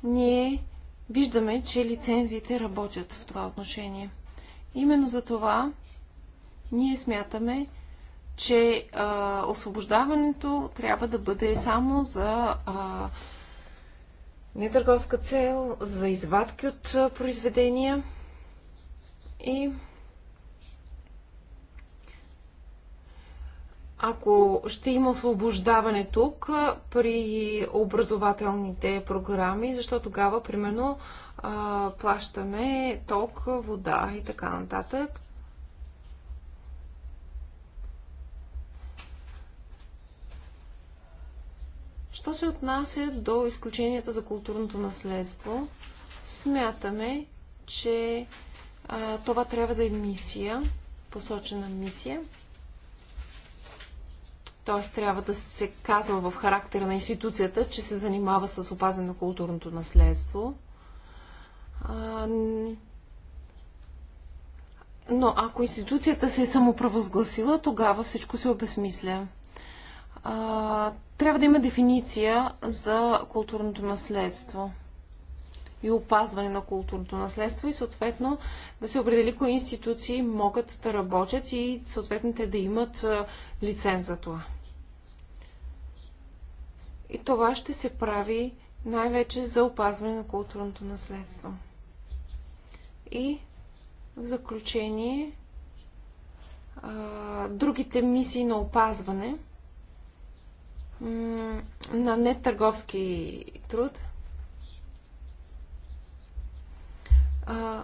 ние виждаме, че лицензиите работят в това отношение. Именно за това ние смятаме, че а, освобождаването трябва да бъде само за а, не търговска цел, за извадки от произведения и ако ще има освобождаване тук при образователните програми, защо тогава, примерно, плащаме ток, вода и така нататък. Що се отнася до изключенията за културното наследство, смятаме, че а, това трябва да е мисия, посочена мисия т.е. трябва да се казва в характера на институцията, че се занимава с опазване на културното наследство. Но ако институцията се е самоправозгласила, тогава всичко се обесмисля. Трябва да има дефиниция за културното наследство и опазване на културното наследство и съответно да се определи кои институции могат да работят и съответните да имат лиценз за това. И това ще се прави най-вече за опазване на културното наследство. И в заключение, другите мисии на опазване на нетърговски труд – А,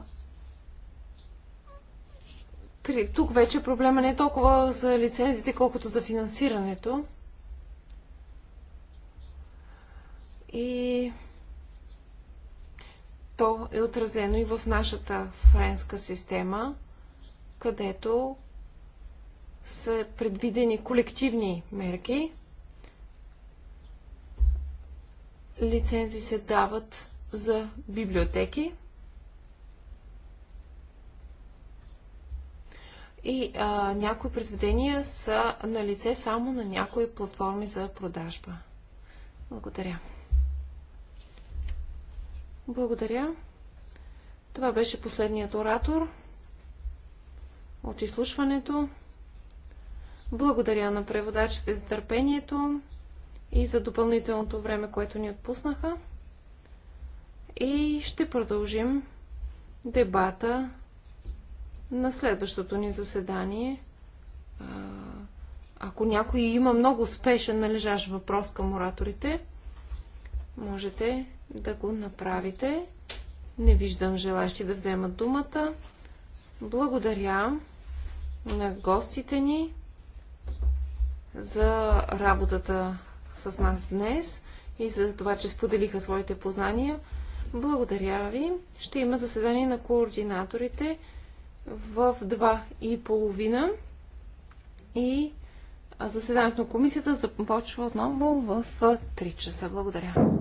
тук вече проблема не е толкова за лицензите, колкото за финансирането. И то е отразено и в нашата френска система, където са предвидени колективни мерки. Лицензи се дават за
библиотеки,
и а, някои произведения са на лице само на някои платформи за продажба. Благодаря. Благодаря. Това беше последният оратор от изслушването. Благодаря на преводачите за търпението и за допълнителното време, което ни отпуснаха. И ще продължим дебата на следващото ни заседание. Ако някой има много спешен належащ въпрос към ораторите, можете да го направите. Не виждам желащи да вземат думата. Благодаря на гостите ни за работата с нас днес и за това, че споделиха своите познания. Благодаря ви. Ще има заседание на координаторите в 2 и половина и заседанието на комисията започва отново в 3 часа. Благодаря.